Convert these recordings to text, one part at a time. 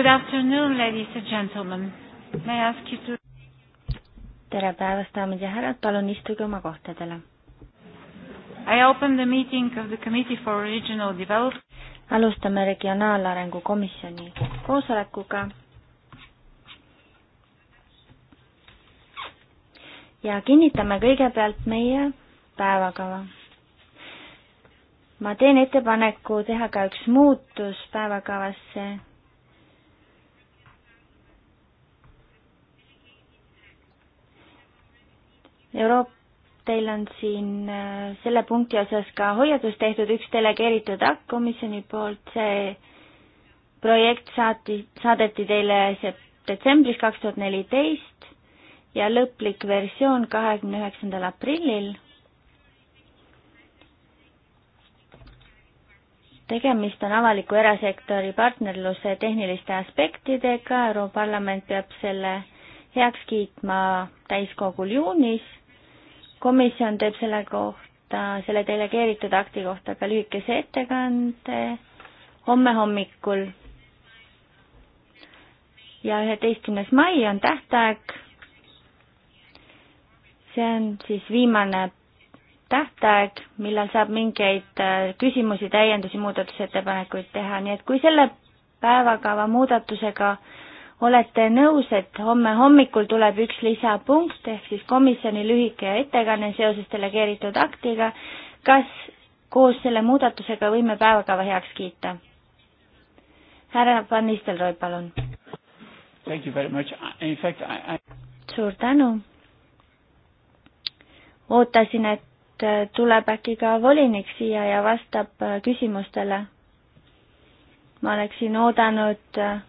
Good afternoon, ladies and gentlemen. May I ask you to... tere päevast, daamid ja härrad, palun istuge oma kohtadele. I open the meeting of the Committee for Regional Development. alustame Regionaalarengu Komisjoni koosolekuga. ja kinnitame kõigepealt meie päevakava ma teen ettepaneku teha ka üks muutus päevakavasse Euroopa teil on siin äh, selle punkti osas ka hoiatus tehtud, üks delegeeritud akt komisjoni poolt, see projekt saati, saadeti teile detsembris kaks tuhat neliteist ja lõplik versioon kahekümne üheksandal aprillil. tegemist on avaliku erasektori partnerluse tehniliste aspektidega, Europarlament peab selle heaks kiitma täiskogul juunis komisjon teeb selle kohta, selle delegeeritud akti kohta ka lühikese ettekande homme hommikul. ja üheteistkümnes mai on tähtaeg. see on siis viimane tähtaeg, millal saab mingeid äh, küsimusi, täiendusi, muudatusettepanekuid teha, nii et kui selle päevakava muudatusega äh, olete nõus, et homme hommikul tuleb üks lisapunkt ehk siis komisjoni lühike ettekanne seoses delegeeritud aktiga. kas koos selle muudatusega võime päevakava heaks kiita? härra Van Nistelrooy, palun. I... suur tänu. ootasin, et äh, tuleb äkki ka volinik siia ja vastab äh, küsimustele. ma oleksin oodanud äh,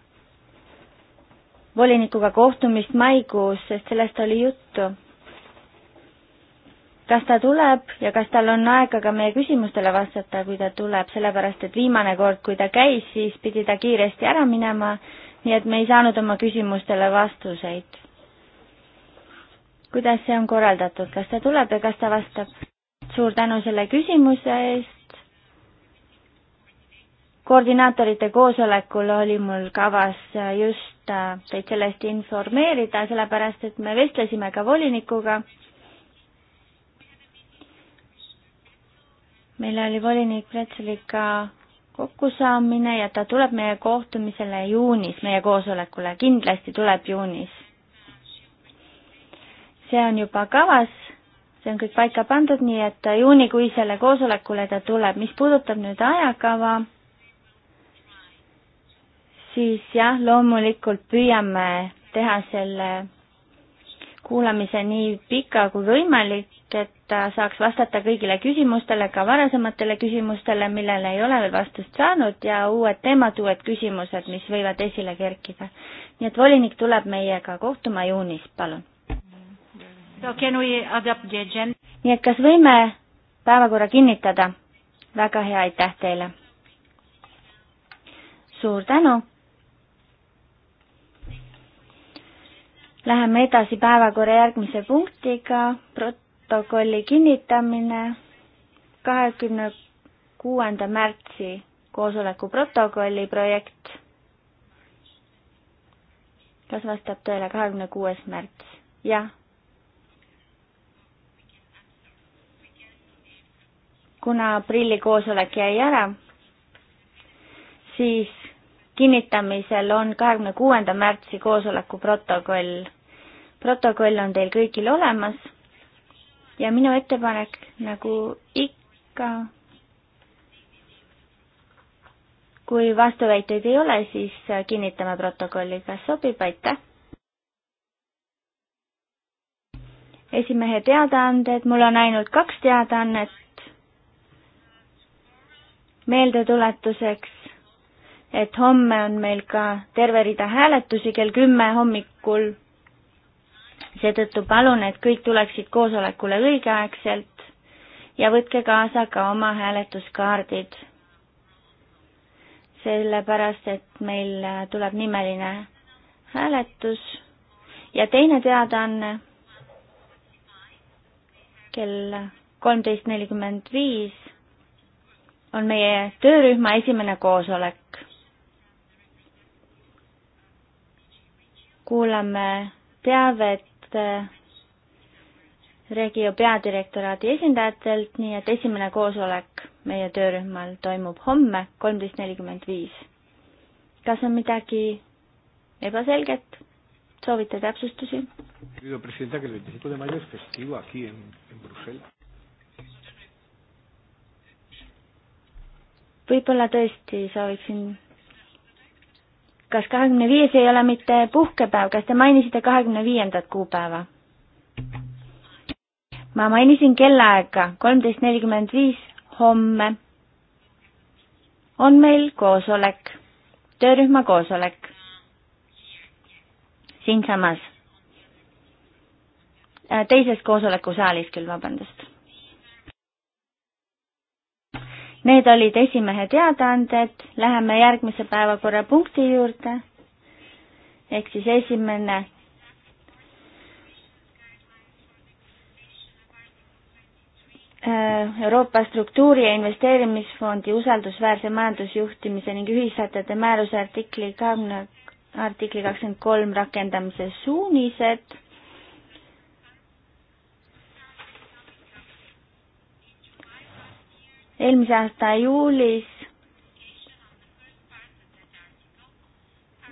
volinikuga kohtumist maikuus, sest sellest oli juttu. kas ta tuleb ja kas tal on aega ka meie küsimustele vastata, kui ta tuleb, sellepärast et viimane kord, kui ta käis, siis pidi ta kiiresti ära minema, nii et me ei saanud oma küsimustele vastuseid. kuidas see on korraldatud, kas ta tuleb ja kas ta vastab? suur tänu selle küsimuse eest koordinaatorite koosolekul oli mul kavas just äh, teid sellest informeerida, sellepärast et me vestlesime ka volinikuga. meil oli volinik Pretseliga kokkusaamine ja ta tuleb meie kohtumisele juunis, meie koosolekule, kindlasti tuleb juunis. see on juba kavas, see on kõik paika pandud, nii et juunikuisele koosolekule ta tuleb. mis puudutab nüüd ajakava, siis jah, loomulikult püüame teha selle kuulamise nii pika kui võimalik, et äh, saaks vastata kõigile küsimustele, ka varasematele küsimustele, millele ei ole veel vastust saanud ja uued teemad, uued küsimused, mis võivad esile kerkida. nii et volinik tuleb meiega kohtuma juunis, palun. nii et kas võime päevakorra kinnitada? väga hea, aitäh teile! suur tänu! Läheme edasi päevakorra järgmise punktiga, protokolli kinnitamine, kahekümne kuuenda märtsi koosoleku protokolli projekt. kas vastab tõele kahekümne kuues märts? jah. kuna aprilli koosolek jäi ära, siis kinnitamisel on kahekümne kuuenda märtsi koosoleku protokoll. protokoll on teil kõigil olemas ja minu ettepanek nagu ikka, kui vastuväiteid ei ole, siis kinnitame protokolli, kas sobib, aitäh. esimehe teadaanded, mul on ainult kaks teadaannet. meeldetuletuseks et homme on meil ka terve rida hääletusi kell kümme hommikul. seetõttu palun, et kõik tuleksid koosolekule õigeaegselt ja võtke kaasa ka oma hääletuskaardid. sellepärast, et meil tuleb nimeline hääletus ja teine teadaanne kell kolmteist nelikümmend viis on meie töörühma esimene koosolek. kuulame teavet äh, Regio peadirektoraadi esindajatelt, nii et esimene koosolek meie töörühmal toimub homme kolmteist nelikümmend viis. kas on midagi ebaselget? soovite täpsustusi? võib-olla tõesti sooviksin kas kahekümne viies ei ole mitte puhkepäev, kas te mainisite kahekümne viiendat kuupäeva? ma mainisin kellaaega, kolmteist nelikümmend viis homme on meil koosolek, töörühma koosolek siinsamas, äh, teises koosolekusaalis küll, vabandust Need olid esimehe teadaanded, läheme järgmise päevakorrapunkti juurde. ehk siis esimene. Äh, Euroopa struktuuri ja investeerimisfondi usaldusväärse majandusjuhtimise ning ühissätete määruse artikli kahekümne, artikli kakskümmend kolm rakendamise suunised eelmise aasta juulis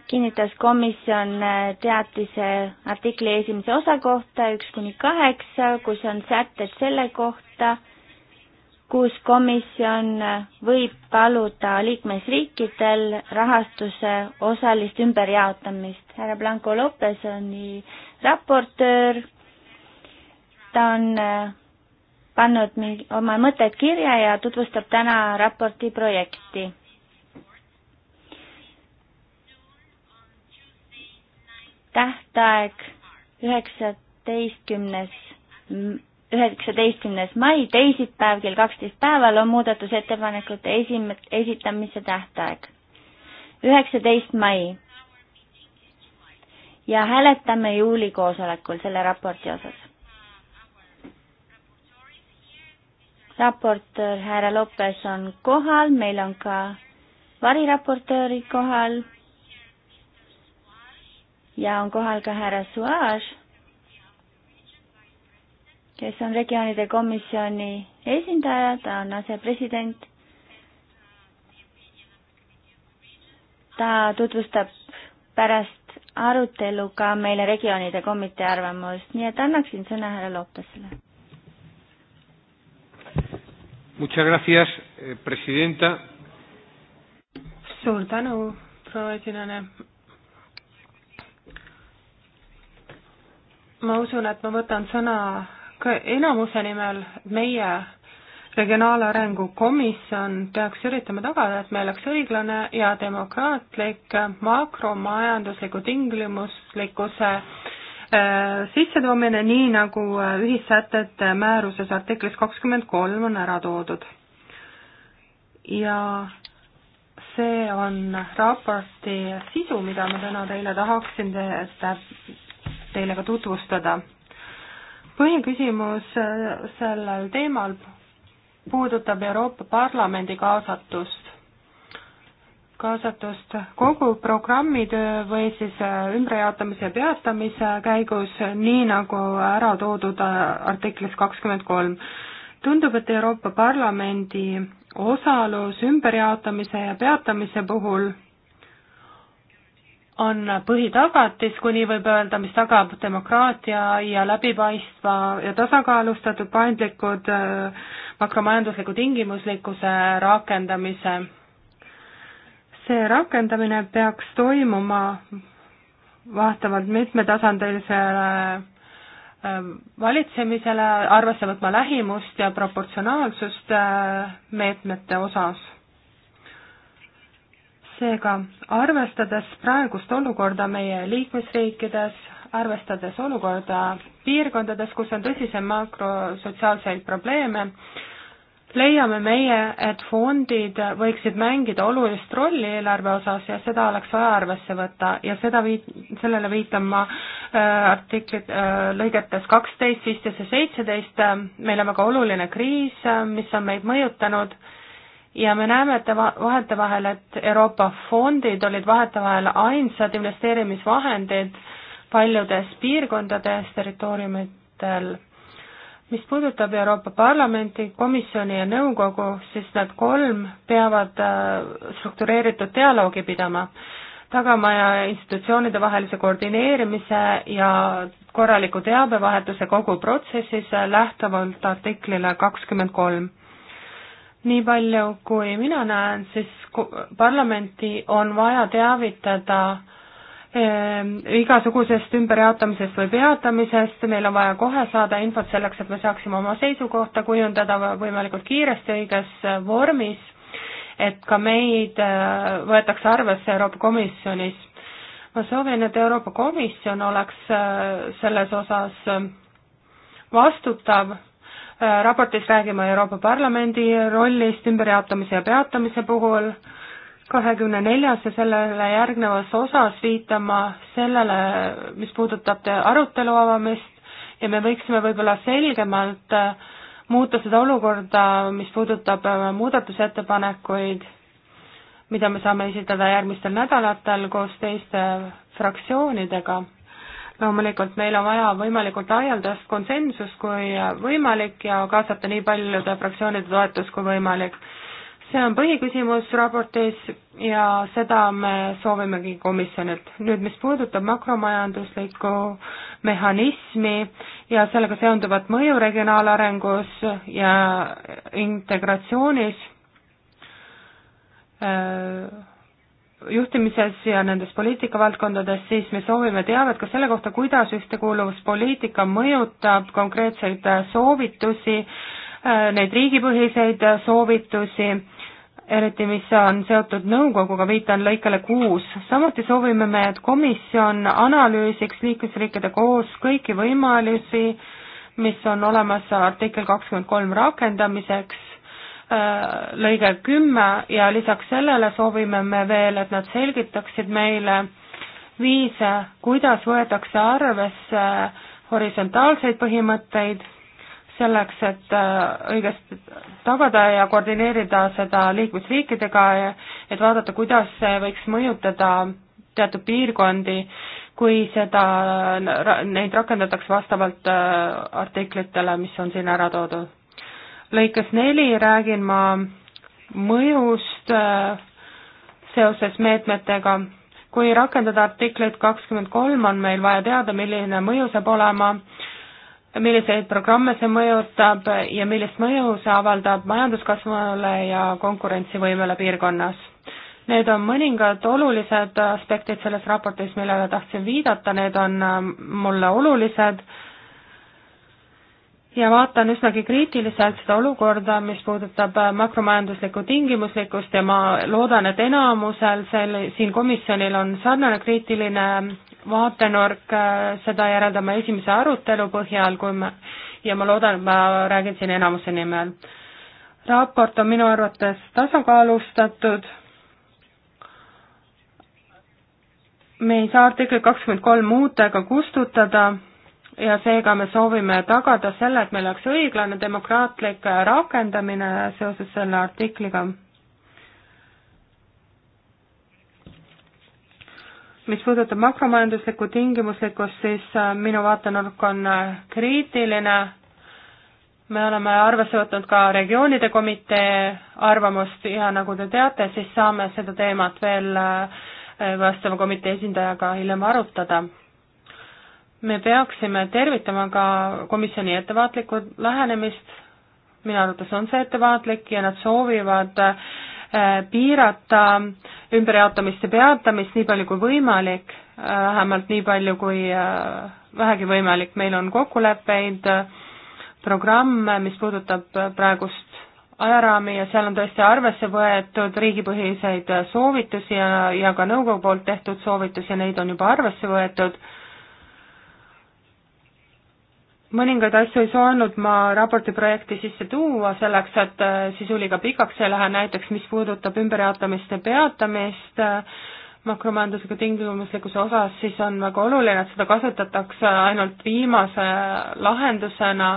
kinnitas komisjon äh, teatise artikli esimese osa kohta üks kuni kaheksa, kus on sätted selle kohta, kus komisjon võib paluda liikmesriikidel rahastuse osalist ümberjaotamist. härra Blanco Lopez on raportöör, ta on äh, pannud mingi, oma mõtted kirja ja tutvustab täna raporti projekti. tähtaeg üheksateistkümnes, üheksateistkümnes mai, teisipäev kell kaksteist päeval on muudatusettepanekute esim-, esitamise tähtaeg. üheksateist mai. ja hääletame juuli koosolekul selle raporti osas raportöör härra Lopes on kohal, meil on ka variraportöörid kohal ja on kohal ka härra Suaž, kes on regioonide komisjoni esindaja, ta on asepresident. ta tutvustab pärast arutelu ka meile regioonide komitee arvamust, nii et annaksin sõna härra Lopesele Muchas gracias, eh, presidenta. suur tänu, proua esinejana. ma usun, et ma võtan sõna ka enamuse nimel, meie regionaalarengu komisjon peaks üritama tagada, et meil oleks õiglane ja demokraatlik makromajandusliku tingimuslikkuse äh, Äh, sissetoomine, nii nagu äh, ühissätted määruses artiklis kakskümmend kolm on ära toodud. ja see on raporti sisu, mida ma täna teile tahaksin te, teile ka tutvustada. põhiküsimus äh, sellel teemal puudutab Euroopa Parlamendi kaasatust kaasatust kogu programmitöö või siis ümberjaotamise peatamise käigus, nii nagu ära toodud artiklis kakskümmend kolm. tundub, et Euroopa Parlamendi osalus ümberjaotamise ja peatamise puhul on põhitagatis, kui nii võib öelda, mis tagab demokraatia ja läbipaistva ja tasakaalustatud paindlikud äh, makromajandusliku tingimuslikkuse rakendamise see rakendamine peaks toimuma vastavalt mitmetasandilisele äh, valitsemisele, arvesse võtma lähimust ja proportsionaalsust äh, meetmete osas. seega, arvestades praegust olukorda meie liikmesriikides, arvestades olukorda piirkondades, kus on tõsisem makrosotsiaalseid probleeme, leiame meie, et fondid võiksid mängida olulist rolli eelarve osas ja seda oleks vaja arvesse võtta ja seda viit-, sellele viitan ma äh, artiklit äh, lõigetes kaksteist, viisteist ja seitseteist, meil on väga oluline kriis, äh, mis on meid mõjutanud ja me näeme, et vahetevahel, et Euroopa fondid olid vahetevahel ainsad investeerimisvahendid paljudes piirkondades, territooriumitel mis puudutab Euroopa Parlamenti, komisjoni ja nõukogu, siis need kolm peavad äh, struktureeritud dialoogi pidama, tagama institutsioonide vahelise koordineerimise ja korraliku teabevahetuse kogu protsessis lähtuvalt artiklile kakskümmend kolm. nii palju, kui mina näen, siis parlamenti on vaja teavitada äh, Ehm, igasugusest ümberjaotamisest või peatamisest, meil on vaja kohe saada infot selleks, et me saaksime oma seisukohta kujundada võimalikult kiiresti õiges äh, vormis, et ka meid äh, võetakse arvesse Euroopa Komisjonis. ma soovin, et Euroopa Komisjon oleks äh, selles osas vastutav, raportis räägime Euroopa Parlamendi rollist ümberjaotamise ja peatamise puhul, kahekümne neljas ja sellele järgnevas osas viitama sellele, mis puudutab arutelu avamist ja me võiksime võib-olla selgemalt äh, muuta seda olukorda, mis puudutab äh, muudatusettepanekuid, mida me saame esitada järgmistel nädalatel koos teiste fraktsioonidega. loomulikult meil on vaja võimalikult laialdast konsensust kui võimalik ja kaasata nii paljude fraktsioonide toetus kui võimalik see on põhiküsimus raportis ja seda me soovimegi komisjonilt. nüüd, mis puudutab makromajanduslikku mehhanismi ja sellega seonduvat mõju regionaalarengus ja integratsioonis, äh, juhtimises ja nendes poliitikavaldkondades, siis me soovime teavet ka selle kohta, kuidas ühtekuuluvuspoliitika mõjutab konkreetseid soovitusi, äh, neid riigipõhiseid soovitusi eriti mis on seotud nõukoguga, viitan lõikele kuus. samuti soovime me, et komisjon analüüsiks liikmesriikide koos kõiki võimalusi, mis on olemas artikkel kakskümmend kolm rakendamiseks, äh, lõige kümme ja lisaks sellele soovime me veel, et nad selgitaksid meile viise, kuidas võetakse arvesse horisontaalseid põhimõtteid selleks, et äh, õigesti tagada ja koordineerida seda liikmesriikidega, et vaadata, kuidas see võiks mõjutada teatud piirkondi, kui seda, neid rakendatakse vastavalt äh, artiklitele, mis on siin ära toodud. lõikes neli räägin ma mõjust äh, seoses meetmetega. kui rakendada artiklit kakskümmend kolm, on meil vaja teada, milline mõju saab olema äh, milliseid programme see mõjutab ja millist mõju see avaldab majanduskasvule ja konkurentsivõimele piirkonnas. Need on mõningad olulised aspektid selles raportis, millele tahtsin viidata, need on ähm, mulle olulised ja vaatan üsnagi kriitiliselt seda olukorda, mis puudutab äh, makromajanduslikku tingimuslikkust ja ma loodan, et enamusel sel-, siin komisjonil on sarnane kriitiline vaatenurk, äh, seda järeldame esimese arutelu põhjal, kui me, ja ma loodan, et ma räägin siin enamuse nimel. raport on minu arvates tasakaalustatud, me ei saa artiklit kakskümmend kolm muuta ega kustutada ja seega me soovime tagada selle, et meil oleks õiglane demokraatlik rakendamine seoses selle artikliga mis puudutab makromajanduslikku tingimuslikkust, siis äh, minu vaatenurk on äh, kriitiline, me oleme arvesse võtnud ka regioonide komitee arvamust ja nagu te teate, siis saame seda teemat veel äh, vastava komitee esindajaga hiljem arutada. me peaksime tervitama ka komisjoni ettevaatlikku lähenemist, minu arvates on see ettevaatlik ja nad soovivad äh, Äh, piirata ümberjaotamist ja peatamist nii palju kui võimalik, äh, vähemalt nii palju kui äh, vähegi võimalik, meil on kokkuleppeid, programme, mis puudutab praegust ajaraami ja seal on tõesti arvesse võetud riigipõhiseid soovitusi ja, ja ka nõukogu poolt tehtud soovitusi, neid on juba arvesse võetud mõningaid asju ei saanud ma raporti projekti sisse tuua, selleks et äh, sisu liiga pikaks ei lähe, näiteks mis puudutab ümberjaotamist ja peatamist äh, makromajandusega tingimuslikkuse osas, siis on väga oluline, et seda kasutatakse ainult viimase lahendusena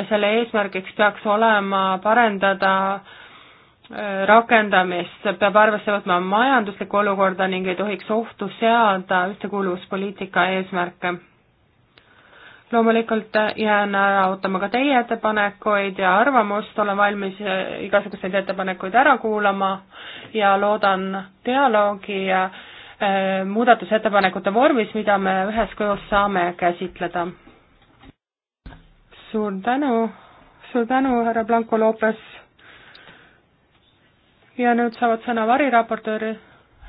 ja selle eesmärgiks peaks olema parendada äh, rakendamist, peab arvesse võtma majanduslikku olukorda ning ei tohiks ohtu seada ühtekuuluvuspoliitika eesmärke loomulikult jään ära ootama ka teie ettepanekuid ja arvamust, olen valmis igasuguseid ettepanekuid ära kuulama ja loodan dialoogi ja äh, muudatusettepanekute vormis, mida me üheskoos saame käsitleda. suur tänu, suur tänu, härra Blanco Lopes. ja nüüd saavad sõna variraportöör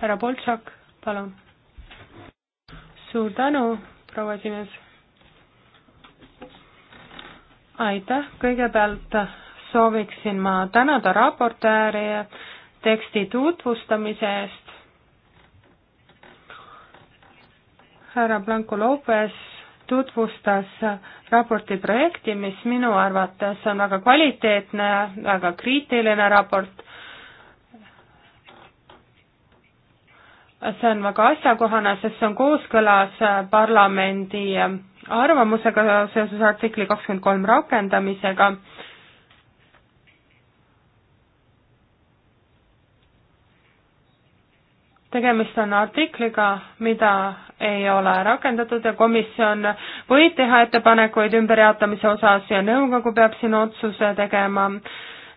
härra Boltšak, palun. suur tänu, proua esimees aitäh, kõigepealt sooviksin ma tänada raportööri teksti tutvustamise eest. härra Blanco Lopez tutvustas raporti projekti, mis minu arvates on väga kvaliteetne, väga kriitiline raport. see on väga asjakohane, sest see on kooskõlas parlamendi arvamusega seoses artikli kakskümmend kolm rakendamisega. tegemist on artikliga, mida ei ole rakendatud ja komisjon võib teha ettepanekuid ümberjaotamise osas ja nõukogu peab siin otsuse tegema,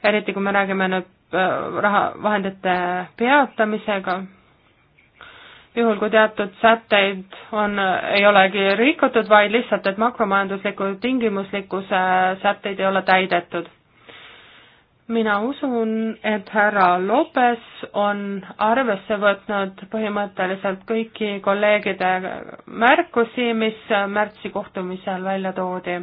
eriti kui me räägime nüüd äh, raha, vahendite peatamisega juhul, kui teatud sätteid on, ei olegi rikutud, vaid lihtsalt, et makromajandusliku tingimuslikkuse sätteid ei ole täidetud. mina usun, et härra Lopes on arvesse võtnud põhimõtteliselt kõiki kolleegide märkusi, mis märtsi kohtumisel välja toodi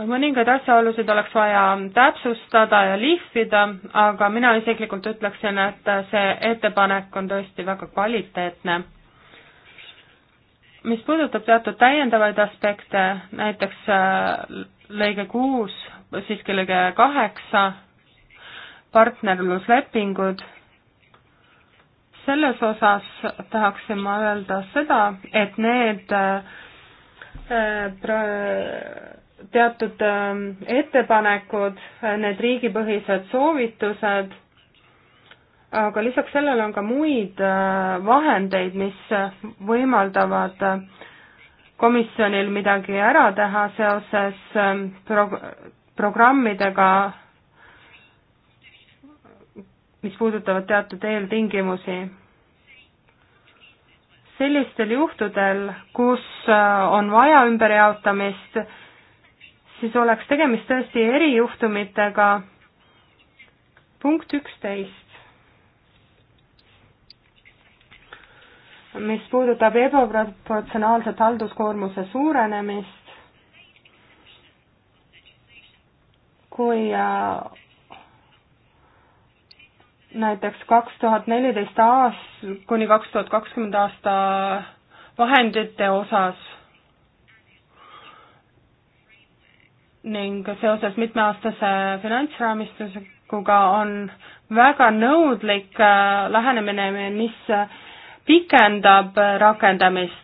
mõningaid asjaolusid oleks vaja täpsustada ja lihvida, aga mina isiklikult ütleksin, et see ettepanek on tõesti väga kvaliteetne. mis puudutab teatud täiendavaid aspekte, näiteks äh, lõige kuus, siiski lõige kaheksa, partnerluslepingud, selles osas tahaksin ma öelda seda, et need äh, äh teatud ähm, ettepanekud, need riigipõhised soovitused, aga lisaks sellele on ka muid äh, vahendeid, mis võimaldavad äh, komisjonil midagi ära teha seoses ähm, pro-, programmidega, mis puudutavad teatud eeltingimusi. sellistel juhtudel, kus äh, on vaja ümberjaotamist, siis oleks tegemist tõesti erijuhtumitega. punkt üksteist. mis puudutab ebaproportsionaalset halduskoormuse suurenemist, kui äh, näiteks kaks tuhat neliteist aast-, kuni kaks tuhat kakskümmend aasta vahendite osas ning seoses mitmeaastase finantsraamistikuga on väga nõudlik äh, lähenemine, mis pikendab rakendamist.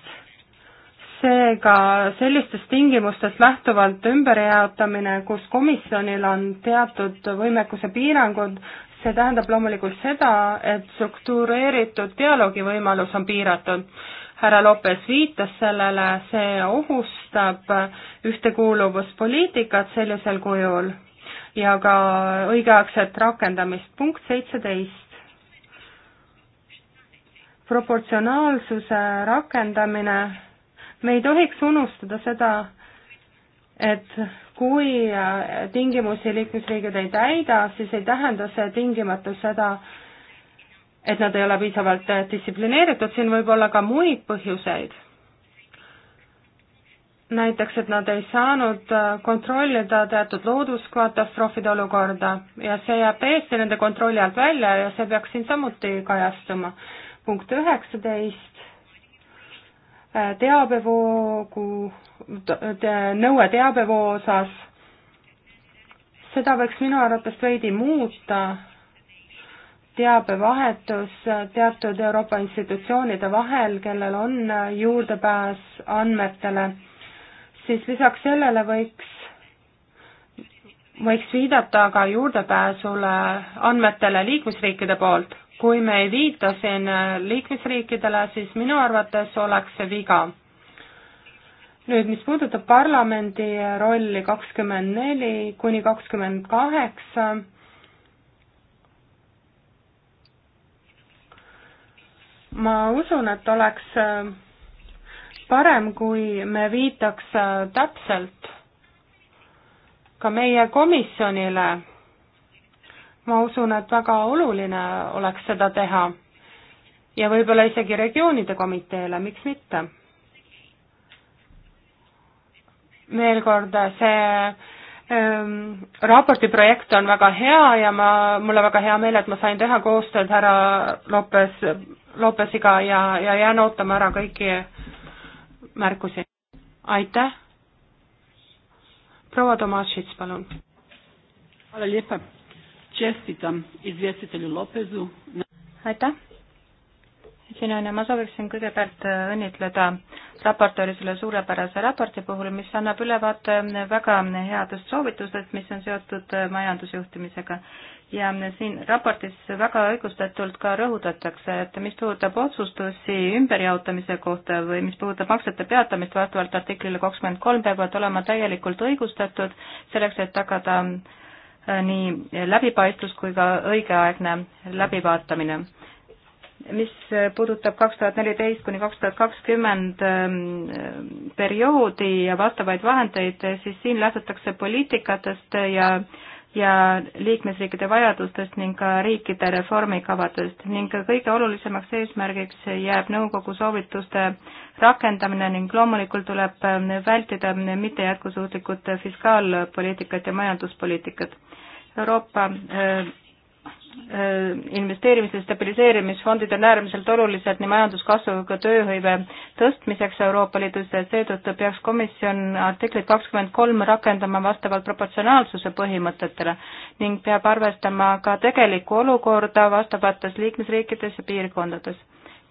seega sellistest tingimustest lähtuvalt ümberjaotamine, kus komisjonil on teatud võimekuse piirangud, see tähendab loomulikult seda, et struktureeritud dialoogi võimalus on piiratud härra Lopes viitas sellele, see ohustab ühtekuuluvuspoliitikat sellisel kujul ja ka õigeaegset rakendamist. punkt seitseteist. proportsionaalsuse rakendamine, me ei tohiks unustada seda, et kui tingimusi liikmesriigid ei täida, siis ei tähenda see tingimata seda, et nad ei ole piisavalt äh, distsiplineeritud, siin võib olla ka muid põhjuseid. näiteks, et nad ei saanud äh, kontrollida teatud looduskatastroofide olukorda ja see jääb täiesti nende kontrolli alt välja ja see peaks siin samuti kajastuma. punkt üheksateist, äh, teabevoogu, nõue teabevoo osas, seda võiks minu arvates veidi muuta teabevahetus teatud Euroopa institutsioonide vahel, kellel on juurdepääs andmetele, siis lisaks sellele võiks, võiks viidata ka juurdepääsule andmetele liikmesriikide poolt. kui me ei viita siin liikmesriikidele, siis minu arvates oleks see viga. nüüd, mis puudutab parlamendi rolli kakskümmend neli kuni kakskümmend kaheksa, ma usun, et oleks äh, parem, kui me viitaks äh, täpselt ka meie komisjonile. ma usun, et väga oluline oleks seda teha ja võib-olla isegi regioonide komiteele, miks mitte. veel kord, see Ehm, raporti projekt on väga hea ja ma, mul on väga hea meel, et ma sain teha koostööd härra Lopes, Lopesiga ja, ja jään ootama ära kõiki märkusi. aitäh. proua Tomašits, palun. aitäh esinaine, ma sooviksin kõigepealt äh, õnnitleda raportööri selle suurepärase raporti puhul, mis annab ülevaate äh, väga äh, headest soovitustest, mis on seotud majandusjuhtimisega. ja siin raportis väga õigustatult ka rõhutatakse, et mis puudutab otsustusi ümberjaotamise kohta või mis puudutab maksete peatamist vastavalt artiklile kakskümmend kolm, peavad olema täielikult õigustatud selleks, et tagada nii läbipaistvus kui ka õigeaegne läbivaatamine mis puudutab kaks tuhat neliteist kuni kaks tuhat kakskümmend ähm, perioodi ja vastavaid vahendeid, siis siin lähtutakse poliitikatest ja ja liikmesriikide vajadustest ning ka riikide reformikavadest ning kõige olulisemaks eesmärgiks jääb nõukogu soovituste rakendamine ning loomulikult tuleb ähm, vältida mitte jätkusuutlikud fiskaalpoliitikat ja majanduspoliitikat. Euroopa äh, Äh, investeerimis- ja stabiliseerimisfondid on äärmiselt olulised nii majanduskasvu kui tööhõive tõstmiseks Euroopa Liidus ja seetõttu peaks komisjon artiklit kakskümmend kolm rakendama vastavalt proportsionaalsuse põhimõtetele ning peab arvestama ka tegelikku olukorda vastavates liikmesriikides ja piirkondades.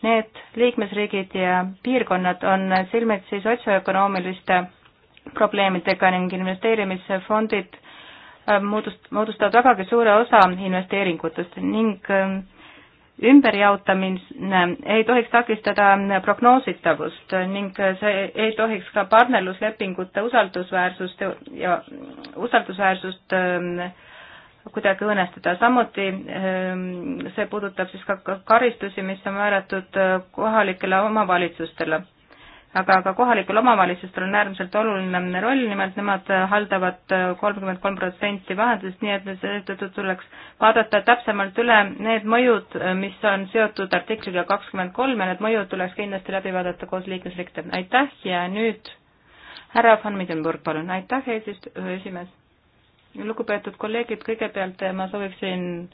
Need liikmesriigid ja piirkonnad on silmitsi sotsioökonoomiliste probleemidega ning investeerimisfondid Äh, moodust-, moodustavad vägagi suure osa investeeringutest ning ähm, ümberjaotamine ei tohiks takistada prognoositavust ning see ei tohiks ka partnerluslepingute usaldusväärsust ja usaldusväärsust ähm, kuidagi õõnestada, samuti ähm, see puudutab siis ka karistusi, mis on määratud äh, kohalikele omavalitsustele aga ka kohalikul omavalitsustel on äärmiselt oluline roll, nimelt nemad haldavad kolmkümmend kolm protsenti vahendusest, nii et seetõttu tuleks vaadata täpsemalt üle need mõjud, mis on seotud artikliga kakskümmend kolm ja need mõjud tuleks kindlasti läbi vaadata koos liikmesriikidega. aitäh ja nüüd härra von Midenburg, palun. aitäh, eesistuja, esimees. lugupeetud kolleegid, kõigepealt ma sooviksin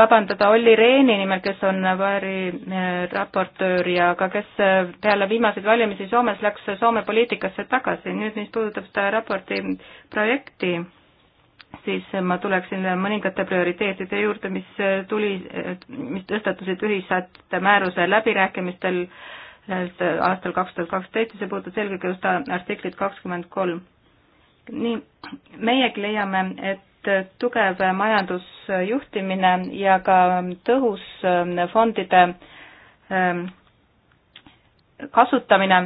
vabandada Olli Rehni nimel, kes on Vairi eh, raportöör ja ka kes eh, peale viimaseid valimisi Soomes läks Soome poliitikasse tagasi. nüüd, mis puudutab seda raporti projekti, siis ma tuleksin mõningate prioriteetide juurde, mis eh, tuli, mis tõstatusid ühissätte määruse läbirääkimistel aastal kaks tuhat kaksteist ja see puudutas eelkõige just artiklit kakskümmend kolm nii, meiegi leiame, et tugev majandusjuhtimine ja ka tõhus ähm, fondide ähm, kasutamine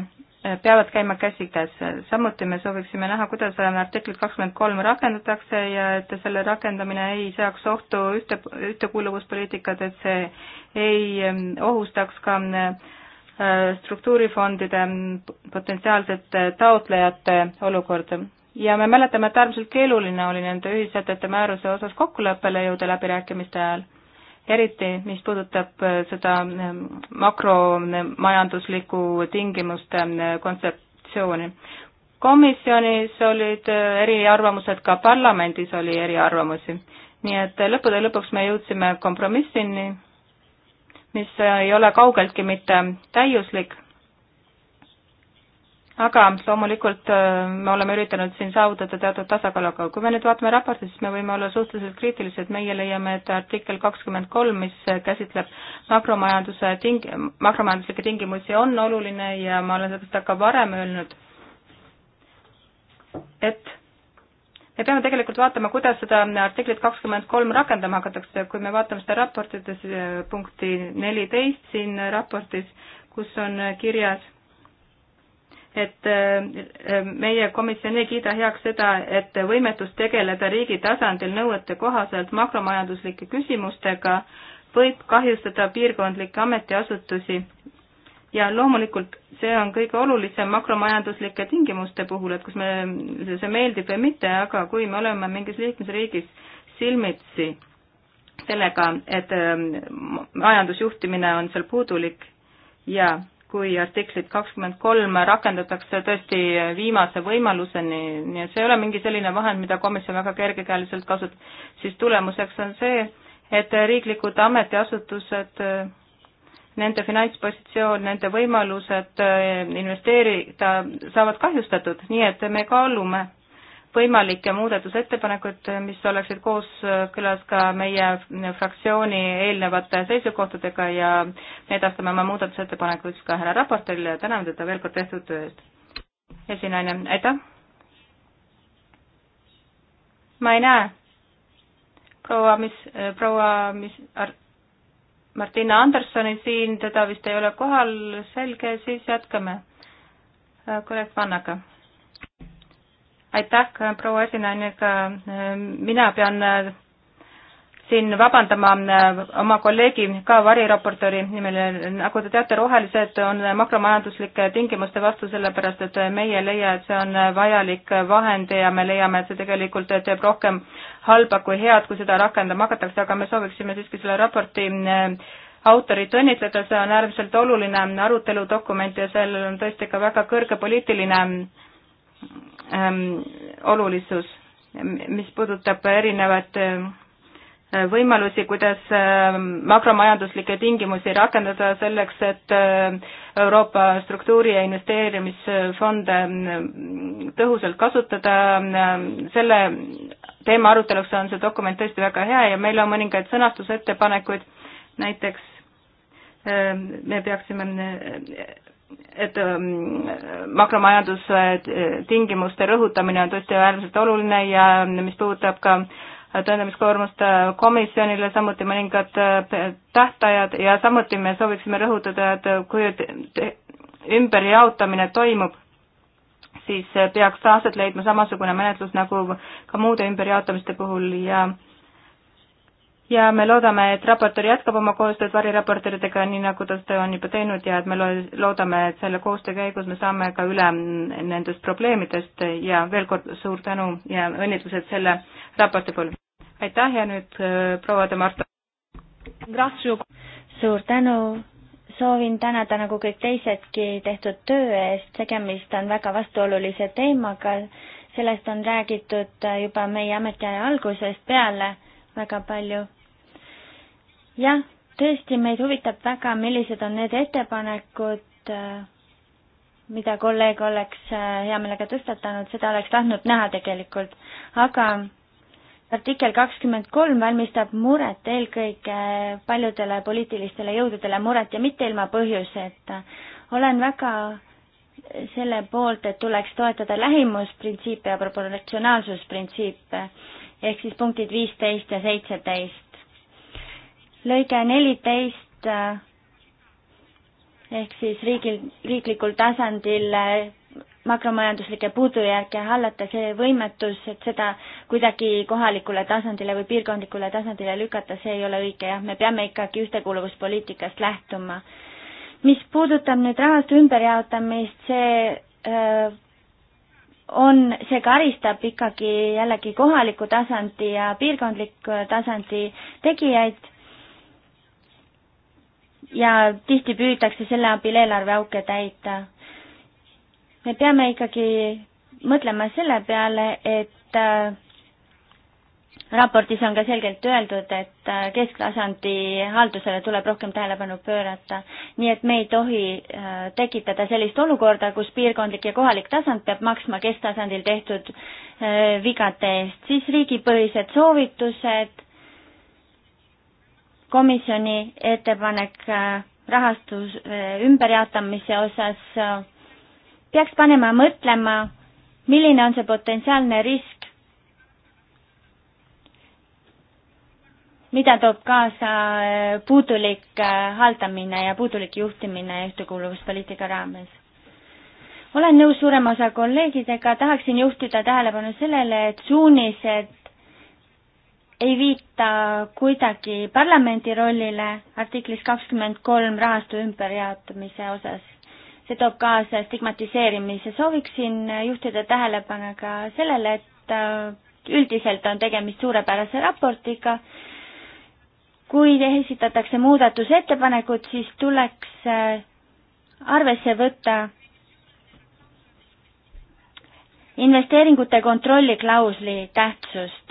äh, peavad käima käsikäes. samuti me sooviksime näha, kuidas ähm, artiklit kakskümmend kolm rakendatakse ja et selle rakendamine ei seaks ohtu ühte, ühtekuuluvuspoliitikat, et see ei ohustaks ka äh, struktuurifondide potentsiaalsete taotlejate olukorda ja me mäletame, et äärmiselt keeluline oli nende ühissätete määruse osas kokkuleppele jõuda läbirääkimiste ajal, eriti mis puudutab äh, seda ähm, makromajanduslikku tingimuste äh, kontseptsiooni. komisjonis olid äh, eriarvamused, ka parlamendis oli eriarvamusi, nii et lõppude lõpuks me jõudsime kompromissini, mis ei ole kaugeltki mitte täiuslik aga loomulikult äh, me oleme üritanud siin saavutada teatud tasakaalu, aga kui me nüüd vaatame raportit, siis me võime olla suhteliselt kriitilised, meie leiame, et artikkel kakskümmend kolm, mis käsitleb makromajanduse ting-, makromajanduslikke tingimusi, on oluline ja ma olen seda ka varem öelnud, et me peame tegelikult vaatama, kuidas seda artiklit kakskümmend kolm rakendama hakatakse, kui me vaatame seda raportites äh, punkti neliteist siin raportis, kus on kirjas et äh, meie komisjon ei kiida heaks seda, et võimetus tegeleda riigi tasandil nõuete kohaselt makromajanduslike küsimustega võib kahjustada piirkondlikke ametiasutusi ja loomulikult see on kõige olulisem makromajanduslike tingimuste puhul, et kas me, see meeldib või mitte, aga kui me oleme mingis liikmesriigis silmitsi sellega, et äh, majandusjuhtimine on seal puudulik ja kui artiklit kakskümmend kolm rakendatakse tõesti viimase võimaluseni, nii et see ei ole mingi selline vahend, mida komisjon väga kergekäeliselt kasutab, siis tulemuseks on see, et riiklikud ametiasutused, nende finantspositsioon, nende võimalused eh, investeerida saavad kahjustatud, nii et me kaalume võimalikke muudatusettepanekuid, mis oleksid kooskõlas ka meie fraktsiooni eelnevate seisukohtadega ja me edastame oma muudatusettepanekud siis ka härra raportöörile ja täname teda veel kord tehtud töö eest. esinaine, aitäh! ma ei näe proua, mis, proua, mis Ar-, Martina Andersoni siin, teda vist ei ole kohal, selge, siis jätkame kolleeg Vannaga aitäh, proua esinaine, ka äh, mina pean äh, siin vabandama äh, oma kolleegi, ka variraportööri nimel, nagu te teate, rohelised on makromajanduslike tingimuste vastu, sellepärast et meie ei leia, et see on vajalik vahend ja me leiame, et see tegelikult teeb rohkem halba kui head, kui seda rakendama hakatakse, aga me sooviksime siiski selle raporti autorit õnnitleda, see on äärmiselt oluline aruteludokument ja sellel on tõesti ka väga kõrge poliitiline ähm, olulisus, mis puudutab erinevaid ähm, võimalusi, kuidas ähm, makromajanduslikke tingimusi rakendada selleks, et ähm, Euroopa struktuuri- ja investeerimisfonde tõhusalt kasutada, selle teema aruteluks on see dokument tõesti väga hea ja meil on mõningaid sõnastusettepanekuid, näiteks me peaksime et ähm, makromajanduse tingimuste rõhutamine on tõesti äärmiselt oluline ja ähm, mis puudutab ka tõendamiskoormuste äh, komisjonile, samuti mõningad äh, tähtajad ja samuti me sooviksime rõhutada, et äh, kui ümberjaotamine toimub, siis peaks aset leidma samasugune menetlus nagu ka muude ümberjaotamiste puhul ja äh, ja me loodame, et raportöör jätkab oma koostööd variraportööridega, nii nagu ta seda on juba teinud ja et me loodame, et selle koostöö käigus me saame ka üle nendest probleemidest ja veel kord suur tänu ja õnnitlused selle raporti puhul. aitäh ja nüüd äh, proua De Marta. suur tänu, soovin tänada nagu kõik teisedki tehtud töö eest, tegemist on väga vastuolulise teemaga, sellest on räägitud juba meie ametiaja algusest peale väga palju jah, tõesti, meid huvitab väga, millised on need ettepanekud, äh, mida kolleeg oleks äh, hea meelega tõstatanud, seda oleks tahtnud näha tegelikult, aga artikkel kakskümmend kolm valmistab muret eelkõige paljudele poliitilistele jõududele muret ja mitte ilma põhjuseta. olen väga selle poolt, et tuleks toetada lähimusprintsiipe ja proportsionaalsusprintsiipe ehk siis punktid viisteist ja seitseteist lõige neliteist eh, ehk siis riigil, riiklikul tasandil eh, makromajanduslikke puudujääke hallata, see võimetus, et seda kuidagi kohalikule tasandile või piirkondlikule tasandile lükata, see ei ole õige, jah, me peame ikkagi ühtekuuluvuspoliitikast lähtuma. mis puudutab nüüd rahastu ümberjaotamist, see öö, eh, on, see karistab ikkagi jällegi kohaliku tasandi ja piirkondliku tasandi tegijaid ja tihti püütakse selle abil eelarveauke täita. me peame ikkagi mõtlema selle peale, et äh, raportis on ka selgelt öeldud, et äh, kesktasandi haldusele tuleb rohkem tähelepanu pöörata. nii et me ei tohi äh, tekitada sellist olukorda, kus piirkondlik ja kohalik tasand peab maksma kesktasandil tehtud vigade eest, siis riigipõhised soovitused komisjoni ettepanek äh, rahastus äh, ümberjaotamise osas äh, peaks panema mõtlema, milline on see potentsiaalne risk, mida toob kaasa puudulik haldamine ja puudulik juhtimine ühtekuuluvuspoliitika raames. olen nõus suurema osa kolleegidega, tahaksin juhtida tähelepanu sellele, et suunised ei viita kuidagi parlamendi rollile artiklis kakskümmend kolm rahastu ümberjaotamise osas. see toob kaasa stigmatiseerimise. sooviksin juhtida tähelepanu ka sellele, et äh, üldiselt on tegemist suurepärase raportiga. kui esitatakse muudatusettepanekud, siis tuleks äh, arvesse võtta investeeringute kontrolli klausli tähtsust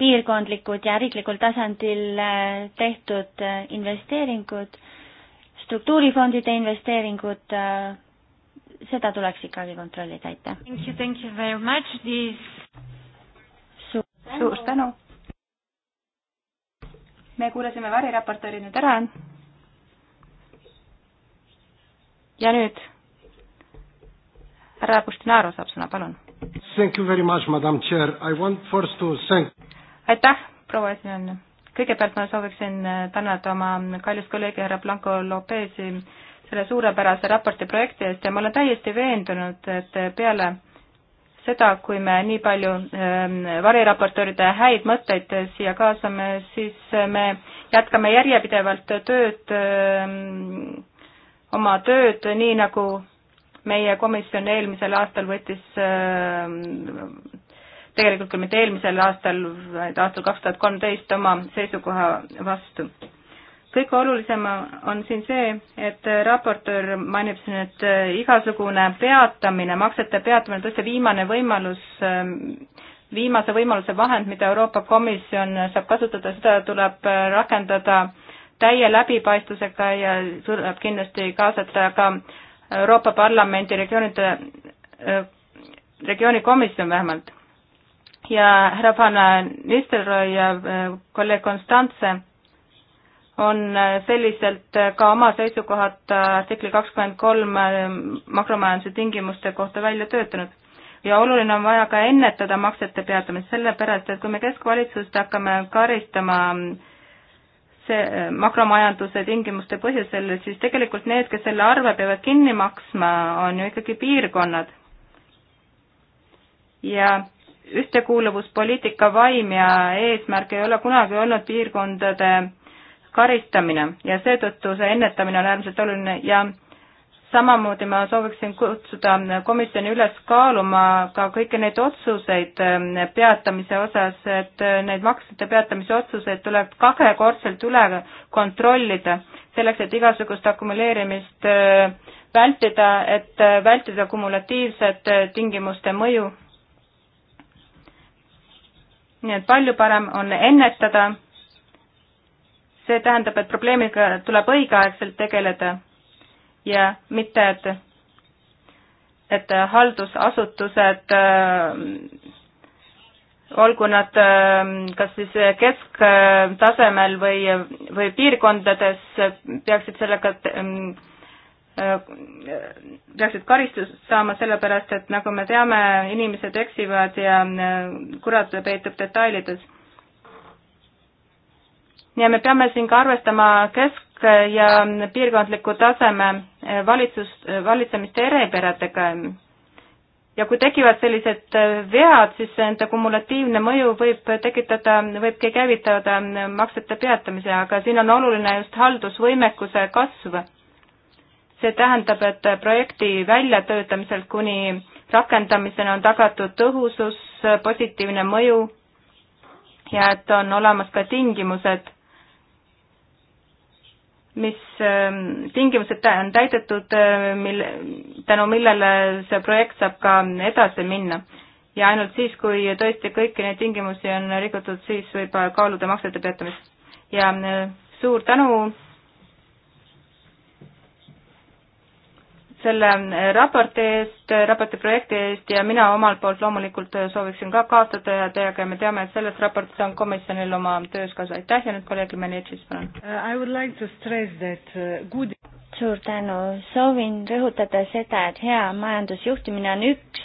piirkondlikud ja riiklikul tasandil äh, tehtud äh, investeeringud, struktuurifondide investeeringud, äh, seda tuleks ikkagi kontrollida, aitäh. suur, suur tänu. me kuulasime variraportööri nüüd ära. ja nüüd härra Pustinaro saab sõna, palun. Thank you very much, madam chair, I want first to thank aitäh, proua esinaine. kõigepealt ma sooviksin äh, tänada oma kallist kolleegi härra Blanco Lopezi selle suurepärase raporti projekti eest ja ma olen täiesti veendunud, et peale seda, kui me nii palju ähm, variraportööride häid mõtteid siia kaasame, siis me jätkame järjepidevalt tööd, ähm, oma tööd, nii nagu meie komisjon eelmisel aastal võttis ähm, tegelikult küll mitte eelmisel aastal, vaid aastal kaks tuhat kolmteist oma seisukoha vastu. kõige olulisem on siin see, et raportöör mainib siin, et igasugune peatamine, maksete peatamine, tõesti viimane võimalus, viimase võimaluse vahend, mida Euroopa Komisjon saab kasutada, seda tuleb rakendada täie läbipaistvusega ja tuleb kindlasti kaasata ka Euroopa Parlamendi regioonide, regioonikomisjon vähemalt ja härra Van Nistelrooy ja äh, kolleeg Konstantse on äh, selliselt äh, ka oma seisukohad artikli kakskümmend kolm makromajanduse tingimuste kohta välja töötanud. ja oluline on vaja ka ennetada maksete peatamist, sellepärast et kui me keskvalitsust hakkame karistama mm, see makromajanduse tingimuste põhjusel, siis tegelikult need, kes selle arve peavad kinni maksma, on ju ikkagi piirkonnad. ja ühtekuuluvuspoliitika vaim ja eesmärk ei ole kunagi olnud piirkondade karistamine ja seetõttu see ennetamine on äärmiselt oluline ja samamoodi ma sooviksin kutsuda komisjoni üles kaaluma ka kõiki neid otsuseid ähm, peatamise osas, et äh, neid maksete peatamise otsuseid tuleb kahekordselt üle kontrollida, selleks et igasugust akumuleerimist äh, vältida, et äh, vältida kumulatiivset tingimuste mõju nii et palju parem on ennetada, see tähendab, et probleemiga tuleb õigeaegselt tegeleda ja mitte, et et haldusasutused äh, olgu nad äh, kas siis kesktasemel või, või piirkondades, peaksid sellega äh, peaksid karistust saama, sellepärast et nagu me teame, inimesed eksivad ja e, kurat peitub detailides. ja me peame siin ka arvestama kesk- ja piirkondliku taseme e, valitsus, valitsemiste eripäradega. ja kui tekivad sellised e, vead, siis nende kumulatiivne mõju võib tekitada, võibki käivitada maksete peatamise, aga siin on oluline just haldusvõimekuse kasv see tähendab, et projekti väljatöötamiselt kuni rakendamiseni on tagatud tõhusus, positiivne mõju ja et on olemas ka tingimused, mis, ähm, tingimused on täidetud, äh, mille, tänu millele see projekt saab ka edasi minna. ja ainult siis, kui tõesti kõiki neid tingimusi on rikutud, siis võib kaaluda maksete peatamist. ja äh, suur tänu selle eh, raporti eest, eh, raporti projekti eest ja mina omalt poolt loomulikult eh, sooviksin ka kaastöötaja teiega ja me teame, et selles raportis on komisjonil oma töös kasu. aitäh ja nüüd kolleeg Menetšis, palun. Uh, I would like to stress that uh, good suur tänu, soovin rõhutada seda, et hea majandusjuhtimine on üks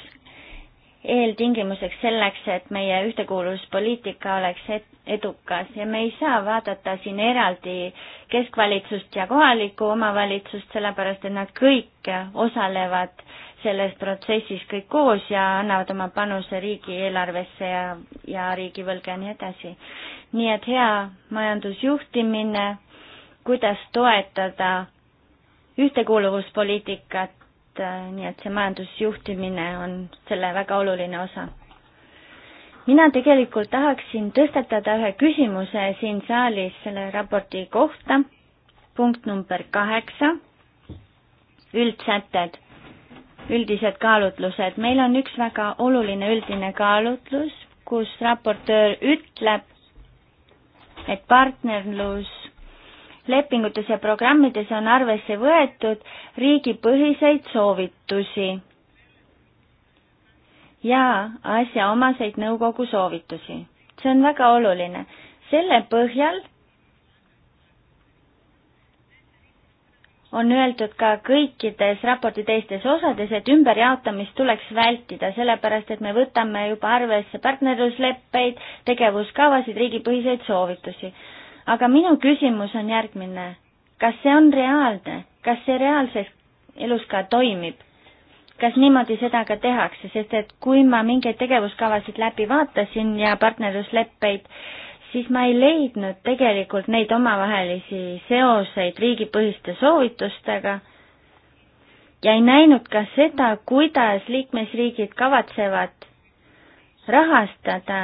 eeltingimuseks selleks, et meie ühtekuuluvuspoliitika oleks edukas ja me ei saa vaadata siin eraldi keskvalitsust ja kohalikku omavalitsust, sellepärast et nad kõik osalevad selles protsessis kõik koos ja annavad oma panuse riigieelarvesse ja, ja riigivõlga ja nii edasi. nii et hea majandusjuhtimine, kuidas toetada ühtekuuluvuspoliitikat Äh, nii et see majandusjuhtimine on selle väga oluline osa. mina tegelikult tahaksin tõstatada ühe küsimuse siin saalis selle raporti kohta, punkt number kaheksa, üldsätted, üldised kaalutlused. meil on üks väga oluline üldine kaalutlus, kus raportöör ütleb, et partnerlus lepingutes ja programmides on arvesse võetud riigipõhiseid soovitusi ja asjaomaseid nõukogu soovitusi. see on väga oluline. selle põhjal on öeldud ka kõikides raporti teistes osades, et ümberjaotamist tuleks vältida, sellepärast et me võtame juba arvesse partnerlusleppeid, tegevuskavasid, riigipõhiseid soovitusi aga minu küsimus on järgmine. kas see on reaalne, kas see reaalses elus ka toimib? kas niimoodi seda ka tehakse, sest et kui ma mingeid tegevuskavasid läbi vaatasin ja partnerlusleppeid, siis ma ei leidnud tegelikult neid omavahelisi seoseid riigipõhiste soovitustega ja ei näinud ka seda, kuidas liikmesriigid kavatsevad rahastada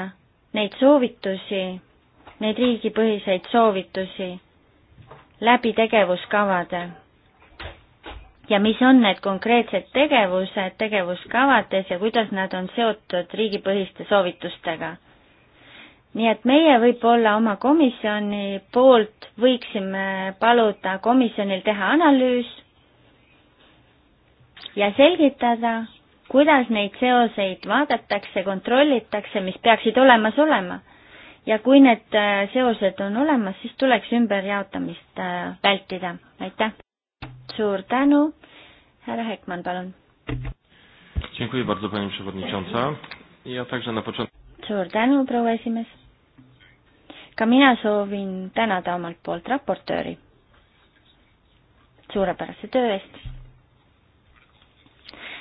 neid soovitusi neid riigipõhiseid soovitusi läbi tegevuskavade. ja mis on need konkreetsed tegevused tegevuskavades ja kuidas nad on seotud riigipõhiste soovitustega. nii et meie võib-olla oma komisjoni poolt võiksime paluda komisjonil teha analüüs ja selgitada, kuidas neid seoseid vaadatakse, kontrollitakse, mis peaksid olemas olema ja kui need äh, seosed on olemas, siis tuleks ümberjaotamist äh, vältida, aitäh. suur tänu, härra Hekman, palun. suur tänu, proua esimees. ka mina soovin tänada omalt poolt raportööri suurepärase töö eest.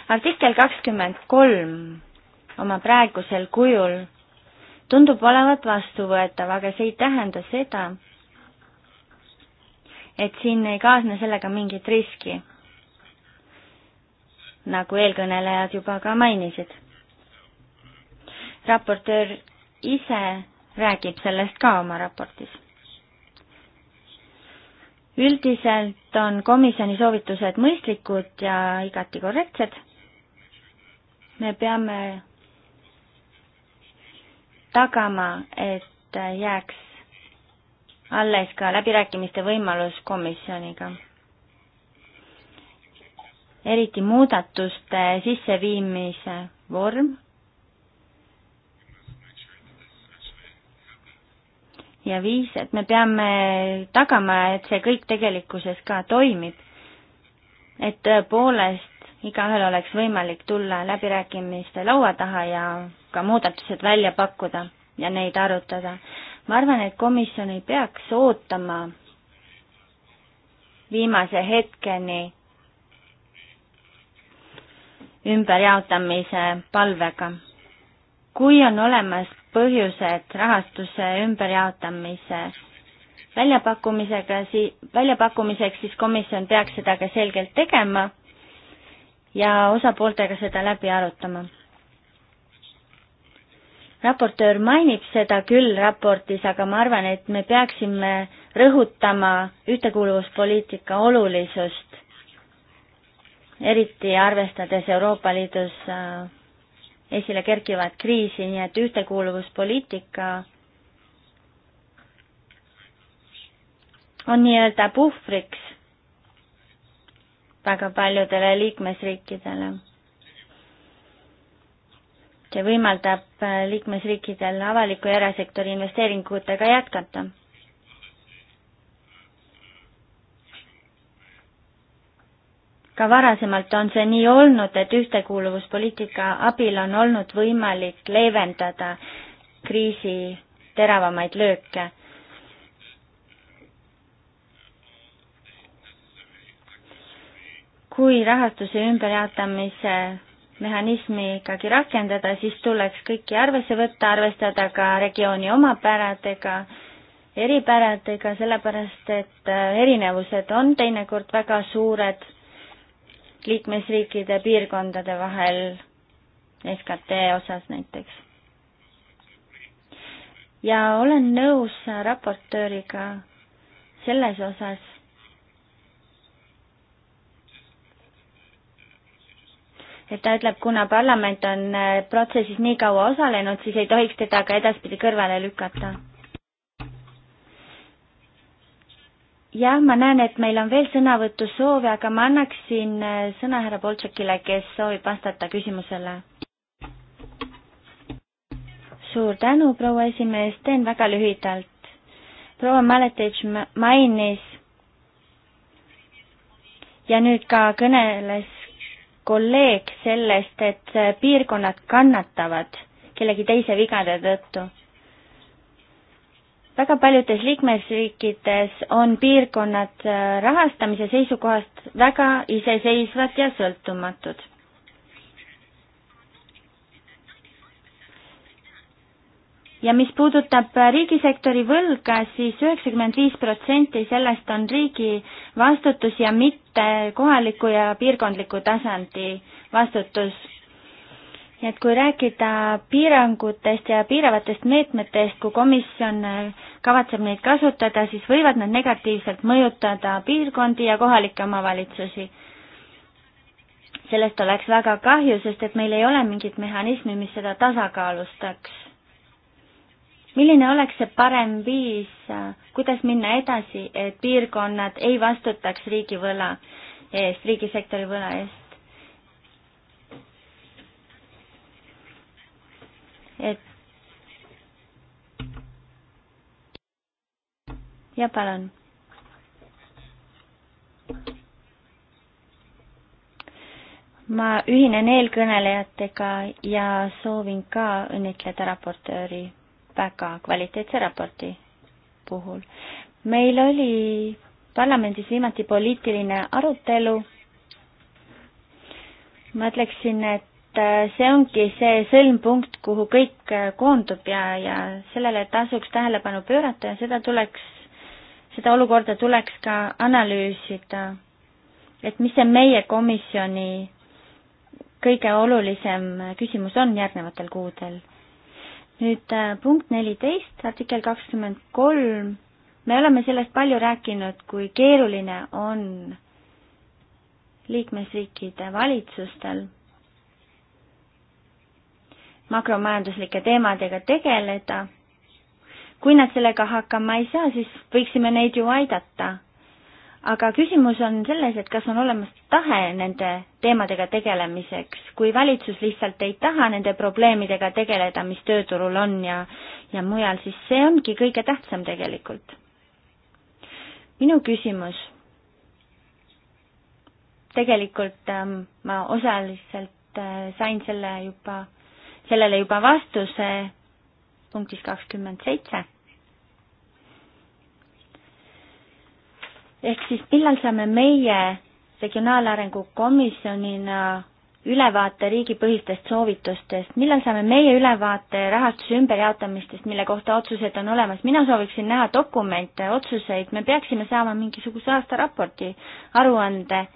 artikkel kakskümmend kolm oma praegusel kujul tundub olevat vastuvõetav, aga see ei tähenda seda, et siin ei kaasne sellega mingit riski, nagu eelkõnelejad juba ka mainisid. raportöör ise räägib sellest ka oma raportis. üldiselt on komisjoni soovitused mõistlikud ja igati korrektsed. me peame tagama, et jääks alles ka läbirääkimiste võimalus komisjoniga. eriti muudatuste sisseviimise vorm ja viis, et me peame tagama, et see kõik tegelikkuses ka toimib. et tõepoolest igaühel oleks võimalik tulla läbirääkimiste laua taha ja ka muudatused välja pakkuda ja neid arutada. ma arvan, et komisjon ei peaks ootama viimase hetkeni ümberjaotamise palvega. kui on olemas põhjused rahastuse ümberjaotamise väljapakkumisega, sii-, väljapakkumiseks, siis komisjon peaks seda ka selgelt tegema ja osapooltega seda läbi arutama raportöör mainib seda küll raportis, aga ma arvan, et me peaksime rõhutama ühtekuuluvuspoliitika olulisust, eriti arvestades Euroopa Liidus äh, esile kerkivat kriisi, nii et ühtekuuluvuspoliitika on nii-öelda puhvriks väga paljudele liikmesriikidele see võimaldab äh, liikmesriikidel avaliku ja erasektori investeeringutega jätkata. ka varasemalt on see nii olnud, et ühtekuuluvuspoliitika abil on olnud võimalik leevendada kriisi teravamaid lööke kui rahastuse ümberjaotamise mehhanismi ikkagi rakendada, siis tuleks kõiki arvesse võtta, arvestada ka regiooni omapäradega, eripäradega, sellepärast et äh, erinevused on teinekord väga suured liikmesriikide piirkondade vahel, SKT osas näiteks. ja olen nõus raportööriga selles osas, et ta ütleb, kuna parlament on äh, protsessis nii kaua osalenud, siis ei tohiks teda ka edaspidi kõrvale lükata. jah, ma näen, et meil on veel sõnavõtusoove, aga ma annaksin äh, sõna härra Boltšakile, kes soovib vastata küsimusele. suur tänu, proua esimees, teen väga lühidalt. proua Maletitš mainis ja nüüd ka kõneles kolleeg sellest, et piirkonnad kannatavad kellegi teise vigade tõttu. väga paljudes liikmesriikides on piirkonnad äh, rahastamise seisukohast väga iseseisvad ja sõltumatud ja mis puudutab riigisektori võlga siis, siis üheksakümmend viis protsenti sellest on riigi vastutus ja mitte kohaliku ja piirkondliku tasandi vastutus. nii et kui rääkida piirangutest ja piiravatest meetmetest, kui komisjon kavatseb neid kasutada, siis võivad nad negatiivselt mõjutada piirkondi ja kohalikke omavalitsusi sellest oleks väga kahju, sest et meil ei ole mingit mehhanismi, mis seda tasakaalustaks milline oleks see parem viis, kuidas minna edasi, et piirkonnad ei vastutaks riigivõla eest, riigisektori võla eest? et ja palun. ma ühinen eelkõnelejatega ja soovin ka õnnitleda raportööri väga kvaliteetse raporti puhul. meil oli parlamendis viimati poliitiline arutelu. ma ütleksin, et äh, see ongi see sõlmpunkt, kuhu kõik äh, koondub ja, ja sellele tasuks tähelepanu pöörata ja seda tuleks, seda olukorda tuleks ka analüüsida. et mis see meie komisjoni kõige olulisem äh, küsimus on järgnevatel kuudel nüüd äh, punkt neliteist, artikkel kakskümmend kolm. me oleme sellest palju rääkinud, kui keeruline on liikmesriikide valitsustel makromajanduslike teemadega tegeleda. kui nad sellega hakkama ei saa, siis võiksime neid ju aidata aga küsimus on selles, et kas on olemas tahe nende teemadega tegelemiseks, kui valitsus lihtsalt ei taha nende probleemidega tegeleda, mis tööturul on ja, ja mujal, siis see ongi kõige tähtsam tegelikult. minu küsimus. tegelikult ähm, ma osaliselt äh, sain selle juba, sellele juba vastuse punktis kakskümmend seitse ehk siis millal saame meie Regionaalarengu Komisjonina ülevaate riigipõhistest soovitustest, millal saame meie ülevaate rahastuse ümberjaotamistest, mille kohta otsused on olemas, mina sooviksin näha dokumente, otsuseid, me peaksime saama mingisuguse aastaraporti, aruande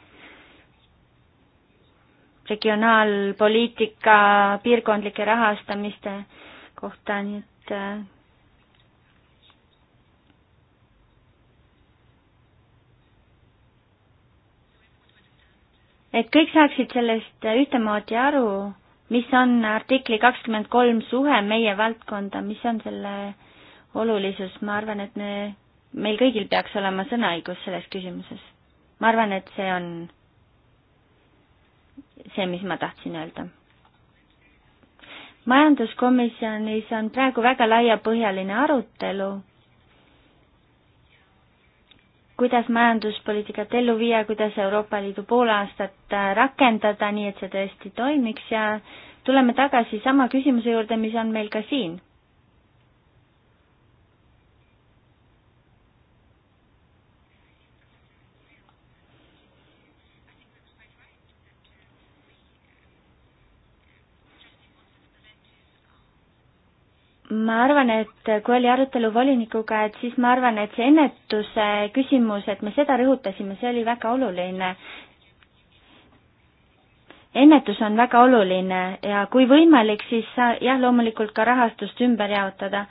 regionaalpoliitika piirkondlike rahastamiste kohta, nii et äh, et kõik saaksid sellest ühtemoodi aru, mis on artikli kakskümmend kolm suhe meie valdkonda, mis on selle olulisus, ma arvan, et me, meil kõigil peaks olema sõnaõigus selles küsimuses. ma arvan, et see on see, mis ma tahtsin öelda. majanduskomisjonis on praegu väga laiapõhjaline arutelu kuidas majanduspoliitikat ellu viia, kuidas Euroopa Liidu pool aastat äh, rakendada, nii et see tõesti toimiks ja tuleme tagasi sama küsimuse juurde, mis on meil ka siin. ma arvan, et kui oli arutelu volinikuga, et siis ma arvan, et see ennetuse küsimus, et me seda rõhutasime, see oli väga oluline. ennetus on väga oluline ja kui võimalik, siis jah, loomulikult ka rahastust ümber jaotada,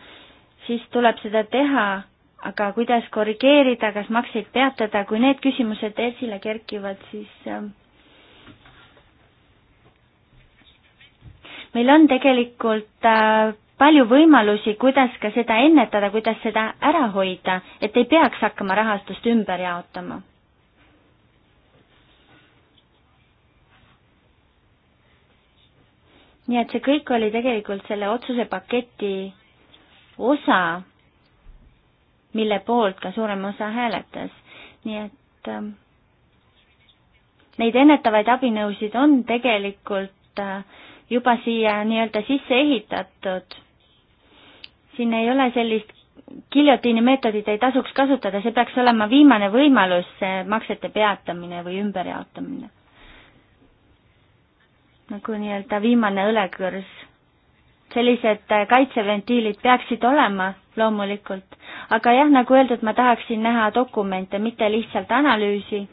siis tuleb seda teha, aga kuidas korrigeerida, kas makseid peatada, kui need küsimused esile kerkivad, siis äh, meil on tegelikult äh, palju võimalusi, kuidas ka seda ennetada, kuidas seda ära hoida, et ei peaks hakkama rahastust ümber jaotama. nii et see kõik oli tegelikult selle otsuse paketi osa, mille poolt ka suurem osa hääletas, nii et äh, neid ennetavaid abinõusid on tegelikult äh, juba siia nii-öelda sisse ehitatud. siin ei ole sellist giljotiini meetodit ei tasuks kasutada, see peaks olema viimane võimalus, see maksete peatamine või ümberjaotamine. nagu nii-öelda viimane õlekõrs. sellised äh, kaitseventiilid peaksid olema loomulikult, aga jah, nagu öeldud, ma tahaksin näha dokumente, mitte lihtsalt analüüsi.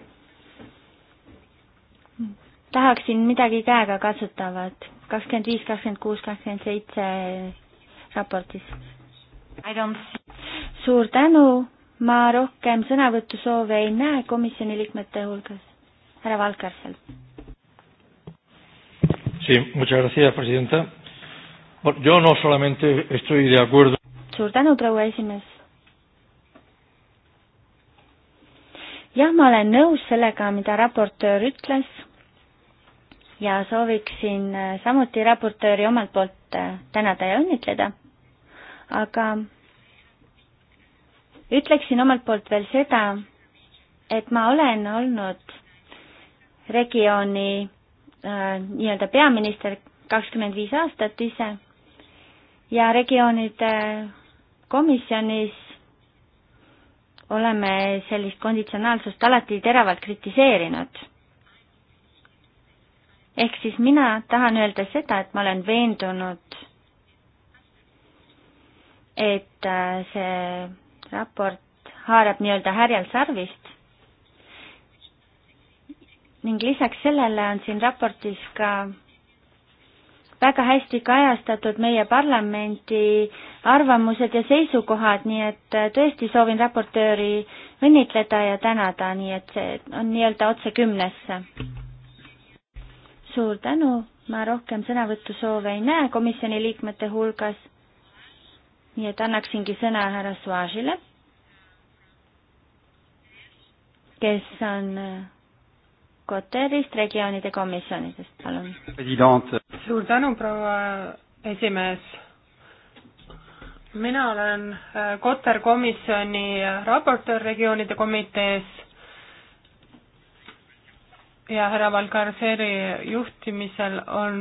tahaksin midagi käega kasutavat kakskümmend viis, kakskümmend kuus, kakskümmend seitse raportis. suur tänu, ma rohkem sõnavõtusoove ei näe komisjoni liikmete hulgas. härra Valkarsel. suur tänu, proua esimees. jah, ma olen nõus sellega, mida raportöör ütles ja sooviksin äh, samuti raportööri omalt poolt äh, tänada ja õnnitleda, aga ütleksin omalt poolt veel seda, et ma olen olnud regiooni äh, nii-öelda peaminister kakskümmend viis aastat ise ja regioonide komisjonis oleme sellist konditsionaalsust alati teravalt kritiseerinud ehk siis mina tahan öelda seda, et ma olen veendunud, et äh, see raport haarab nii-öelda härjal sarvist ning lisaks sellele on siin raportis ka väga hästi kajastatud meie parlamendi arvamused ja seisukohad, nii et äh, tõesti soovin raportööri õnnitleda ja tänada, nii et see on nii-öelda otse kümnesse suur tänu, ma rohkem sõnavõtusoove ei näe komisjoni liikmete hulgas. nii et annaksingi sõna härra Suažile, kes on Koterist äh, regioonide komisjonidest, palun. suur tänu, proua esimees. mina olen Koter äh, komisjoni raportöör regioonide komitees ja härra Valgarseri juhtimisel on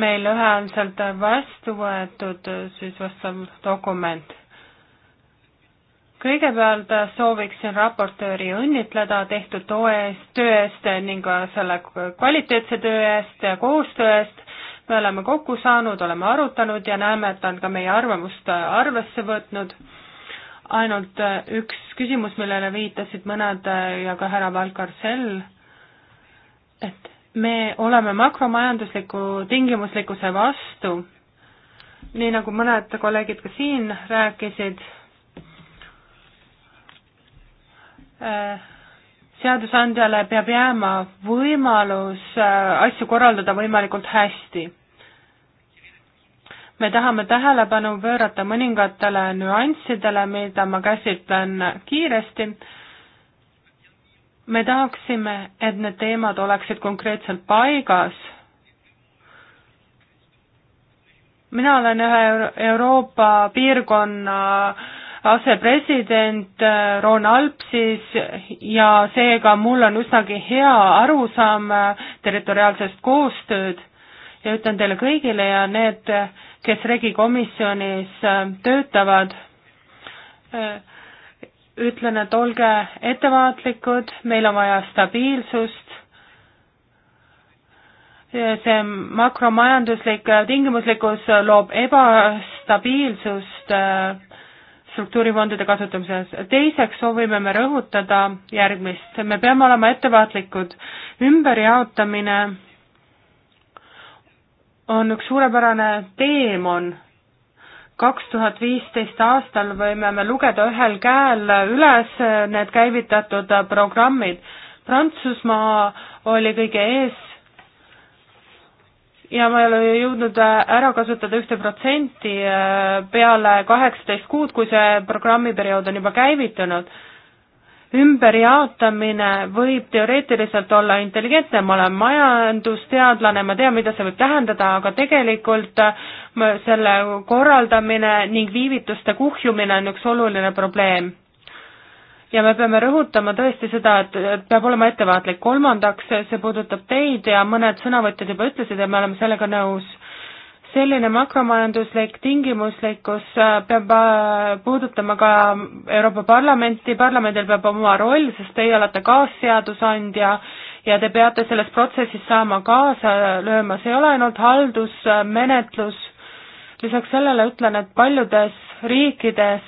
meil ühehäälselt vastu võetud siis vastav dokument. kõigepealt sooviksin raportööri õnnitleda tehtud toe eest, töö eest ning selle kvaliteetse töö eest ja koostöö eest. me oleme kokku saanud, oleme arutanud ja näeme, et ta on ka meie arvamust arvesse võtnud. ainult üks küsimus, millele viitasid mõned ja ka härra Valgarsell et me oleme makromajandusliku tingimuslikkuse vastu, nii nagu mõned kolleegid ka siin rääkisid, äh, seadusandjale peab jääma võimalus äh, asju korraldada võimalikult hästi. me tahame tähelepanu pöörata mõningatele nüanssidele, mida ma käsitlen kiiresti me tahaksime, et need teemad oleksid konkreetselt paigas. mina olen ühe Euroopa piirkonna asepresident äh, Roon Alpsis ja seega mul on üsnagi hea arusaam äh, territoriaalsest koostööd ja ütlen teile kõigile ja need, kes regikomisjonis äh, töötavad, ütlen, et olge ettevaatlikud, meil on vaja stabiilsust, see makromajanduslik äh, tingimuslikkus loob ebastabiilsust äh, struktuurifondide kasutamises. teiseks soovime me rõhutada järgmist, me peame olema ettevaatlikud, ümberjaotamine on üks suurepärane teemon kaks tuhat viisteist aastal võime me lugeda ühel käel üles need käivitatud programmid. Prantsusmaa oli kõige ees ja ma ei ole jõudnud ära kasutada ühte protsenti eh, peale kaheksateist kuud, kui see programmiperiood on juba käivitunud ümberjaotamine võib teoreetiliselt olla intelligentne, ma olen majandusteadlane, ma tean, mida see võib tähendada, aga tegelikult äh, selle korraldamine ning viivituste kuhjumine on üks oluline probleem. ja me peame rõhutama tõesti seda, et peab olema ettevaatlik. kolmandaks, see puudutab teid ja mõned sõnavõtjad juba ütlesid, et me oleme sellega nõus selline makromajanduslik tingimuslikkus äh, peab äh, puudutama ka Euroopa Parlamenti, parlamendil peab oma roll, sest teie olete kaasseadusandja ja te peate selles protsessis saama kaasa lööma, see ei ole ainult haldusmenetlus, lisaks sellele ütlen, et paljudes riikides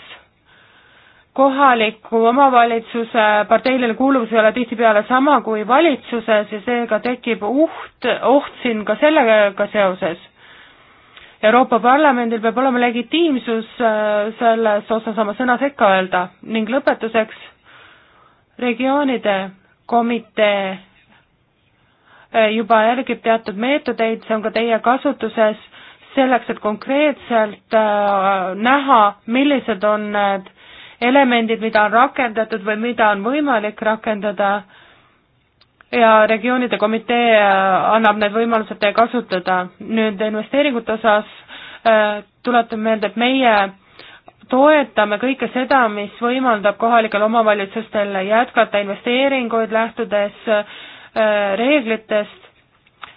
kohaliku omavalitsuse parteiline kuuluvus ei ole tihtipeale sama kui valitsuses ja seega tekib uht, oht siin ka sellega seoses Euroopa Parlamendil peab olema legitiimsus äh, selles osas oma sõna sekka öelda ning lõpetuseks regioonide komitee äh, juba järgib teatud meetodeid, see on ka teie kasutuses, selleks, et konkreetselt äh, näha, millised on need elemendid, mida on rakendatud või mida on võimalik rakendada ja regioonide komitee äh, annab need võimalused kasutada. nüüd investeeringute osas äh, tuletan meelde, et meie toetame kõike seda, mis võimaldab kohalikel omavalitsustel jätkata investeeringuid, lähtudes äh, reeglitest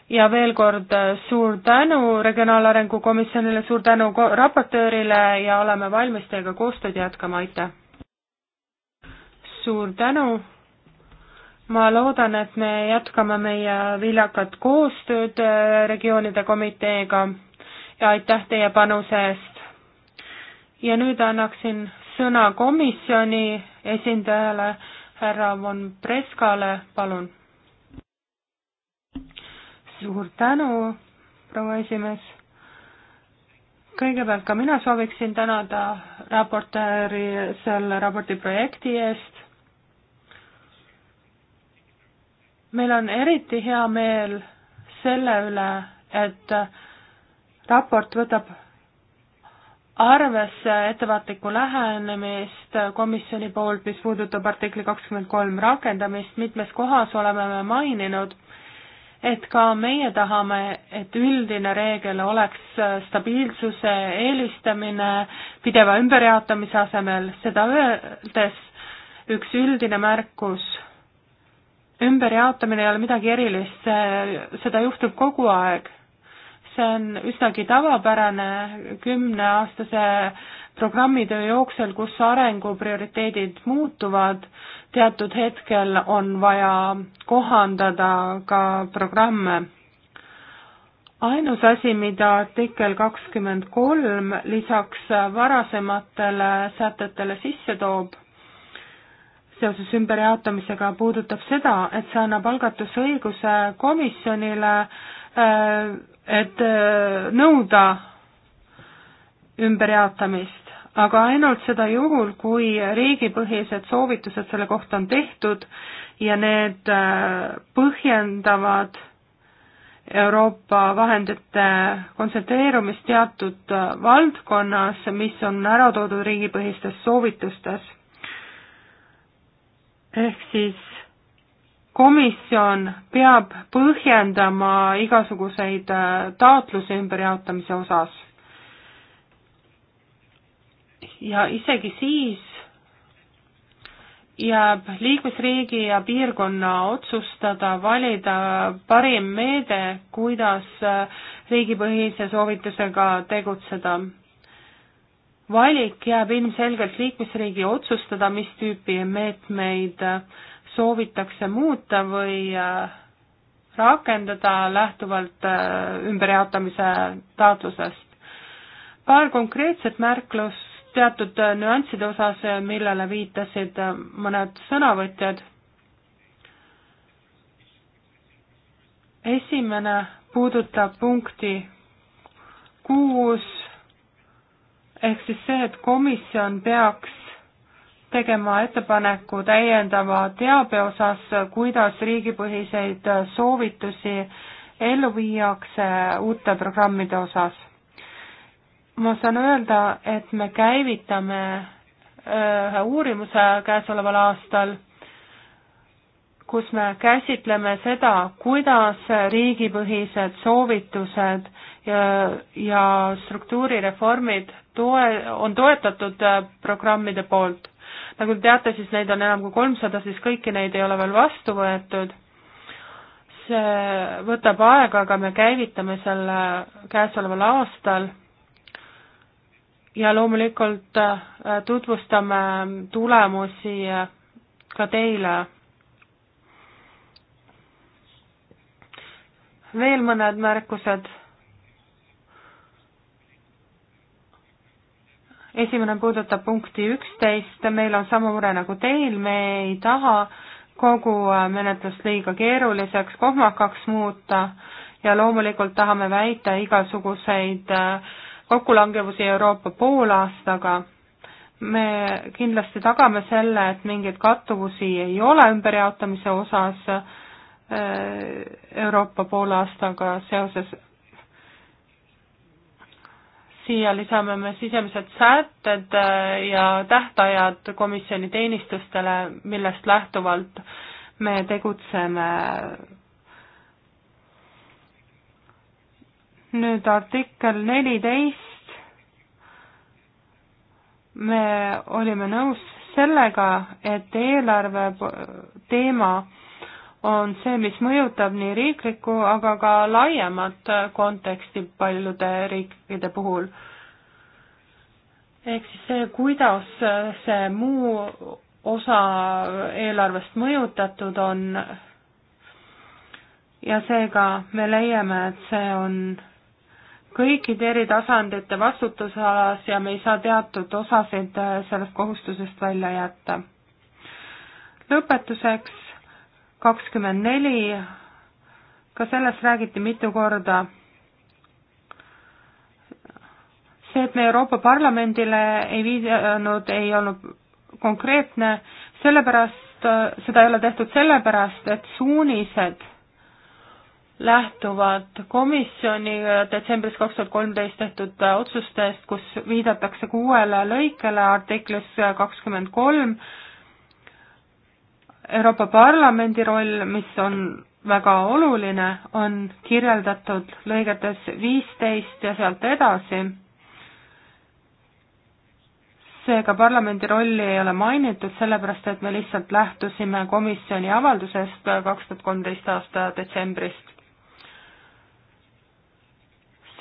ja veel kord suur tänu Regionaalarengu Komisjonile, suur tänu raportöörile ja oleme valmis teiega koostööd jätkama, aitäh! suur tänu! ma loodan, et me jätkame meie viljakat koostööd äh, regioonide komiteega ja aitäh teie panuse eest. ja nüüd annaksin sõna komisjoni esindajale, härra von Preskale, palun. suur tänu, proua esimees. kõigepealt ka mina sooviksin tänada raportööri selle raporti projekti eest meil on eriti hea meel selle üle, et raport võtab arvesse ettevaatlikku lähenemist komisjoni poolt, mis puudutab artikli kakskümmend kolm rakendamist, mitmes kohas oleme me maininud, et ka meie tahame, et üldine reegel oleks stabiilsuse eelistamine pideva ümberjaotamise asemel, seda öeldes üks üldine märkus ümberjaotamine ei ole midagi erilist, see, seda juhtub kogu aeg. see on üsnagi tavapärane kümneaastase programmitöö jooksul, kus arengu prioriteedid muutuvad, teatud hetkel on vaja kohandada ka programme. ainus asi, mida artikkel kakskümmend kolm lisaks varasematele sätetele sisse toob seoses ümberjaotamisega puudutab seda, et see annab algatusõiguse komisjonile, äh, et äh, nõuda ümberjaotamist, aga ainult seda juhul, kui riigipõhised soovitused selle kohta on tehtud ja need äh, põhjendavad Euroopa vahendite kontsentreerumist teatud valdkonnas, mis on ära toodud riigipõhistes soovitustes ehk siis komisjon peab põhjendama igasuguseid äh, taotlusi ümberjaotamise osas. ja isegi siis jääb liikmesriigi ja piirkonna otsustada valida parim meede, kuidas äh, riigipõhise soovitusega tegutseda valik jääb ilmselgelt liikmesriigi otsustada, mis tüüpi meetmeid soovitakse muuta või äh, rakendada lähtuvalt äh, ümberjaotamise taotlusest. paar konkreetset märklust teatud äh, nüansside osas, millele viitasid mõned sõnavõtjad. esimene puudutab punkti kuus ehk siis see, et komisjon peaks tegema ettepaneku täiendava teabe osas, kuidas riigipõhiseid soovitusi ellu viiakse uute programmide osas. ma saan öelda, et me käivitame ühe äh, uurimuse käesoleval aastal, kus me käsitleme seda, kuidas riigipõhised soovitused ja, ja struktuurireformid toe, on toetatud äh, programmide poolt. nagu te teate, siis neid on enam kui kolmsada, siis kõiki neid ei ole veel vastu võetud. see võtab aega, aga me käivitame selle käesoleval aastal ja loomulikult äh, tutvustame tulemusi äh, ka teile. veel mõned märkused esimene puudutab punkti üksteist, meil on sama mure nagu teil, me ei taha kogu äh, menetlust liiga keeruliseks, kohmakaks muuta ja loomulikult tahame väita igasuguseid äh, kokkulangevusi Euroopa poolaastaga. me kindlasti tagame selle, et mingeid kattuvusi ei ole ümberjaotamise osas äh, Euroopa poolaastaga seoses, siia lisame me sisemised sätted äh, ja tähtajad komisjoni teenistustele, millest lähtuvalt me tegutseme. nüüd artikkel neliteist. me olime nõus sellega, et eelarve teema on see, mis mõjutab nii riiklikku, aga ka laiemat konteksti paljude riikide puhul. ehk siis see, kuidas see muu osa eelarvest mõjutatud on ja seega me leiame, et see on kõikide eri tasandite vastutusalas ja me ei saa teatud osasid sellest kohustusest välja jätta. lõpetuseks kakskümmend neli, ka sellest räägiti mitu korda. see, et me Euroopa Parlamendile ei viidanud, ei olnud konkreetne, sellepärast, seda ei ole tehtud sellepärast, et suunised lähtuvad komisjoni detsembris kaks tuhat kolmteist tehtud otsustest, kus viidatakse kuuele lõikele artiklis kakskümmend kolm, Euroopa Parlamendi roll, mis on väga oluline, on kirjeldatud lõigetes viisteist ja sealt edasi. seega parlamendi rolli ei ole mainitud, sellepärast et me lihtsalt lähtusime komisjoni avaldusest kaks tuhat kolmteist aasta detsembrist.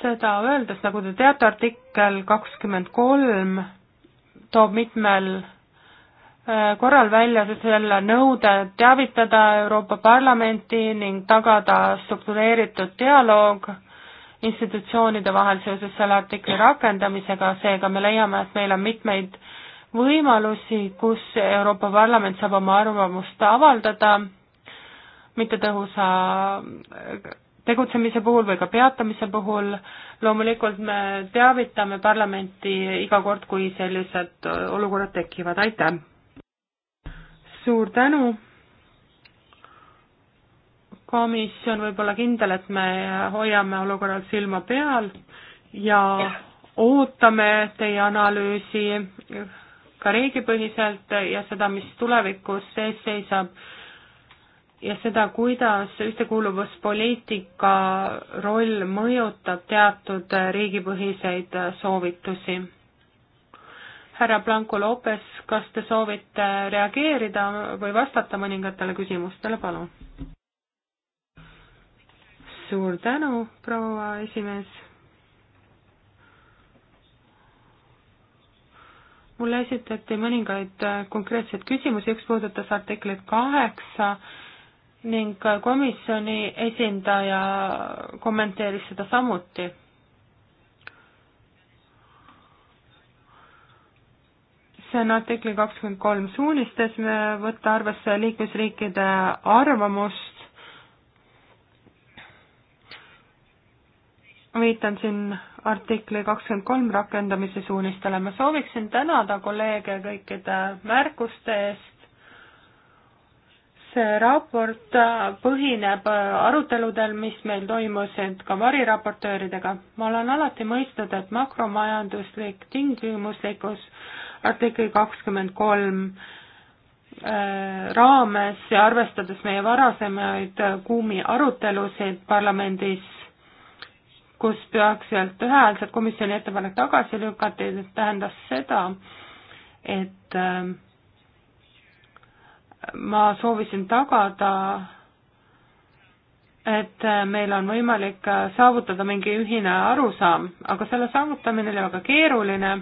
seda öeldes, nagu te teate, artikkel kakskümmend kolm toob mitmel korral välja selle nõude teavitada Euroopa Parlamenti ning tagada struktureeritud dialoog institutsioonide vahel seoses selle artikli rakendamisega, seega me leiame, et meil on mitmeid võimalusi, kus Euroopa Parlament saab oma arvamust avaldada mittetõhusa tegutsemise puhul või ka peatamise puhul. loomulikult me teavitame parlamenti iga kord, kui sellised olukorrad tekivad, aitäh! suur tänu. komisjon võib olla kindel, et me hoiame olukorral silma peal ja ootame teie analüüsi ka riigipõhiselt ja seda, mis tulevikus ees seisab ja seda, kuidas ühtekuuluvuspoliitika roll mõjutab teatud riigipõhiseid soovitusi härra Blanco Lopes, kas te soovite reageerida või vastata mõningatele küsimustele, palun? suur tänu, proua esimees. mulle esitati mõningaid konkreetseid küsimusi, üks puudutas artiklit kaheksa ning komisjoni esindaja kommenteeris seda samuti see on artikli kakskümmend kolm suunistes, võtta arvesse liikmesriikide arvamust. viitan siin artikli kakskümmend kolm rakendamise suunistele, ma sooviksin tänada kolleege kõikide märkuste eest, see raport põhineb aruteludel, mis meil toimusid ka variraportööridega. ma olen alati mõistnud, et makromajanduslik tingimuslikkus artikli kakskümmend kolm äh, raames ja arvestades meie varasemaid kuumi arutelusid parlamendis, kus peakselt ühehäälselt komisjoni ettepanek tagasi lükati, tähendas seda, et äh, ma soovisin tagada, et äh, meil on võimalik saavutada mingi ühine arusaam, aga selle saavutamine oli väga keeruline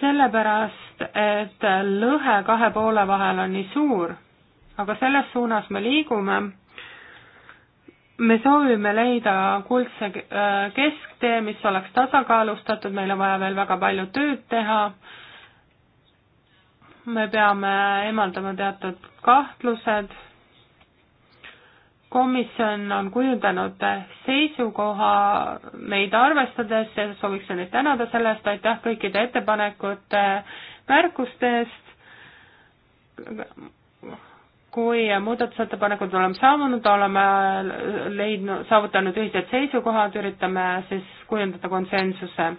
sellepärast, et lõhe kahe poole vahel on nii suur, aga selles suunas me liigume. me soovime leida kuldse äh, kesktee, mis oleks tasakaalustatud, meil on vaja veel väga palju tööd teha. me peame eemaldama teatud kahtlused komisjon on kujundanud seisukoha neid arvestades ja sooviksin neid tänada selle eest, aitäh kõikide ettepanekute märkuste eest. kui muudatusettepanekud oleme saanud, oleme leidnud, saavutanud ühised seisukohad, üritame siis kujundada konsensuse.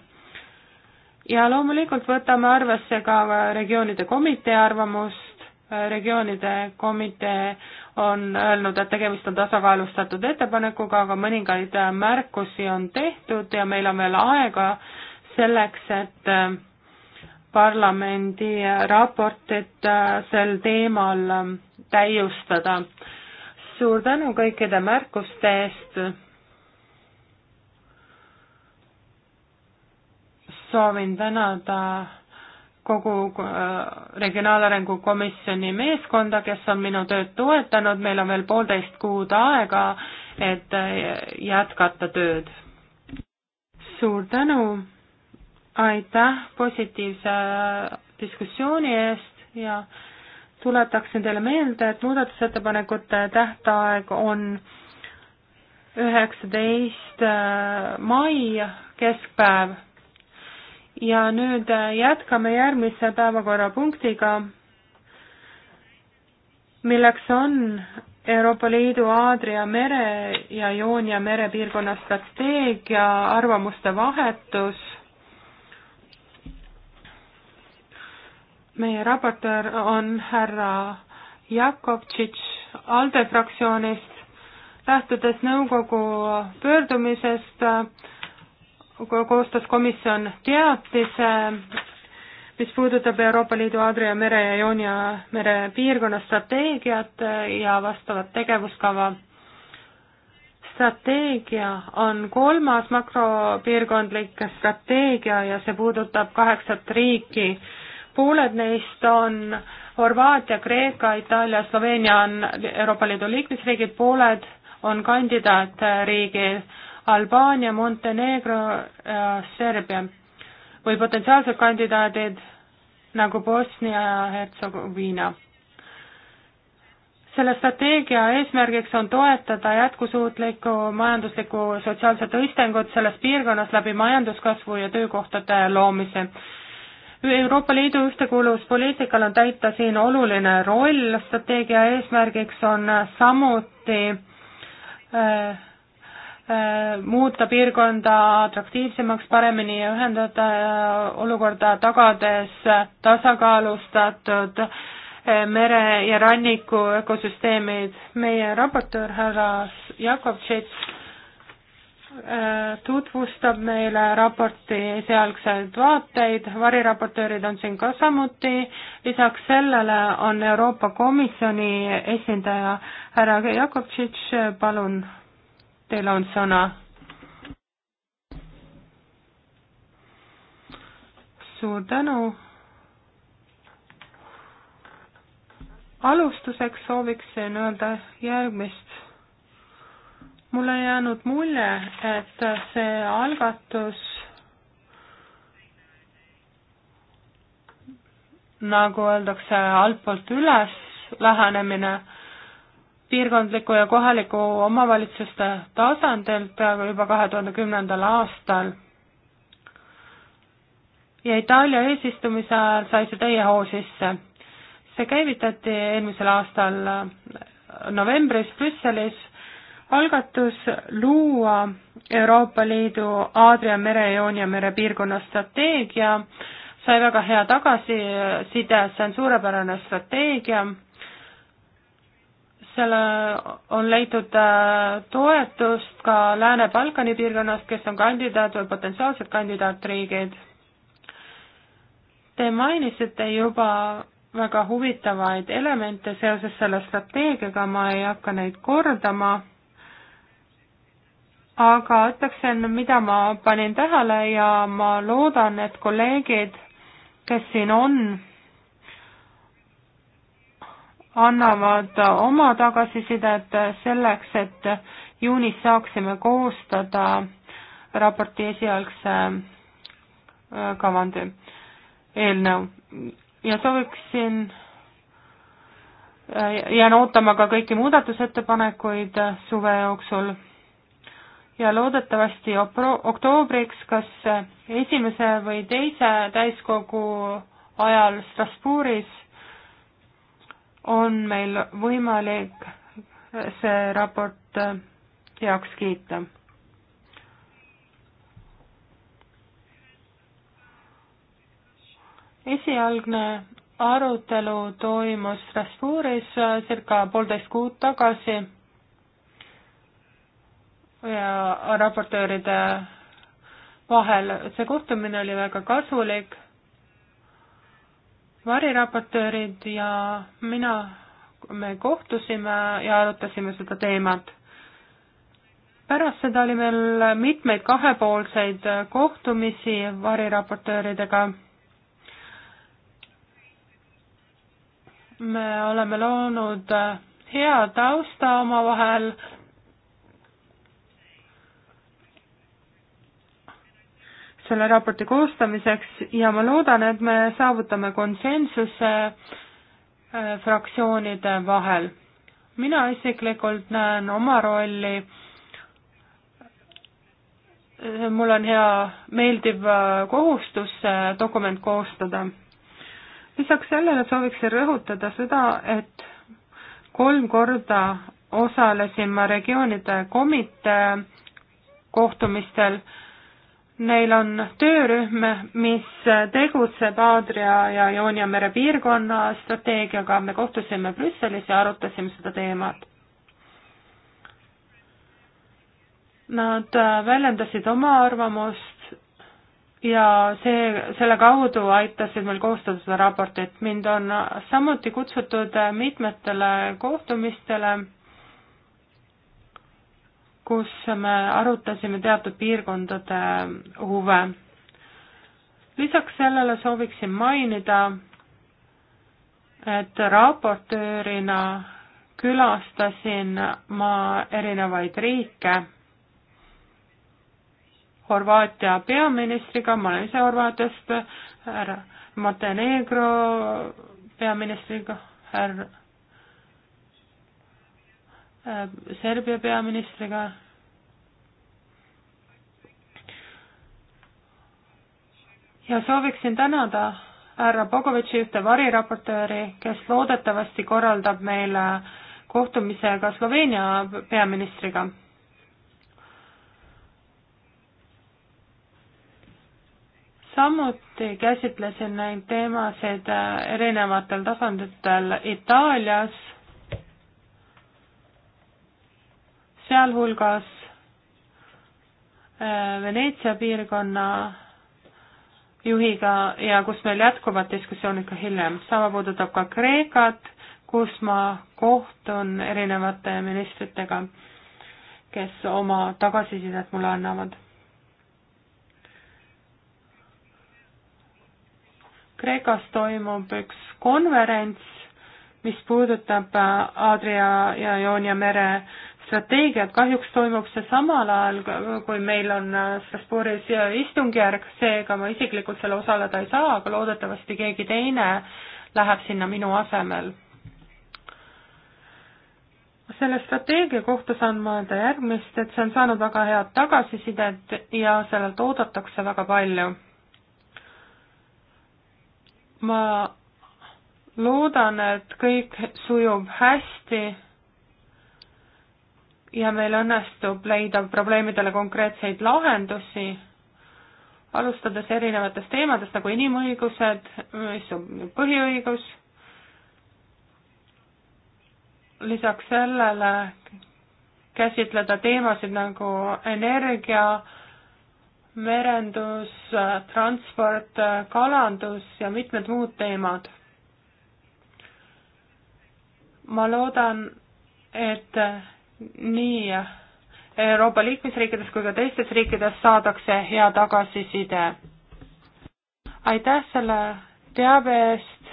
ja loomulikult võtame arvesse ka regioonide komitee arvamust, regioonide komitee on öelnud, et tegemist on tasakaalustatud ettepanekuga, aga mõningaid märkusi on tehtud ja meil on veel aega selleks, et äh, parlamendi raportit äh, sel teemal äh, täiustada. suur tänu kõikide märkuste eest. soovin tänada kogu äh, Regionaalarengu Komisjoni meeskonda, kes on minu tööd toetanud, meil on veel poolteist kuud aega, et äh, jätkata tööd. suur tänu, aitäh positiivse diskussiooni eest ja tuletaksin teile meelde, et muudatusettepanekute tähtaeg on üheksateist äh, mai keskpäev ja nüüd äh, jätkame järgmise päevakorrapunktiga, milleks on Euroopa Liidu Aadria mere ja Joonia merepiirkonna strateegia arvamuste vahetus. meie raportöör on härra Jakovtšitš ALDE fraktsioonist. lähtudes nõukogu pöördumisest koostas komisjon teatise, mis puudutab Euroopa Liidu Aadria mere ja Joonia mere piirkonna strateegiat eh, ja vastavat tegevuskava. strateegia on kolmas makropiirkondlik strateegia ja see puudutab kaheksat riiki. pooled neist on Horvaatia, Kreeka, Itaalia, Sloveenia on Euroopa Liidu liikmesriigid, pooled on kandidaatriigid Albaania, Montenegro ja Serbia või potentsiaalsed kandidaadid nagu Bosnia ja Hertsegoviina. selle strateegia eesmärgiks on toetada jätkusuutlikku majanduslikku sotsiaalset õistengut selles piirkonnas läbi majanduskasvu ja töökohtade loomise. Euroopa Liidu ühtekuuluvuspoliitikal on täita siin oluline roll, strateegia eesmärgiks on samuti äh, Äh, muuta piirkonda atraktiivsemaks, paremini ühendada äh, olukorda, tagades tasakaalustatud äh, mere- ja ranniku ökosüsteemid. meie raportöör härra Jakovtšits tutvustab meile raporti esialgseid vaateid, variraportöörid on siin ka samuti, lisaks sellele on Euroopa Komisjoni esindaja härra Jakovtšitš, palun teil on sõna. suur tänu. alustuseks sooviksin öelda järgmist. mulle on jäänud mulje, et see algatus nagu öeldakse, altpoolt üles lähenemine piirkondliku ja kohaliku omavalitsuste tasandilt juba kahe tuhande kümnendal aastal. ja Itaalia eesistumise ajal sai see täie hoo sisse. see käivitati eelmisel aastal äh, novembris Brüsselis, algatus luua Euroopa Liidu Aadria mere, Joonia mere piirkonna strateegia sai väga hea tagasiside, see on suurepärane strateegia selle on leitud äh, toetust ka Lääne-Balkani piirkonnast, kes on kandidaat või potentsiaalsed kandidaatriigid. Te mainisite juba väga huvitavaid elemente seoses selle strateegiaga, ma ei hakka neid kordama, aga ütleksin, mida ma panin tähele ja ma loodan, et kolleegid, kes siin on, annavad oma tagasisidet selleks, et juunis saaksime koostada raporti esialgse äh, kavandi eelnõu ja sooviksin, äh, jään ootama ka kõiki muudatusettepanekuid äh, suve jooksul ja loodetavasti oktoobriks kas esimese või teise täiskogu ajal Strasbourgis on meil võimalik see raport äh, heaks kiita. esialgne arutelu toimus Strasbourgis äh, circa poolteist kuud tagasi ja raportööride vahel see kohtumine oli väga kasulik variraportöörid ja mina, me kohtusime ja arutasime seda teemat. pärast seda oli meil mitmeid kahepoolseid kohtumisi variraportööridega. me oleme loonud hea tausta omavahel selle raporti koostamiseks ja ma loodan, et me saavutame konsensuse äh, fraktsioonide vahel. mina isiklikult näen oma rolli, äh, mul on hea meeldiv äh, kohustus see dokument koostada. lisaks sellele sooviksin rõhutada seda, et kolm korda osalesin ma regioonide komitee kohtumistel äh, Neil on töörühm, mis tegutseb Aadria ja Joonia mere piirkonna strateegiaga, me kohtusime Brüsselis ja arutasime seda teemat. Nad äh, väljendasid oma arvamust ja see, selle kaudu aitasid meil koostada seda raportit. mind on samuti kutsutud äh, mitmetele kohtumistele kus me arutasime teatud piirkondade huve. lisaks sellele sooviksin mainida, et raportöörina külastasin ma erinevaid riike. Horvaatia peaministriga, ma olen ise Horvaatiast, härra Montenegro peaministriga, härra Äh, Serbia peaministriga. ja sooviksin tänada härra Bogovitši ühte variraportööri, kes loodetavasti korraldab meile kohtumise ka Sloveenia peaministriga. samuti käsitlesin neid teemasid erinevatel tasanditel Itaalias sealhulgas äh, Veneetsia piirkonna juhiga ja kus meil jätkuvad diskussioonid ka hiljem. sama puudutab ka Kreekat, kus ma kohtun erinevate ministritega, kes oma tagasisidet mulle annavad. Kreekas toimub üks konverents, mis puudutab äh, Aadria ja Joonia mere strateegiat, kahjuks toimub see samal ajal, kui meil on äh, Strasbourgis äh, istungjärg, seega ma isiklikult seal osaleda ei saa, aga loodetavasti keegi teine läheb sinna minu asemel. selle strateegia kohta saan ma öelda järgmist, et see on saanud väga head tagasisidet ja sellelt oodatakse väga palju. ma loodan, et kõik sujub hästi ja meil õnnestub leida probleemidele konkreetseid lahendusi, alustades erinevatest teemadest nagu inimõigused, mis on põhiõigus, lisaks sellele käsitleda teemasid nagu energia, merendus, transport, kalandus ja mitmed muud teemad. ma loodan, et nii Euroopa liikmesriikides kui ka teistes riikides saadakse hea tagasiside. aitäh selle teabe eest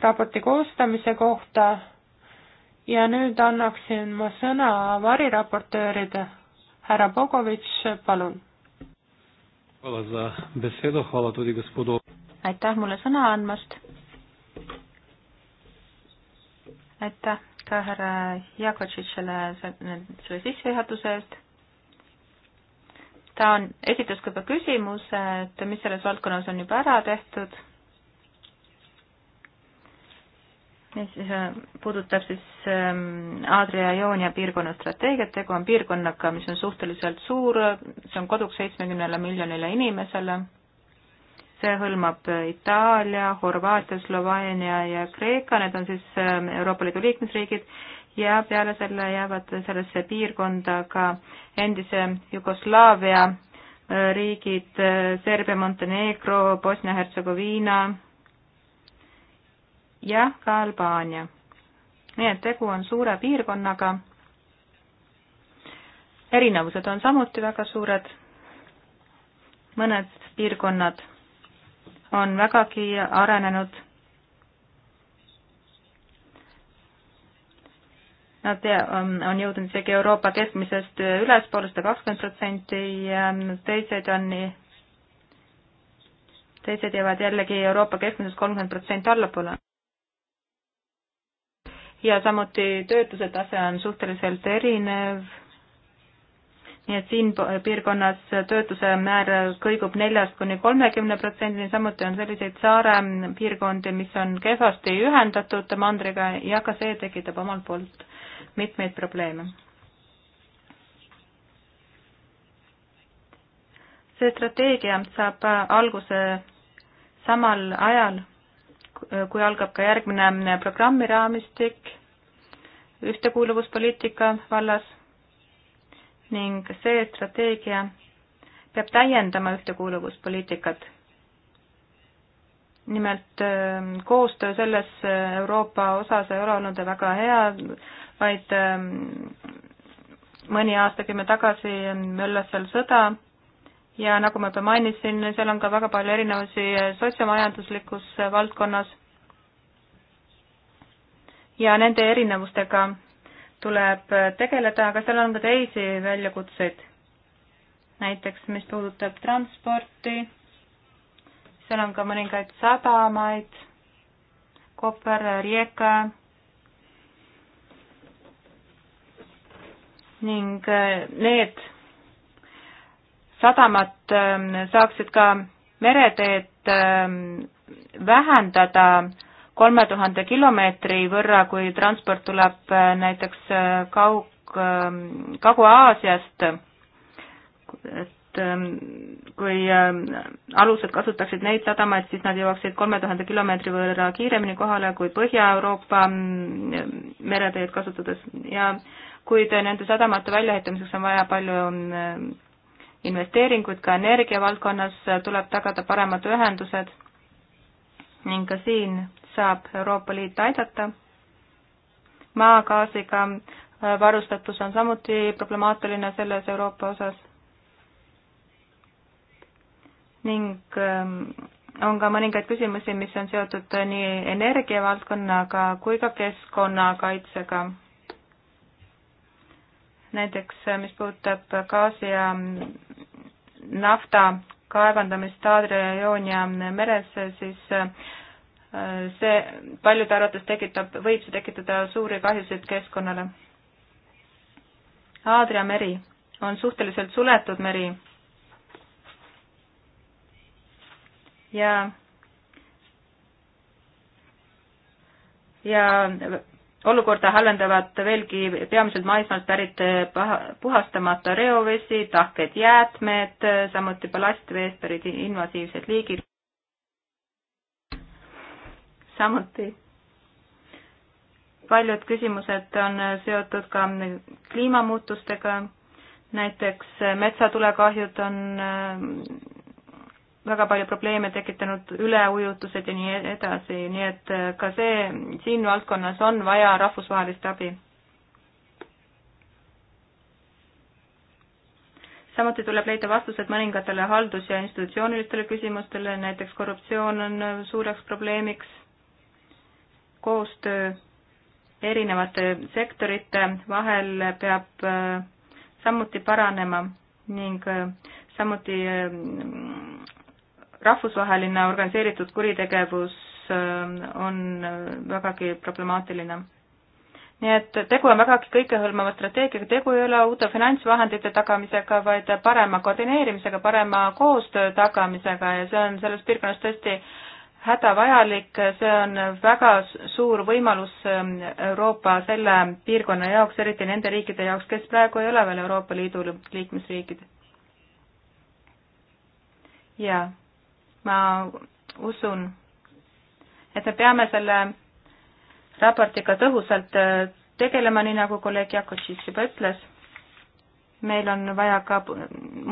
raporti koostamise kohta ja nüüd annaksin ma sõna variraportööride. härra Bogovitš, palun. aitäh mulle sõna andmast. aitäh ka härra Jakovtšitšile selle sissejuhatuse eest. ta on, esitas ka juba küsimuse, et mis selles valdkonnas on juba ära tehtud. mis äh, puudutab siis ähm, Adria-Joonia piirkonna strateegiat, tegu on piirkonnaga, mis on suhteliselt suur, see on koduks seitsmekümnele miljonile inimesele see hõlmab Itaalia, Horvaatia, Sloveenia ja Kreeka, need on siis ähm, Euroopa Liidu liikmesriigid ja peale selle jäävad sellesse piirkonda ka endise Jugoslaavia äh, riigid äh, Serbia, Montenegro, Bosnia-Hertsegoviina ja ka Albaania. nii et tegu on suure piirkonnaga. erinevused on samuti väga suured. mõned piirkonnad on vägagi arenenud. Nad ähm, on jõudnud isegi Euroopa keskmisest ülespoole sada kakskümmend protsenti ja teised on nii, teised jäävad jällegi Euroopa keskmisest kolmkümmend protsenti allapoole. ja samuti töötuse tase on suhteliselt erinev nii et siin piirkonnas töötuse määr kõigub neljast kuni kolmekümne protsendini, samuti on selliseid saare piirkondi, mis on kehvasti ühendatud mandriga ja ka see tekitab omalt poolt mitmeid probleeme. see strateegia saab alguse samal ajal, kui algab ka järgmine programmiraamistik ühtekuuluvuspoliitika vallas ning see strateegia peab täiendama ühtekuuluvuspoliitikat. nimelt ähm, koostöö selles äh, Euroopa osas ei ole olnud väga hea, vaid ähm, mõni aastakümme tagasi möllas seal sõda ja nagu ma juba mainisin, seal on ka väga palju erinevusi äh, sotsiomajanduslikus äh, valdkonnas ja nende erinevustega tuleb tegeleda, aga seal on ka teisi väljakutseid. näiteks, mis puudutab transporti, seal on ka mõningaid sadamaid, Koper, Rijeka ning äh, need sadamad ähm, saaksid ka mereteed ähm, vähendada kolme tuhande kilomeetri võrra, kui transport tuleb äh, näiteks äh, kaug, ähm, Kagu-Aasiast, et ähm, kui ähm, alused kasutaksid neid sadamaid, siis nad jõuaksid kolme tuhande kilomeetri võrra kiiremini kohale kui Põhja-Euroopa mm, mereteed kasutades ja kuid nende sadamate väljaehitamiseks on vaja palju mm, investeeringuid, ka energia valdkonnas tuleb tagada paremad ühendused ning ka siin saab Euroopa Liit aidata. maagaasiga äh, varustatus on samuti problemaatiline selles Euroopa osas ning ähm, on ka mõningaid küsimusi, mis on seotud äh, nii energiavaldkonnaga kui ka keskkonnakaitsega. näiteks, äh, mis puudutab gaasi ja mm, nafta kaevandamist Adria-Joonia meres, siis äh, see paljude arvates tekitab, võib see tekitada suuri kahjusid keskkonnale. Aadria meri on suhteliselt suletud meri ja ja olukorda halvendavad veelgi peamiselt maismaalt pärit eh, puhastamata reovesi, tahked jäätmed, eh, samuti ballastveest pärit invasiivsed liigid. samuti paljud küsimused on eh, seotud ka kliimamuutustega, näiteks metsatulekahjud on väga palju probleeme tekitanud üleujutused ja nii edasi, nii et äh, ka see, siin valdkonnas on vaja rahvusvahelist abi. samuti tuleb leida vastused mõningatele haldus- ja institutsioonilistele küsimustele, näiteks korruptsioon on äh, suureks probleemiks, koostöö erinevate sektorite vahel peab äh, samuti paranema ning samuti rahvusvaheline organiseeritud kuritegevus ähm, on äh, vägagi problemaatiline. nii et tegu on vägagi kõikehõlmava strateegiaga, tegu ei ole uute finantsvahendite tagamisega, vaid parema koordineerimisega, parema koostöö tagamisega ja see on selles piirkonnas tõesti hädavajalik, see on väga suur võimalus ähm, Euroopa selle piirkonna jaoks, eriti nende riikide jaoks, kes praegu ei ole veel Euroopa Liidu liikmesriigid. jaa ma usun, et me peame selle raportiga tõhusalt äh, tegelema, nii nagu kolleeg Jakošis juba ütles. meil on vaja ka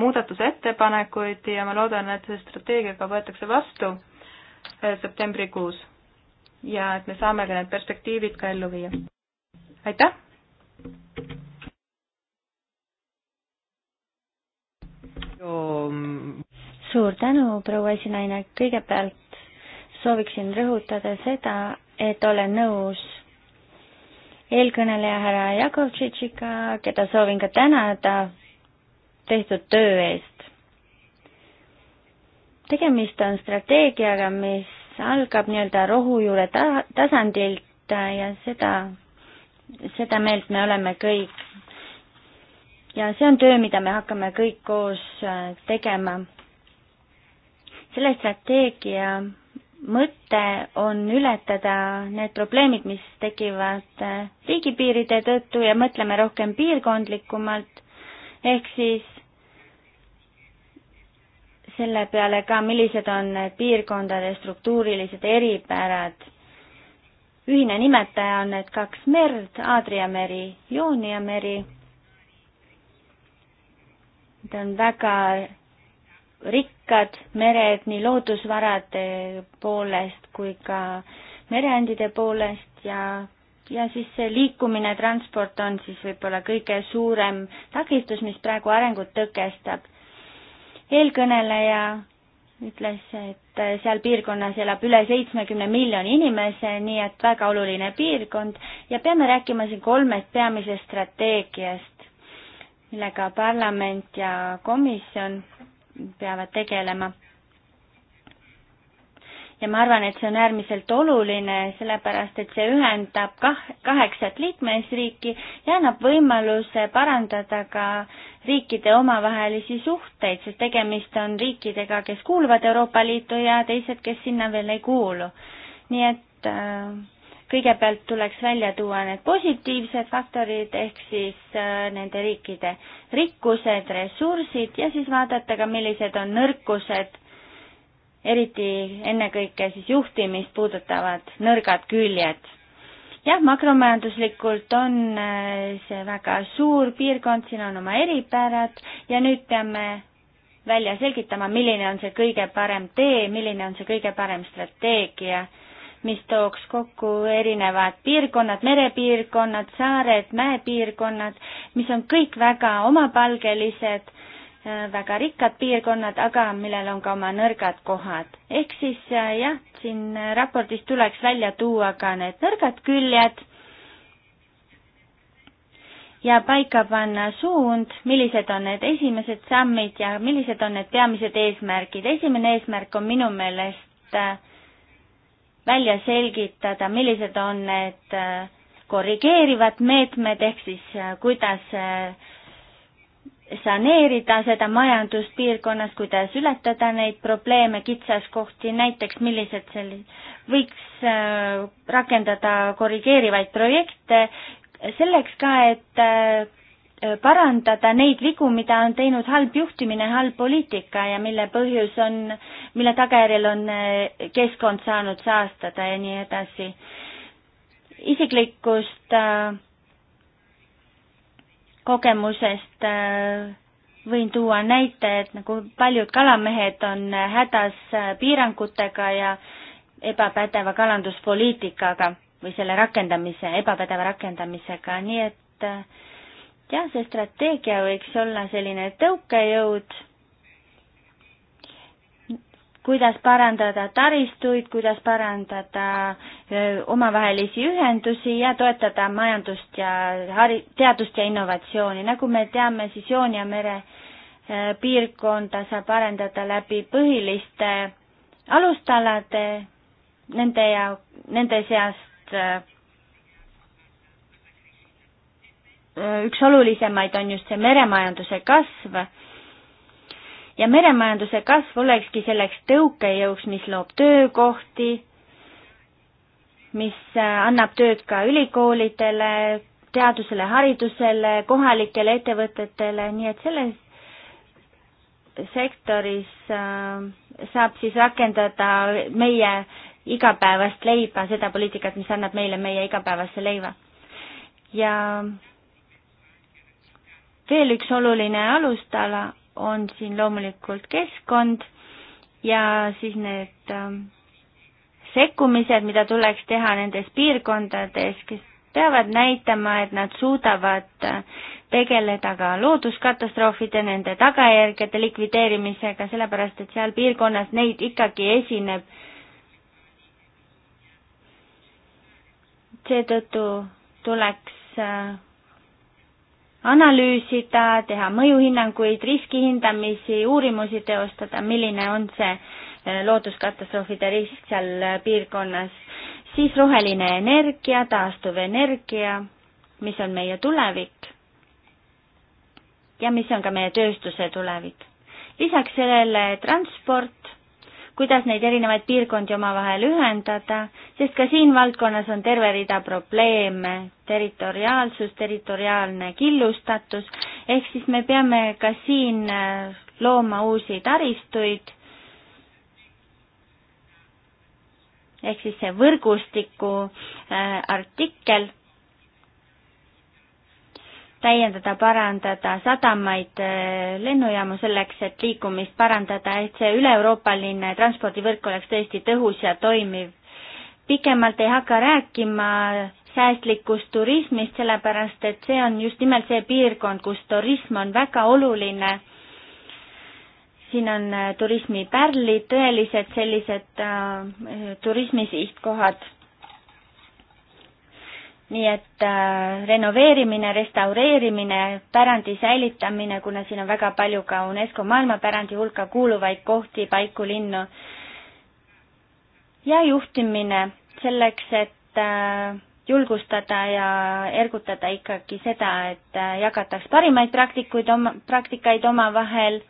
muudatusettepanekuid ja ma loodan, et see strateegiaga võetakse vastu äh, septembrikuus ja et me saame ka need perspektiivid ka ellu viia. aitäh! Mm, suur tänu, proua esinaine, kõigepealt sooviksin rõhutada seda, et olen nõus eelkõneleja härra Jakovtšitšiga, keda soovin ka tänada tehtud töö eest. tegemist on strateegiaga, mis algab nii-öelda rohujuure ta-, tasandilt ja seda, seda meelt me oleme kõik. ja see on töö, mida me hakkame kõik koos äh, tegema selle strateegia mõte on ületada need probleemid, mis tekivad äh, riigipiiride tõttu ja mõtleme rohkem piirkondlikumalt, ehk siis selle peale ka, millised on piirkondade struktuurilised eripärad. ühine nimetaja on need kaks merd, Aadria meri, Joonia meri. Need on väga rikkad mered nii loodusvarade poolest kui ka mereandide poolest ja, ja siis see liikumine, transport on siis võib-olla kõige suurem takistus, mis praegu arengut tõkestab. eelkõneleja ütles, et seal piirkonnas elab üle seitsmekümne miljoni inimese, nii et väga oluline piirkond ja peame rääkima siin kolmest peamisest strateegiast, millega parlament ja komisjon peavad tegelema. ja ma arvan, et see on äärmiselt oluline, sellepärast et see ühendab kah-, kaheksat liikmesriiki ja annab võimaluse parandada ka riikide omavahelisi suhteid, sest tegemist on riikidega, kes kuuluvad Euroopa Liitu ja teised, kes sinna veel ei kuulu. nii et äh, kõigepealt tuleks välja tuua need positiivsed faktorid ehk siis äh, nende riikide rikkused, ressursid ja siis vaadata ka, millised on nõrkused, eriti ennekõike siis juhtimist puudutavad nõrgad küljed. jah, makromajanduslikult on äh, see väga suur piirkond, siin on oma eripärad ja nüüd peame välja selgitama, milline on see kõige parem tee, milline on see kõige parem strateegia mis tooks kokku erinevad piirkonnad, merepiirkonnad, saared, mäepiirkonnad, mis on kõik väga omapalgelised, äh, väga rikkad piirkonnad, aga millel on ka oma nõrgad kohad. ehk siis äh, jah, siin raportis tuleks välja tuua ka need nõrgad küljed ja paika panna suund, millised on need esimesed sammid ja millised on need peamised eesmärgid. esimene eesmärk on minu meelest äh, välja selgitada, millised on need äh, korrigeerivad meetmed, ehk siis äh, kuidas äh, saneerida seda majandust piirkonnas, kuidas ületada neid probleeme, kitsaskohti, näiteks millised sellised, võiks rakendada korrigeerivaid projekte selleks ka, et parandada neid vigu, mida on teinud halb juhtimine, halb poliitika ja mille põhjus on, mille tagajärjel on äh, keskkond saanud saastada ja nii edasi. isiklikust äh, kogemusest äh, võin tuua näite, et nagu paljud kalamehed on hädas piirangutega ja ebapädeva kalanduspoliitikaga või selle rakendamise, ebapädeva rakendamisega, nii et äh, jah, see strateegia võiks olla selline tõukejõud, kuidas parandada taristuid, kuidas parandada omavahelisi ühendusi ja toetada majandust ja hari-, teadust ja innovatsiooni. nagu me teame, siis Joonia mere piirkonda saab arendada läbi põhiliste alustalade, nende ja, nende seast Äh, üks olulisemaid on just see meremajanduse kasv. ja meremajanduse kasv olekski selleks tõukejõuks, mis loob töökohti, mis äh, annab tööd ka ülikoolidele, teadusele, haridusele, kohalikele ettevõtetele, nii et selles sektoris äh, saab siis rakendada meie igapäevast leiba, seda poliitikat, mis annab meile meie igapäevase leiva. ja veel üks oluline alustala on siin loomulikult keskkond ja siis need ähm, sekkumised, mida tuleks teha nendes piirkondades, kes peavad näitama, et nad suudavad äh, tegeleda ka looduskatastroofide, nende tagajärgede likvideerimisega, sellepärast et seal piirkonnas neid ikkagi esineb. seetõttu tuleks äh, analüüsida, teha mõjuhinnanguid, riskihindamisi, uurimusi teostada, milline on see eh, looduskatastroofide risk seal eh, piirkonnas. siis roheline energia, taastuv energia, mis on meie tulevik ja mis on ka meie tööstuse tulevik. lisaks sellele transport kuidas neid erinevaid piirkondi omavahel ühendada, sest ka siin valdkonnas on terve rida probleeme, territoriaalsus, territoriaalne killustatus, ehk siis me peame ka siin äh, looma uusi taristuid, ehk siis see võrgustiku äh, artikkel täiendada, parandada sadamaid, äh, lennujaamu selleks, et liikumist parandada, et see üle-euroopaline transpordivõrk oleks tõesti tõhus ja toimiv. pikemalt ei hakka rääkima säästlikust turismist, sellepärast et see on just nimelt see piirkond, kus turism on väga oluline. siin on äh, turismipärlid, tõelised sellised äh, turismisihtkohad nii et äh, renoveerimine, restaureerimine, pärandi säilitamine, kuna siin on väga palju ka UNESCO maailmapärandi hulka kuuluvaid kohti, paiku, linnu ja juhtimine selleks, et äh, julgustada ja ergutada ikkagi seda, et äh, jagataks parimaid praktikuid oma, praktikaid omavahel,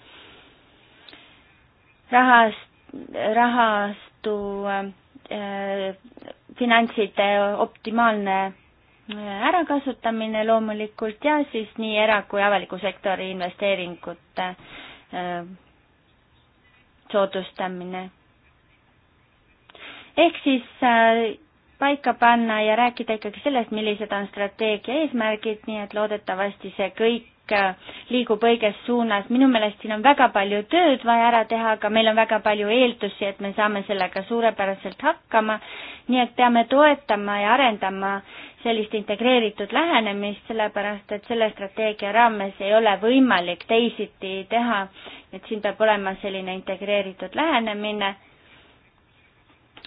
rahast, rahastu äh, äh, finantside optimaalne ärakasutamine loomulikult ja siis nii era- kui avaliku sektori investeeringute äh, soodustamine. ehk siis äh, paika panna ja rääkida ikkagi sellest, millised on strateegia eesmärgid, nii et loodetavasti see kõik äh, liigub õiges suunas. minu meelest siin on väga palju tööd vaja ära teha, aga meil on väga palju eeldusi, et me saame sellega suurepäraselt hakkama. nii et peame toetama ja arendama sellist integreeritud lähenemist, sellepärast et selle strateegia raames ei ole võimalik teisiti teha, et siin peab olema selline integreeritud lähenemine,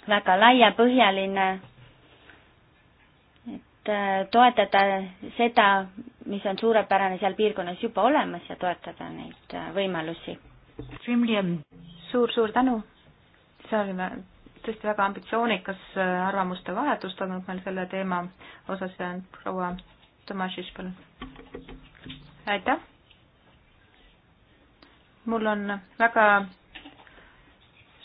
väga laiapõhjaline, et äh, toetada seda, mis on suurepärane seal piirkonnas juba olemas ja toetada neid äh, võimalusi suur,. suur-suur tänu, soovime tõesti väga ambitsioonikas äh, arvamuste vahetus toimub meil selle teema osas ja proua Tomašis, palun. aitäh. mul on väga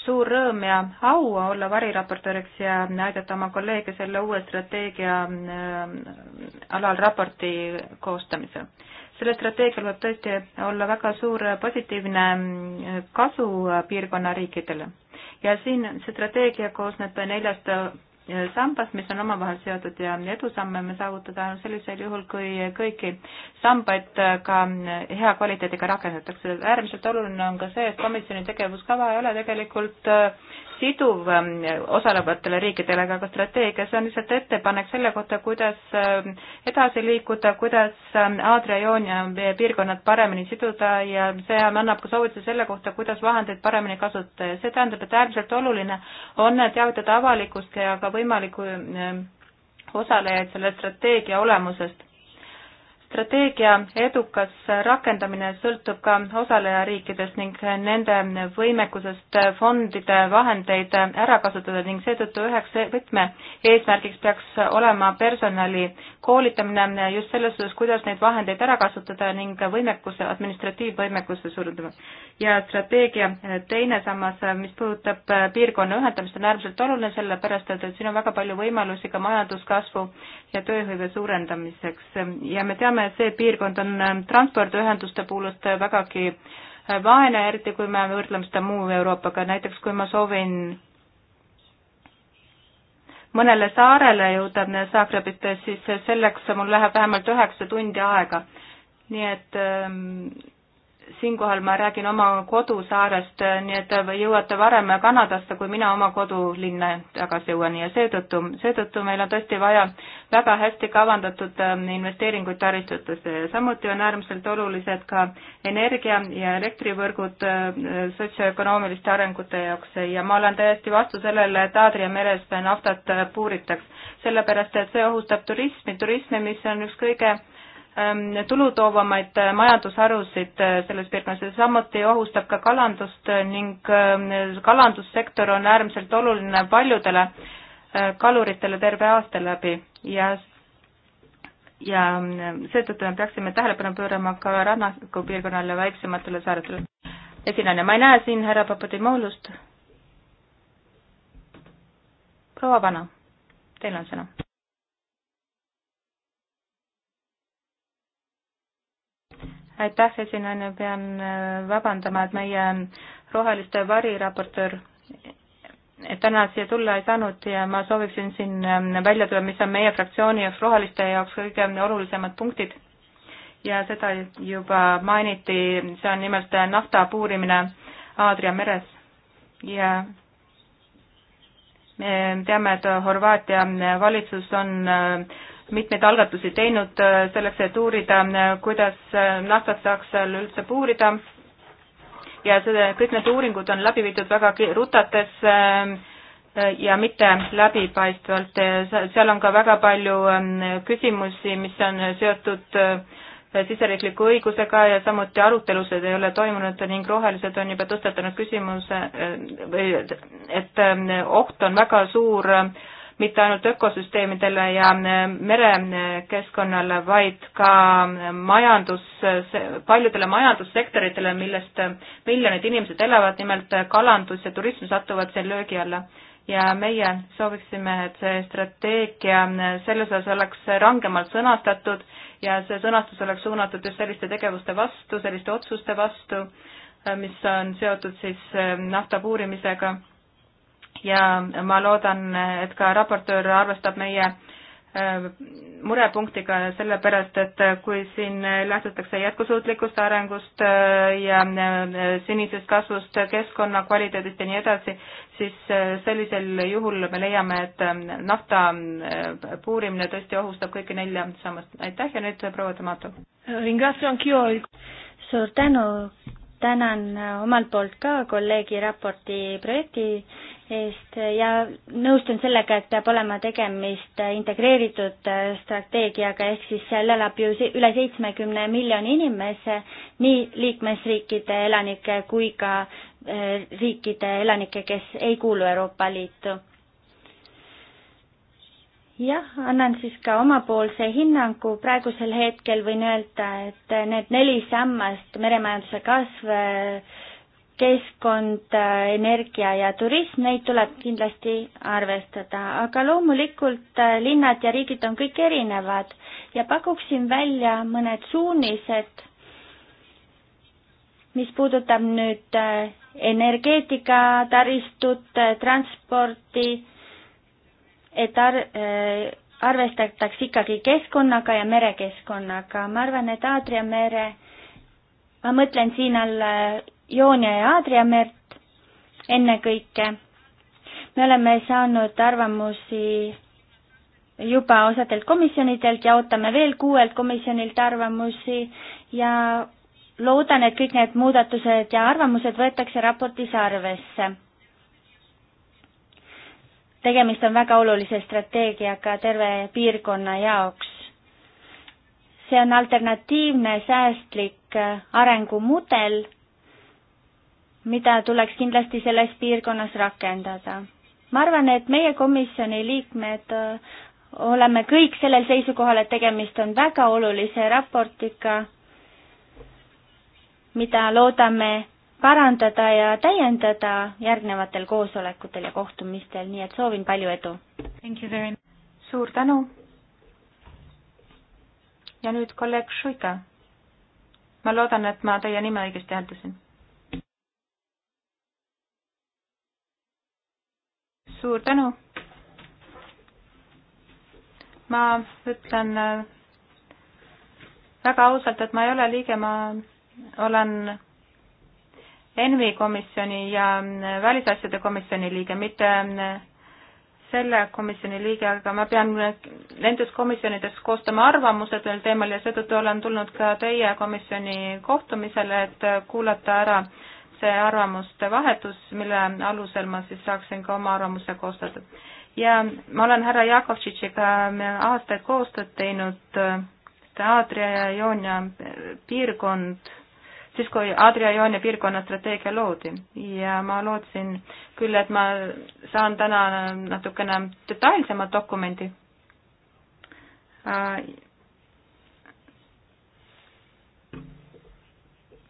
suur rõõm ja au olla variraportööriks ja aidata oma kolleege selle uue strateegia äh, alal raporti koostamisel. sellel strateegial võib tõesti olla väga suur positiivne kasu piirkonna riikidele ja siin see strateegia koosneb neljast äh, sambast, mis on omavahel seotud ja edusamme me saavutada ainult sellisel juhul, kui kõiki sambaid äh, ka äh, hea kvaliteediga rakendatakse. äärmiselt oluline on ka see, et komisjoni tegevuskava ei ole tegelikult siduv ähm, osalevatele riikidele, aga ka strateegia, see on lihtsalt ettepanek selle kohta, kuidas ähm, edasi liikuda, kuidas ähm, Aadria joonia piirkonnad paremini siduda ja see annab ka soovituse selle kohta, kuidas vahendeid paremini kasutada ja see tähendab, et äärmiselt oluline on teavitada avalikkust ja ka võimalikku osalejaid selle strateegia olemusest strateegia edukas rakendamine sõltub ka osalejariikidest ning nende võimekusest fondide vahendeid ära kasutada ning seetõttu üheks võtme eesmärgiks peaks olema personali koolitamine just selles osas, kuidas neid vahendeid ära kasutada ning võimekuse, administratiivvõimekuse suurendamine ja strateegia eh, teine sammas, eh, mis puudutab eh, piirkonna ühendamist, on äärmiselt oluline, sellepärast et, et siin on väga palju võimalusi ka majanduskasvu ja tööhõive suurendamiseks ja me teame, et see piirkond on transpordiühenduste poolest vägagi vaene, eriti kui me võrdleme seda muu Euroopaga, näiteks kui ma soovin mõnele saarele jõuda Zagrebist, siis selleks mul läheb vähemalt üheksa tundi aega. nii et ehm, siinkohal ma räägin oma kodusaarest, nii et te jõuate varem Kanadasse, kui mina oma kodulinna tagasi jõuan ja seetõttu, seetõttu meil on tõesti vaja väga hästi kavandatud ähm, investeeringuid taristutesse. samuti on äärmiselt olulised ka energia- ja elektrivõrgud äh, sotsioökonoomiliste arengute jaoks ja ma olen täiesti vastu sellele, et Aadria meres naftat puuritaks, sellepärast et see ohustab turismi, turismi, mis on üks kõige Ähm, tulutoovamaid äh, majandusharusid äh, selles piirkonnas ja samuti ohustab ka kalandust äh, ning ähm, kalandussektor on äärmiselt oluline paljudele kaluritele terve aasta läbi ja ja ähm, seetõttu me peaksime tähelepanu pöörama ka rannikupiirkonnale väiksematele saartele. esinejana, ma ei näe siin härra Papadimoulust. proua Vana, teil on sõna aitäh, esinaine, pean äh, vabandama, et meie roheliste variraportöör täna siia tulla ei saanud ja ma sooviksin siin äh, välja tuua, mis on meie fraktsiooni jaoks, roheliste jaoks kõige olulisemad punktid. ja seda juba mainiti, see on nimelt nafta puurimine Aadria meres ja me teame, et Horvaatia valitsus on äh, mitmeid algatusi teinud äh, selleks, et uurida, äh, kuidas äh, naftat saaks seal üldse puurida ja see, kõik need uuringud on läbi viidud väga rutates ja mitte läbipaistvalt, seal on ka väga palju ähm, küsimusi, mis on seotud siseriikliku õigusega ja samuti arutelusid ei ole toimunud ning rohelised on juba tõstatanud küsimuse, et ähm, oht on väga suur äh, mitte ainult ökosüsteemidele ja äh, merekeskkonnale, vaid ka äh, majandus, paljudele majandussektoritele, millest äh, miljonid inimesed elavad, nimelt kalandus ja turism satuvad siin löögi alla. ja meie sooviksime, et see strateegia selles osas oleks rangemalt sõnastatud ja see sõnastus oleks suunatud just selliste tegevuste vastu, selliste otsuste vastu, mis on seotud siis nafta puurimisega ja ma loodan, et ka raportöör arvestab meie äh, murepunktiga sellepärast, et kui siin lähtutakse jätkusuutlikust arengust äh, ja äh, sinisest kasvust, keskkonna kvaliteedist ja nii edasi, siis sellisel juhul me leiame, et nafta puurimine tõesti ohustab kõiki nelja sammast. aitäh ja nüüd proua Tomato. suur tänu, tänan omalt poolt ka kolleegi raporti projekti eest äh, ja nõustun sellega, et peab olema tegemist äh, integreeritud äh, strateegiaga, ehk siis seal elab ju üle seitsmekümne miljoni inimese, nii liikmesriikide elanikke kui ka riikide elanikke, kes ei kuulu Euroopa Liitu. jah, annan siis ka omapoolse hinnangu, praegusel hetkel võin öelda, et need neli sammast, meremajanduse kasv, keskkond, energia ja turism, neid tuleb kindlasti arvestada, aga loomulikult äh, linnad ja riigid on kõik erinevad ja pakuksin välja mõned suunised, mis puudutab nüüd äh, energeetika, taristut, äh, transporti, et ar-, arvestataks ikkagi keskkonnaga ja merekeskkonnaga, ma arvan, et Aadria mere, ma mõtlen siin all Joonia ja Aadria merd ennekõike. me oleme saanud arvamusi juba osadelt komisjonidelt ja ootame veel kuuelt komisjonilt arvamusi ja loodan, et kõik need muudatused ja arvamused võetakse raportis arvesse. tegemist on väga olulise strateegiaga terve piirkonna jaoks. see on alternatiivne säästlik arengumudel mida tuleks kindlasti selles piirkonnas rakendada. ma arvan, et meie komisjoni liikmed äh, oleme kõik sellel seisukohal, et tegemist on väga olulise raportiga, mida loodame parandada ja täiendada järgnevatel koosolekutel ja kohtumistel, nii et soovin palju edu! suur tänu! ja nüüd kolleeg Šuika. ma loodan, et ma teie nime õigesti hääldasin suur tänu. ma ütlen äh, väga ausalt, et ma ei ole liige, ma olen ENVI komisjoni ja äh, välisasjade komisjoni liige, mitte äh, selle komisjoni liige, aga ma pean nendes komisjonides koostama arvamused veel teemal ja seetõttu olen tulnud ka teie komisjoni kohtumisele, et kuulata ära see arvamuste vahetus, mille alusel ma siis saaksin ka oma arvamuse koostada. ja ma olen härra Jakovtšitšiga aastaid koostööd teinud, Adria ja Joonia piirkond, siis kui Adria ja Joonia piirkonna strateegia loodi ja ma lootsin küll, et ma saan täna natukene detailsema dokumendi äh,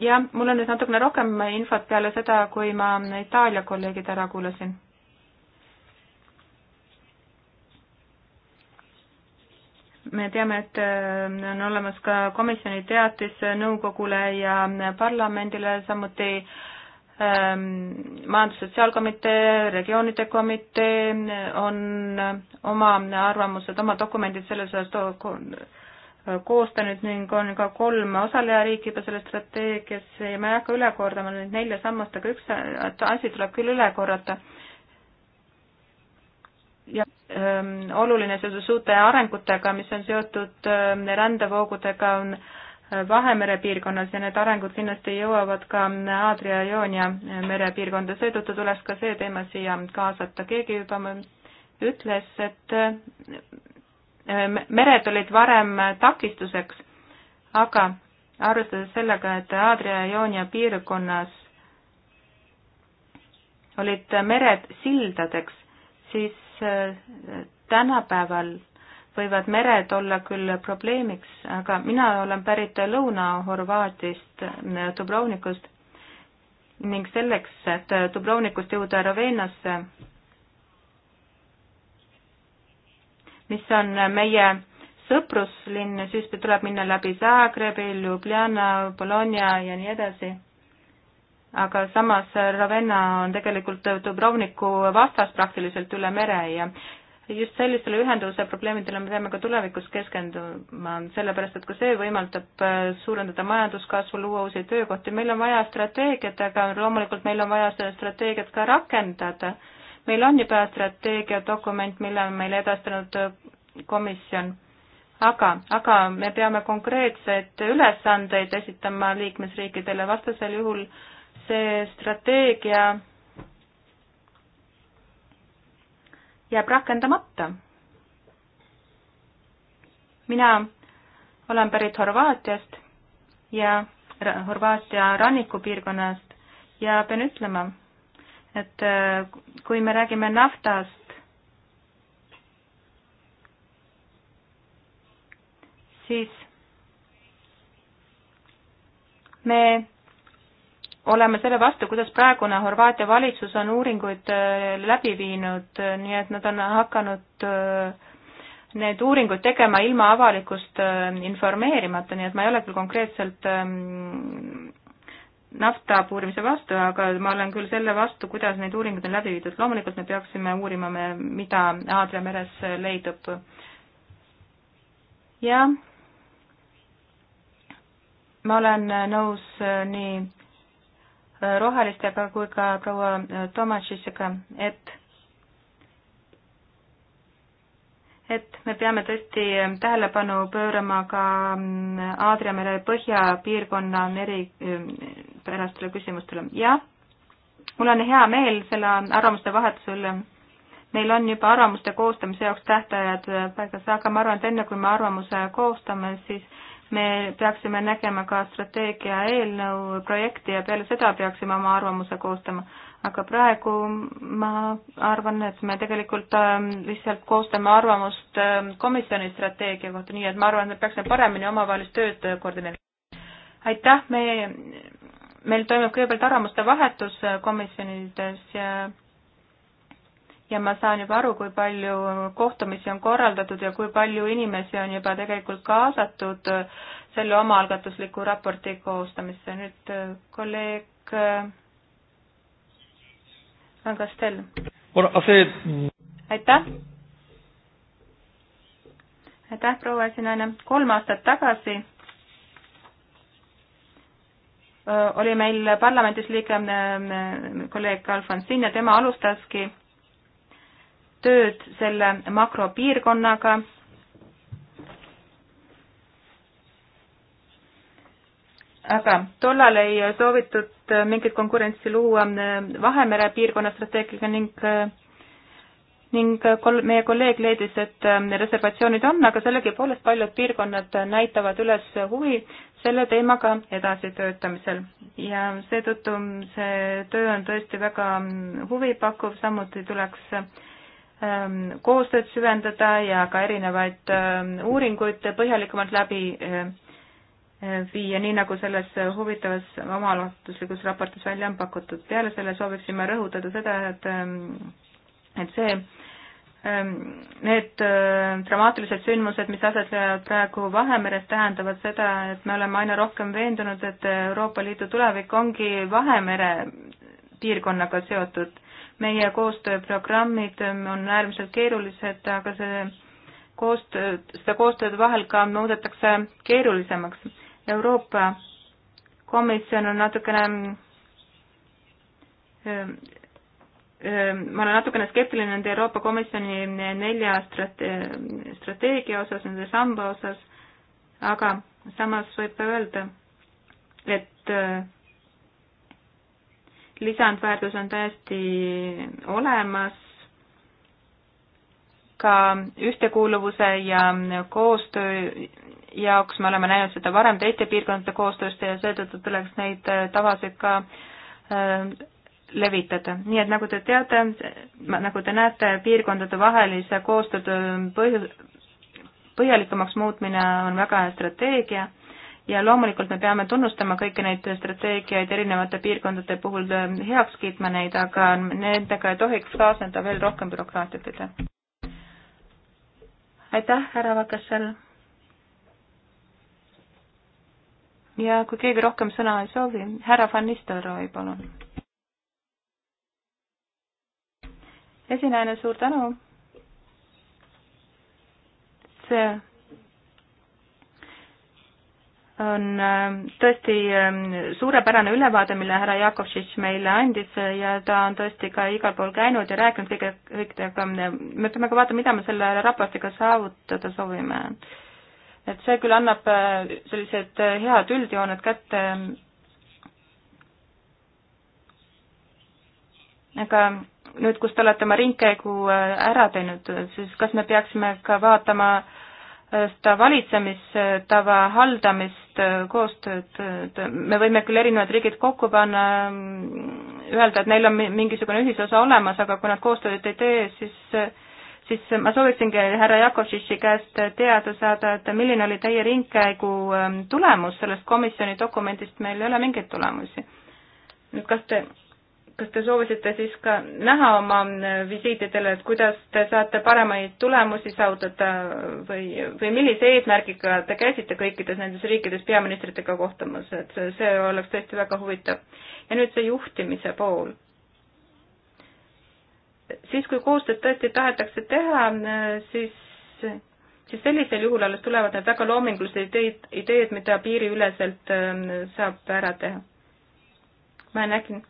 jah, mul on nüüd natukene rohkem infot peale seda, kui ma Itaalia kolleegid ära kuulasin. me teame, et äh, on olemas ka komisjoni teatis nõukogule ja parlamendile, samuti ähm, majandus-sotsiaalkomitee, regioonide komitee äh, on äh, oma arvamused, oma dokumendid selles osas koostanud ning on ka kolm osalejariiki juba selles strateegias ja ma ei hakka üle kordama neid nelja sammast, aga üks asi tuleb küll üle korrata. ja ähm, oluline seoses uute arengutega, mis on seotud ähm, rändevoogudega, on äh, Vahemere piirkonnas ja need arengud kindlasti jõuavad ka ähm, Aadria ja Joonia äh, merepiirkonda, seetõttu tuleks ka see teema siia kaasata. keegi juba ütles, et Ehm, mered olid varem takistuseks, aga arvestades sellega, et Aadria ja Joonia piirkonnas olid mered sildadeks, siis eh, tänapäeval võivad mered olla küll probleemiks, aga mina olen pärit Lõuna-Horvaatist, eh, Dubrovnikust ning selleks, et Dubrovnikust jõuda Ravennasse, mis on meie sõpruslinn, siis tuleb minna läbi Zagrebi, Ljubljana, Bologna ja nii edasi. aga samas Ravenna on tegelikult Dubrovniku vastas praktiliselt üle mere ja just sellistele ühenduse probleemidele me peame ka tulevikus keskenduma, sellepärast et ka see võimaldab äh, suurendada majanduskasvu, luua uusi töökohti, meil on vaja strateegiat, aga loomulikult meil on vaja seda strateegiat ka rakendada meil on juba strateegia dokument, mille on meile edastanud äh, komisjon, aga, aga me peame konkreetseid ülesandeid esitama liikmesriikidele, vastasel juhul see strateegia jääb rakendamata. mina olen pärit Horvaatiast ja Horvaatia rannikupiirkonnast ja pean ütlema, et äh, kui me räägime naftast, siis me oleme selle vastu, kuidas praegune Horvaatia valitsus on uuringuid äh, läbi viinud, äh, nii et nad on hakanud need uuringud tegema ilma avalikkust informeerimata, nii et ma ei ole küll konkreetselt ähm, nafta puurimise vastu, aga ma olen küll selle vastu, kuidas neid uuringuid on läbi viidud. loomulikult me peaksime uurima, mida Aadria meres leidub. ja ma olen nõus äh, nii äh, rohelistega kui ka proua Tomašisega, et et me peame tõesti tähelepanu pöörama ka mm, Aadria mere põhjapiirkonna eri mm, pärastele küsimustele. jah, mul on hea meel selle arvamuste vahetusel. meil on juba arvamuste koostamise jaoks tähtajad paigas, aga ma arvan, et enne kui me arvamuse koostame, siis me peaksime nägema ka strateegia eelnõu projekti ja peale seda peaksime oma arvamuse koostama aga praegu ma arvan, et me tegelikult ähm, lihtsalt koostame arvamust ähm, komisjoni strateegia kohta, nii et ma arvan, et me peaksime paremini omavahelist tööd äh, koordineerima. aitäh, me, meil toimub kõigepealt arvamuste vahetus äh, komisjonides ja ja ma saan juba aru, kui palju kohtumisi on korraldatud ja kui palju inimesi on juba tegelikult kaasatud äh, selle omaalgatusliku raporti koostamisse. nüüd kolleeg Van Kastel. aitäh. aitäh, proua esinaine. kolm aastat tagasi oli meil parlamendis liige kolleeg Alfonsin ja tema alustaski tööd selle makropiirkonnaga aga tollal ei soovitud äh, mingit konkurentsi luua äh, Vahemere piirkonna strateegiaga ning äh, ning kol-, meie kolleeg leidis, et reservatsioonid on, aga sellegipoolest paljud piirkonnad näitavad üles huvi selle teemaga edasitöötamisel. ja seetõttu see töö on tõesti väga mm, huvipakkuv, samuti tuleks koostööd süvendada ja ka erinevaid uuringuid põhjalikumalt läbi viia, nii nagu selles huvitavas omaalgatuslikus raportis välja on pakutud. peale selle sooviksime rõhutada seda, et, ähm, et see, ähm, need äh, dramaatilised sündmused, mis aset leiavad praegu Vahemeres, tähendavad seda, et me oleme aina rohkem veendunud, et Euroopa Liidu tulevik ongi Vahemere piirkonnaga seotud. meie koostööprogrammid on äärmiselt keerulised, aga see koostöö, seda koostööd vahel ka muudetakse keerulisemaks Euroopa Komisjon on natukene ähm, ähm, ma olen natukene skeptiline nende Euroopa Komisjoni nelja strate-, strateegia osas, nende samba osas, aga samas võib ka öelda, et äh, lisandväärtus on täiesti olemas ka ühtekuuluvuse ja koostöö jaoks, me oleme näinud seda varem teiste piirkondade koostööst ja seetõttu tuleks neid tavasid ka äh, levitada. nii et nagu te teate, nagu te näete, piirkondadevahelise koostöö põhjus, põhjalikumaks muutmine on väga hea strateegia ja loomulikult me peame tunnustama kõiki neid strateegiaid erinevate piirkondade puhul, heaks kiitma neid, aga nendega ei tohiks kaasneda veel rohkem bürokraatiat, aitäh! aitäh, härra Vakassel. ja kui keegi rohkem sõna ei soovi, härra Van Nistelrooy, palun. esinejana suur tänu. see on ähm, tõesti ähm, suurepärane ülevaade, mille härra Jakovtšitš meile andis äh, ja ta on tõesti ka igal pool käinud ja rääkinud kõige, kõikidega, me peame ka vaatama, mida me selle raportiga saavutada soovime. et see küll annab äh, sellised äh, head üldjooned kätte, aga nüüd, kus te olete oma ringkäigu ära teinud, siis kas me peaksime ka vaatama äh, seda valitsemistava haldamist, koostööd, me võime küll erinevad riigid kokku panna, öelda, et neil on mingisugune ühisosa olemas, aga kui nad koostööd ei tee, siis siis ma sooviksingi härra Jakovtšiši käest teada saada, et milline oli teie ringkäigu ähm, tulemus sellest komisjoni dokumendist, meil ei ole mingeid tulemusi. nüüd kas te kas te soovisite siis ka näha oma äh, visiitidele, et kuidas te saate paremaid tulemusi saavutada või, või millise eesmärgiga te käisite kõikides nendes riikides peaministritega kohtumas, et see, see oleks tõesti väga huvitav. ja nüüd see juhtimise pool. siis, kui koostööd tõesti tahetakse teha, äh, siis, siis sellisel juhul alles tulevad need väga loomingulised ideed, ideed, mida piiriüleselt ähm, saab ära teha. ma nägin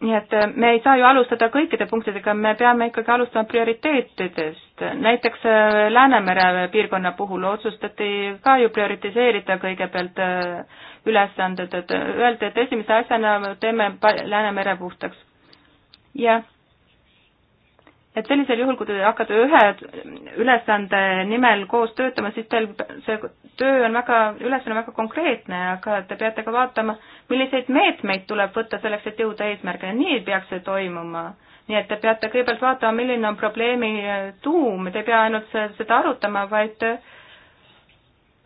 nii et äh, me ei saa ju alustada kõikide punktidega, me peame ikkagi alustama prioriteetidest. näiteks äh, Läänemere piirkonna puhul otsustati ka ju prioritiseerida kõigepealt äh, ülesanded, et öeldi, et esimese asjana teeme Läänemere puhtaks. jah. et sellisel juhul, kui te hakkate ühe ülesande nimel koos töötama, siis teil see töö on väga, ülesanne on väga konkreetne, aga te peate ka vaatama, milliseid meetmeid tuleb võtta selleks, et jõuda eesmärgile, nii ei peaks see toimuma. nii et te peate kõigepealt vaatama, milline on probleemi äh, tuum, te ei pea ainult seda arutama, vaid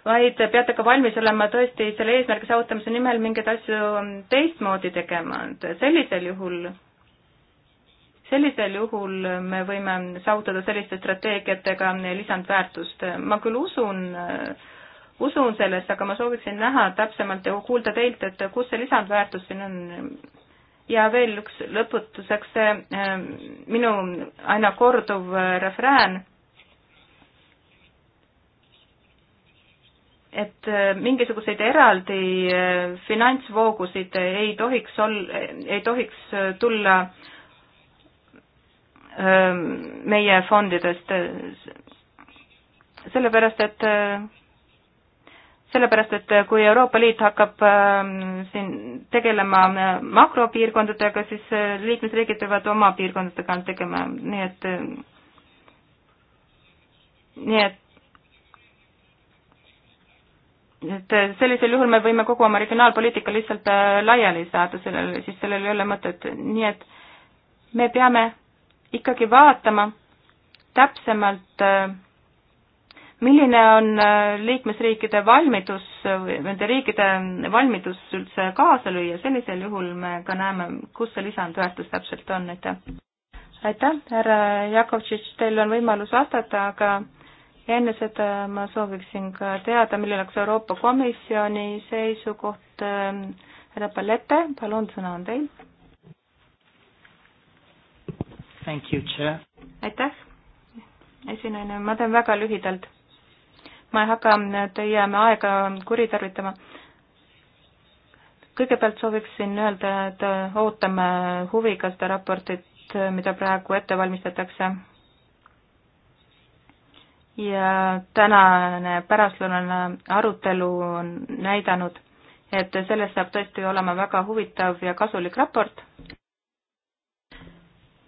vaid peate ka valmis olema tõesti selle eesmärgi saavutamise nimel mingeid asju mm, teistmoodi tegema, et sellisel juhul, sellisel juhul me võime saavutada selliste strateegiatega lisandväärtust. ma küll usun äh, usun sellest, aga ma sooviksin näha täpsemalt ja kuulda teilt, et kus see lisandväärtus siin on. ja veel üks lõputuseks see ähm, minu aina korduv äh, refrään, et äh, mingisuguseid eraldi äh, finantsvoogusid ei tohiks ol-, ei tohiks tulla ähm, meie fondidest, sellepärast et sellepärast, et kui Euroopa Liit hakkab ähm, siin tegelema äh, makropiirkondadega, siis äh, liikmesriigid peavad oma piirkondadega ainult tegema, nii et, äh, nii et et sellisel juhul me võime kogu oma regionaalpoliitika lihtsalt laiali saada, sellel, siis sellel ei ole mõtet, nii et me peame ikkagi vaatama täpsemalt äh, milline on äh, liikmesriikide valmidus, nende riikide valmidus üldse kaasa lüüa, sellisel juhul me ka näeme, kus see lisandväärtus täpselt on, aitäh. aitäh, härra Jakovtšitš, teil on võimalus vastata, aga enne seda ma sooviksin ka teada, milline oleks Euroopa Komisjoni seisukoht. Ähm, härra Palette, palun, sõna on teil. aitäh, esinaine, ma teen väga lühidalt ma ei hakka äh, teie aega kuritarvitama. kõigepealt sooviksin öelda, et äh, ootame huviga seda raportit, äh, mida praegu ette valmistatakse. ja tänane pärastlõunane arutelu on näidanud, et sellest saab tõesti olema väga huvitav ja kasulik raport.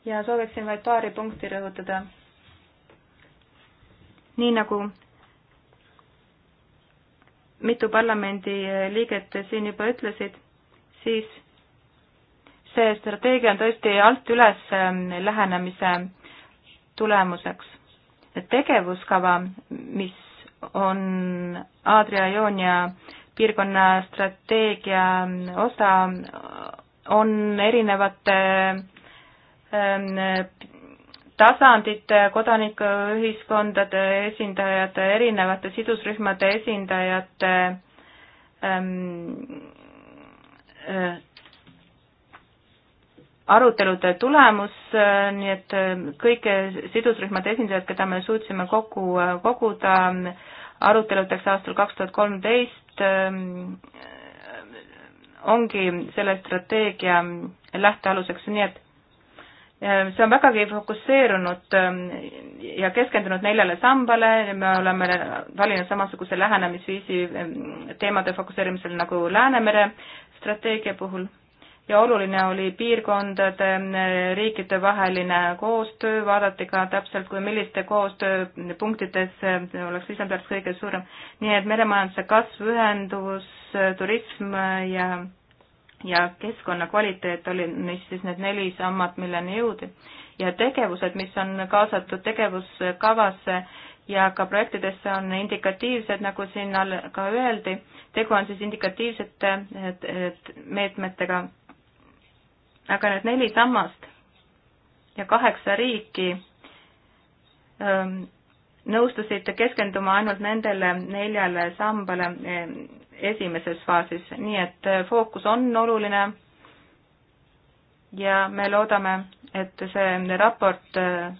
ja sooviksin vaid paari punkti rõhutada. nii nagu mitu parlamendiliiget eh, siin juba ütlesid, siis see strateegia on tõesti alt üles ehm, lähenemise tulemuseks. tegevuskava, mis on Adria-Joonia piirkonna strateegia ehm, osa, on erinevate ehm, tasandite, kodanikuühiskondade esindajate, erinevate sidusrühmade esindajate ähm, äh, arutelude tulemus, äh, nii et äh, kõik sidusrühmade esindajad, keda me suutsime kokku äh, koguda aruteludeks aastal kaks tuhat kolmteist, ähm, ongi selle strateegia lähtealuseks, nii et see on vägagi fokusseerunud ähm, ja keskendunud neljale sambale, me oleme valinud samasuguse lähenemisviisi ähm, teemade fokusseerimisel nagu Läänemere strateegia puhul ja oluline oli piirkondade, äh, riikide vaheline koostöö, vaadati ka täpselt, kui milliste koostööpunktides äh, oleks lisandväärtus kõige suurem. nii et meremajanduse kasv, ühendus, äh, turism ja ja keskkonnakvaliteet oli siis need neli sammat, milleni jõudi. ja tegevused, mis on kaasatud tegevuskavasse ja ka projektidesse, on indikatiivsed, nagu siin all ka öeldi, tegu on siis indikatiivsete meetmetega. aga need neli sammast ja kaheksa riiki ähm, nõustusid keskenduma ainult nendele neljale sambale esimeses faasis, nii et äh, fookus on oluline ja me loodame, et see äh, raport äh,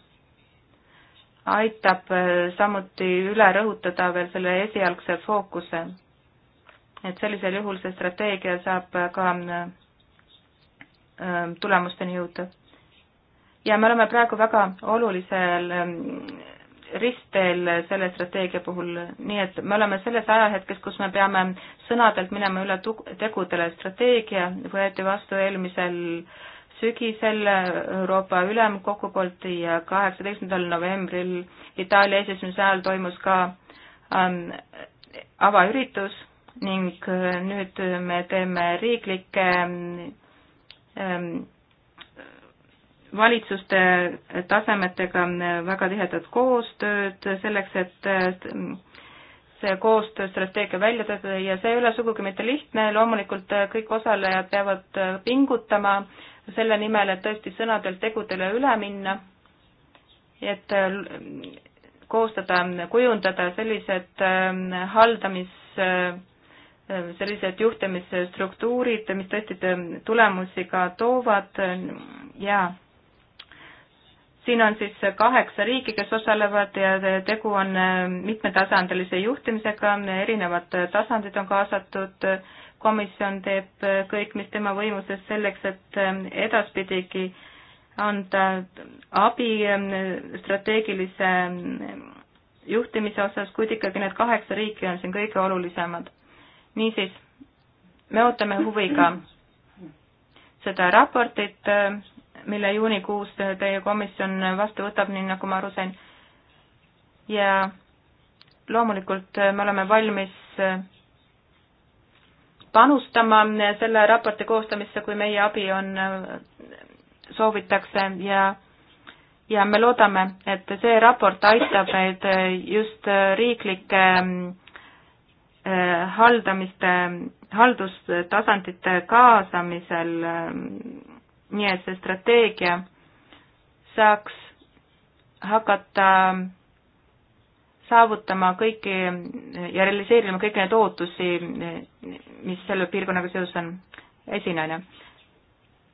aitab samuti üle rõhutada veel selle esialgse fookuse. et sellisel juhul see strateegia saab ka tulemusteni jõuda. ja me oleme praegu väga olulisel ristteel selle strateegia puhul, nii et me oleme selles ajahetkes, kus me peame sõnadelt minema üle tegudele. strateegia võeti vastu eelmisel sügisel Euroopa Ülemkogu poolt ja kaheksateistkümnendal novembril Itaalia esimeses ajal toimus ka ähm, avaüritus ning äh, nüüd me teeme riiklikke ähm, valitsuste tasemetega väga tihedat koostööd selleks, et see koostööstrateegia välja töötada ja see ei ole sugugi mitte lihtne, loomulikult kõik osalejad peavad pingutama selle nimel, et tõesti sõnadelt tegudele üle minna, et koostada, kujundada sellised ähm, haldamis, äh, sellised juhtimisstruktuurid, mis tõesti äh, tulemusi ka toovad ja siin on siis kaheksa riiki, kes osalevad ja tegu on äh, mitmetasandilise juhtimisega, erinevad tasandid on kaasatud, komisjon teeb äh, kõik, mis tema võimuses selleks, et äh, edaspidigi anda abi strateegilise juhtimise osas, kuid ikkagi need kaheksa riiki on siin kõige olulisemad. niisiis, me ootame huviga seda raportit mille juunikuus teie komisjon vastu võtab, nii nagu ma aru sain. ja loomulikult me oleme valmis panustama selle raporti koostamisse, kui meie abi on, soovitakse ja ja me loodame, et see raport aitab meid just riiklike haldamiste, haldustasandite kaasamisel nii et see strateegia saaks hakata saavutama kõiki ja realiseerima kõiki neid ootusi, mis selle piirkonnaga seoses on esinejana.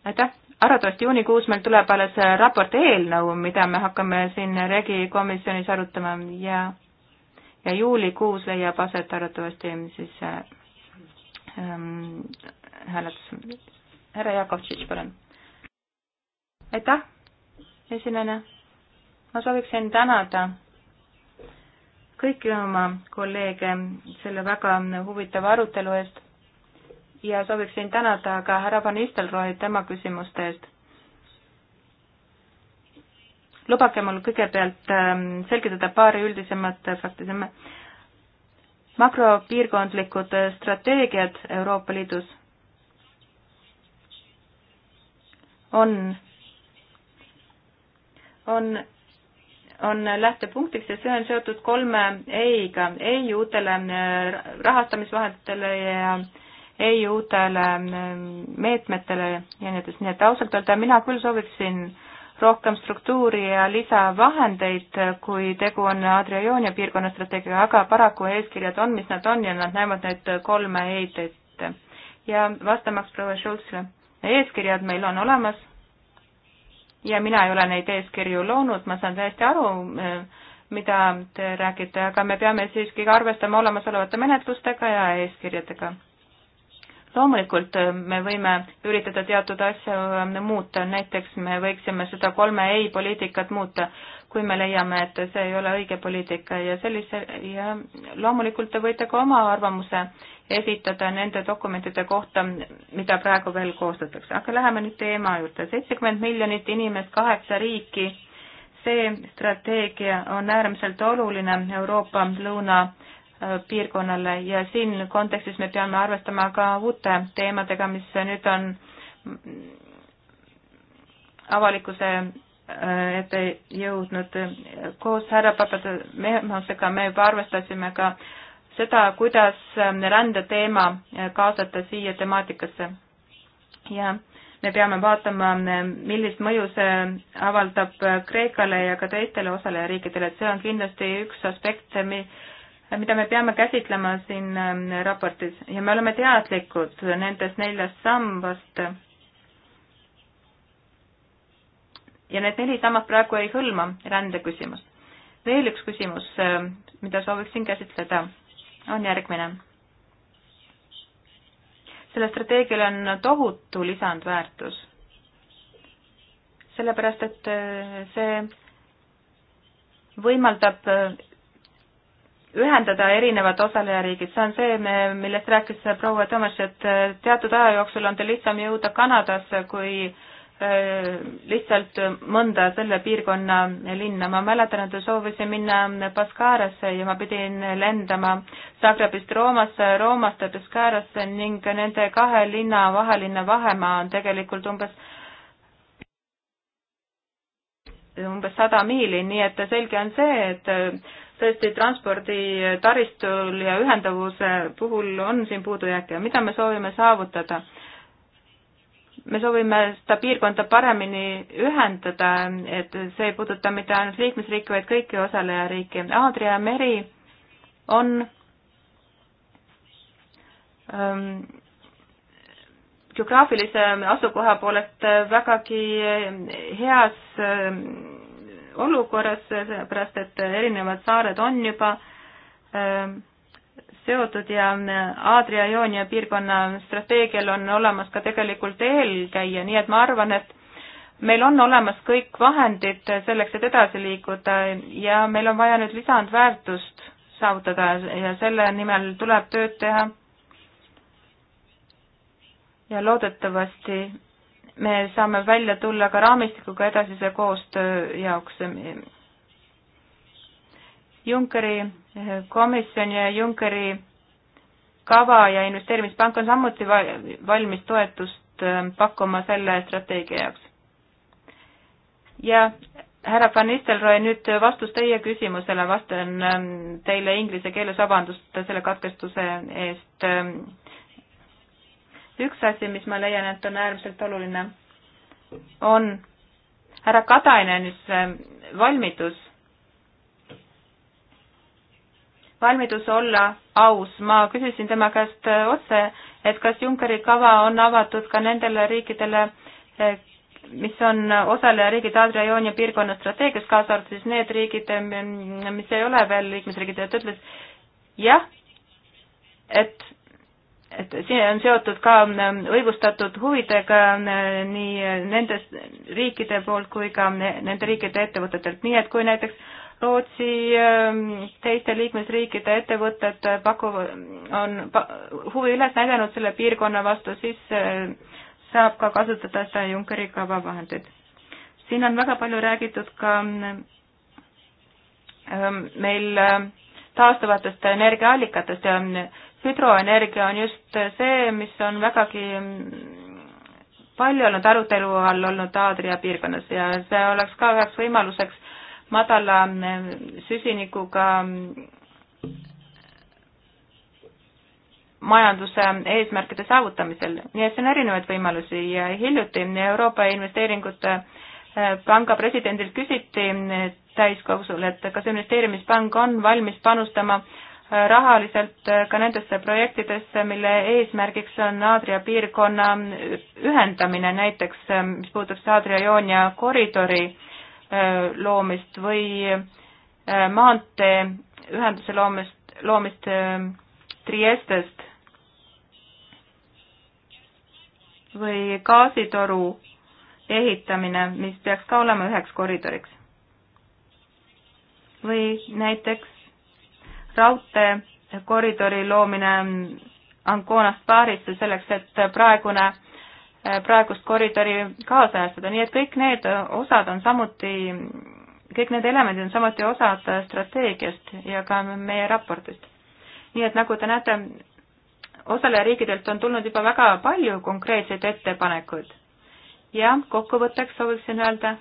aitäh, arvatavasti juunikuus meil tuleb alles raporti eelnõu, mida me hakkame siin regi komisjonis arutama ja ja juulikuus leiab aset arvatavasti siis ähm, hääletus. härra Jakovtšitš, palun aitäh, esinejana. ma sooviksin tänada kõiki oma kolleege selle väga huvitava arutelu eest ja sooviksin tänada ka härra Van Nistelrooy tema küsimuste eest. lubage mul kõigepealt ähm, selgitada paari üldisemat fakti. makropiirkondlikud strateegiad Euroopa Liidus on on, on lähtepunktiks ja see on seotud kolme ei-ga, ei uutele äh, rahastamisvahenditele ja ei uutele äh, meetmetele ja nii edasi, nii et ausalt öelda mina küll sooviksin rohkem struktuuri ja lisavahendeid, äh, kui tegu on Adria-Joonia piirkonna strateegiaga, aga paraku eeskirjad on, mis nad on ja nad näevad neid kolme ei-d ette. ja vastamaks proua Schultzile, eeskirjad meil on olemas ja mina ei ole neid eeskirju loonud, ma saan täiesti aru, äh, mida te räägite, aga me peame siiski ka arvestama olemasolevate menetlustega ja eeskirjadega. loomulikult äh, me võime üritada teatud asju äh, muuta, näiteks me võiksime seda kolme ei poliitikat muuta, kui me leiame, et see ei ole õige poliitika ja sellise ja loomulikult te võite ka oma arvamuse esitada nende dokumentide kohta, mida praegu veel koostatakse, aga läheme nüüd teema juurde, seitsekümmend miljonit inimest, kaheksa riiki, see strateegia on äärmiselt oluline Euroopa lõunapiirkonnale äh, ja siin kontekstis me peame arvestama ka uute teemadega, mis nüüd on mm, avalikkuse Äh, ette jõudnud. koos härra Papademehosega me juba arvestasime ka seda, kuidas äh, rändeteema äh, kaasata siia temaatikasse. ja me peame vaatama, millist mõju see avaldab Kreekale ja ka teistele osalejariikidele, et see on kindlasti üks aspekt, mida me peame käsitlema siin raportis ja me oleme teadlikud nendest neljast sambast ja need neli sammast praegu ei hõlma rändeküsimust. veel üks küsimus, äh, mida sooviksin käsitleda, on järgmine. sellel strateegial on tohutu lisandväärtus, sellepärast et äh, see võimaldab äh, ühendada erinevad osalejariigid, see on see, millest rääkis proua Tomas, et teatud aja jooksul on teil lihtsam jõuda Kanadasse kui äh, Äh, lihtsalt mõnda selle piirkonna linna. ma mäletan, et soovisin minna Baskarasse ja ma pidin lendama Zagrebist Roomasse, Roomast Baskarasse ning nende kahe linna vaheline vahemaa on tegelikult umbes umbes sada miili, nii et selge on see, et äh, tõesti transporditaristul ja ühendavuse puhul on siin puudujääke ja mida me soovime saavutada me soovime seda piirkonda paremini ühendada, et see ei puuduta mitte ainult liikmesriike, vaid kõiki osalejariike. Aadria meri on ähm, geograafilise asukoha poolest vägagi heas ähm, olukorras, sellepärast et erinevad saared on juba ähm, seotud ja äh, Aadria-Joonia piirkonna strateegial on olemas ka tegelikult eelkäija, nii et ma arvan, et meil on olemas kõik vahendid selleks, et edasi liikuda ja meil on vaja nüüd lisandväärtust saavutada ja selle nimel tuleb tööd teha. ja loodetavasti me saame välja tulla ka raamistikuga edasise koostöö jaoks Junckeri eh, komisjon ja Junckeri kava ja investeerimispank on samuti valmis toetust eh, pakkuma selle strateegia jaoks. ja härra Van Nistelrooy, nüüd vastus teie küsimusele, vastan ehm, teile inglise keeles, vabandust selle katkestuse eest. Ehm, üks asi, mis ma leian, et on äärmiselt oluline, on härra Katainen ehm, valmidus valmidus olla aus. ma küsisin tema käest äh, otse, et kas Junckeri kava on avatud ka nendele riikidele, äh, mis on osalejariigid Adria-Joonia piirkonna strateegias, kaasa arvatud siis need riigid, mis ei ole veel liikmesriigid, ta ütles jah, et, et see on seotud ka õigustatud huvidega nii nendes riikide poolt kui ka nende riikide ettevõtetelt, nii et kui näiteks Rootsi ähm, teiste liikmesriikide ettevõtted pakuvad, on huvi üles näidanud selle piirkonna vastu, siis äh, saab ka kasutada seda Junckeri kava vahendeid. siin on väga palju räägitud ka ähm, meil äh, taastuvatest energiaallikatest ja äh, hüdroenergia on just see, mis on vägagi mm, palju olnud arutelu all olnud Aadria piirkonnas ja see oleks ka üheks võimaluseks madala mm, süsinikuga mm, majanduse eesmärkide saavutamisel. nii et siin on erinevaid võimalusi ja hiljuti Euroopa Investeeringute eh, Panga presidendilt küsiti eh, täiskogusul, et kas investeerimispank on valmis panustama eh, rahaliselt ka nendesse projektidesse, mille eesmärgiks on Aadria piirkonna ühendamine, näiteks mis puudutab Aadria-Joonia koridori Äh, loomist või äh, maanteeühenduse loomist, loomist äh, Triestest või gaasitoru ehitamine, mis peaks ka olema üheks koridoriks. või näiteks raudteekoridori loomine Anconast Paarisse selleks, et praegune Äh, praegust koridori kaasajastada, nii et kõik need osad on samuti, kõik need elemendid on samuti osad strateegiast ja ka meie raportist. nii et nagu te näete, osalejariikidelt on tulnud juba väga palju konkreetseid ettepanekuid. ja kokkuvõtteks sooviksin öelda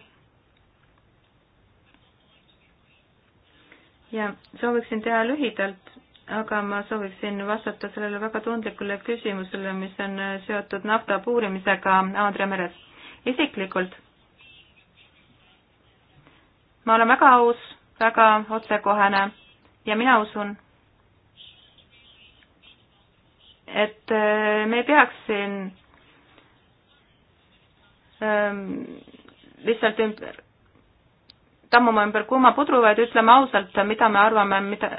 ja sooviksin teha lühidalt aga ma sooviksin vastata sellele väga tundlikule küsimusele, mis on seotud nafta puurimisega Aadria meres. isiklikult ma olen väga aus, väga otsekohene ja mina usun, et äh, me ei peaks siin ähm, lihtsalt ümber, tammuma ümber kuuma pudru, vaid ütleme ausalt, mida me arvame, mida,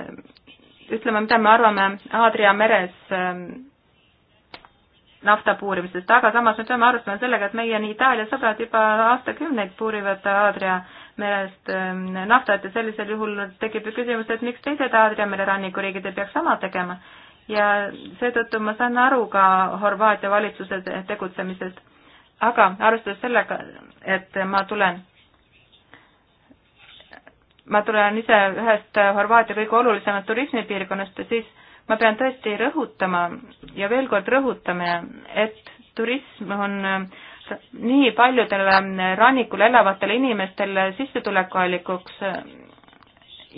ütleme, mida me arvame Aadria meres ähm, nafta puurimisest, aga samas me peame arvestama sellega, et meie Itaalia sõbrad juba aastakümneid puurivad Aadria merest ähm, naftat ja sellisel juhul tekib ju küsimus, et miks teised Aadria mere rannikuriigid ei peaks sama tegema. ja seetõttu ma saan aru ka Horvaatia valitsuse tegutsemisest. aga arvestades sellega, et ma tulen ma tulen ise ühest Horvaatia kõige olulisemast turismipiirkonnast ja siis ma pean tõesti rõhutama ja veel kord rõhutama, et turism on äh, nii paljudele äh, rannikul elavatele inimestele sissetulekuallikuks äh,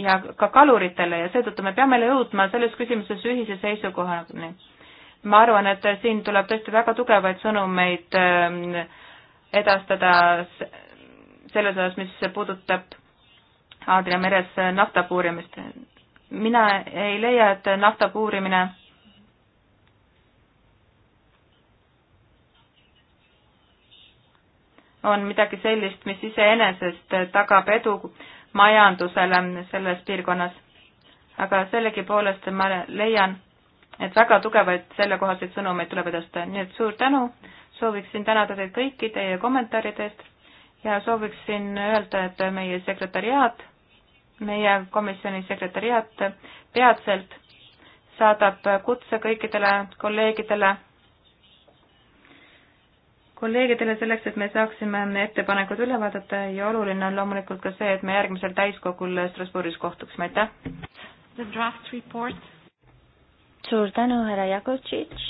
ja ka kaluritele ja seetõttu me peame jõudma selles küsimuses ühise seisukohani. ma arvan, et siin tuleb tõesti väga tugevaid sõnumeid edastada selles osas, mis puudutab Aadria meres nafta puurimist. mina ei leia, et nafta puurimine on midagi sellist, mis iseenesest tagab edu majandusele selles piirkonnas. aga sellegipoolest ma leian, et väga tugevaid sellekohaseid sõnumeid tuleb edastada, nii et suur tänu, sooviksin tänada teid kõiki teie kommentaaride eest ja sooviksin öelda, et meie sekretäriaat meie komisjoni sekretäriat peatselt saadab kutse kõikidele kolleegidele, kolleegidele selleks, et me saaksime ettepanekud üle vaadata ja oluline on loomulikult ka see, et me järgmisel täiskogul Strasbourgis kohtuksime, aitäh! suur tänu, härra Jakovtšitš,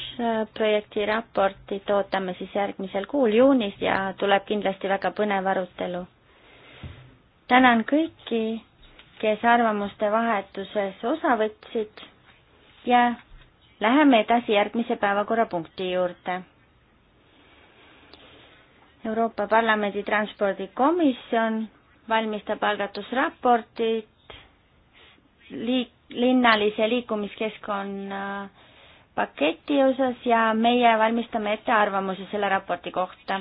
projekti raportit ootame siis järgmisel kuul juunis ja tuleb kindlasti väga põnev arutelu. tänan kõiki kes arvamuste vahetuses osa võtsid ja läheme edasi järgmise päevakorrapunkti juurde Euroopa Parlamendi transpordikomisjon valmistab algatusraportit liik-, linnalise liikumiskeskkonna paketi osas ja meie valmistame ette arvamuse selle raporti kohta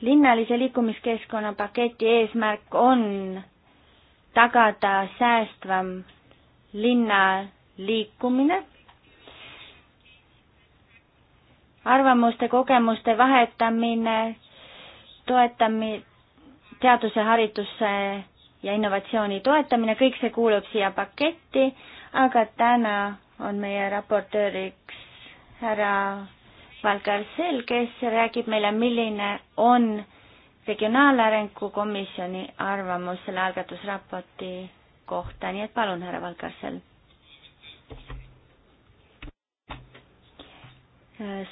linnalise liikumiskeskkonna paketi eesmärk on tagada säästvam linna liikumine, arvamuste, kogemuste vahetamine, toetami-, teaduse, hariduse ja innovatsiooni toetamine, kõik see kuulub siia paketti, aga täna on meie raportööriks härra Valgarsel, kes räägib meile, milline on Regionaalarengu Komisjoni arvamus selle algatusraporti kohta, nii et palun, härra Valgarsel.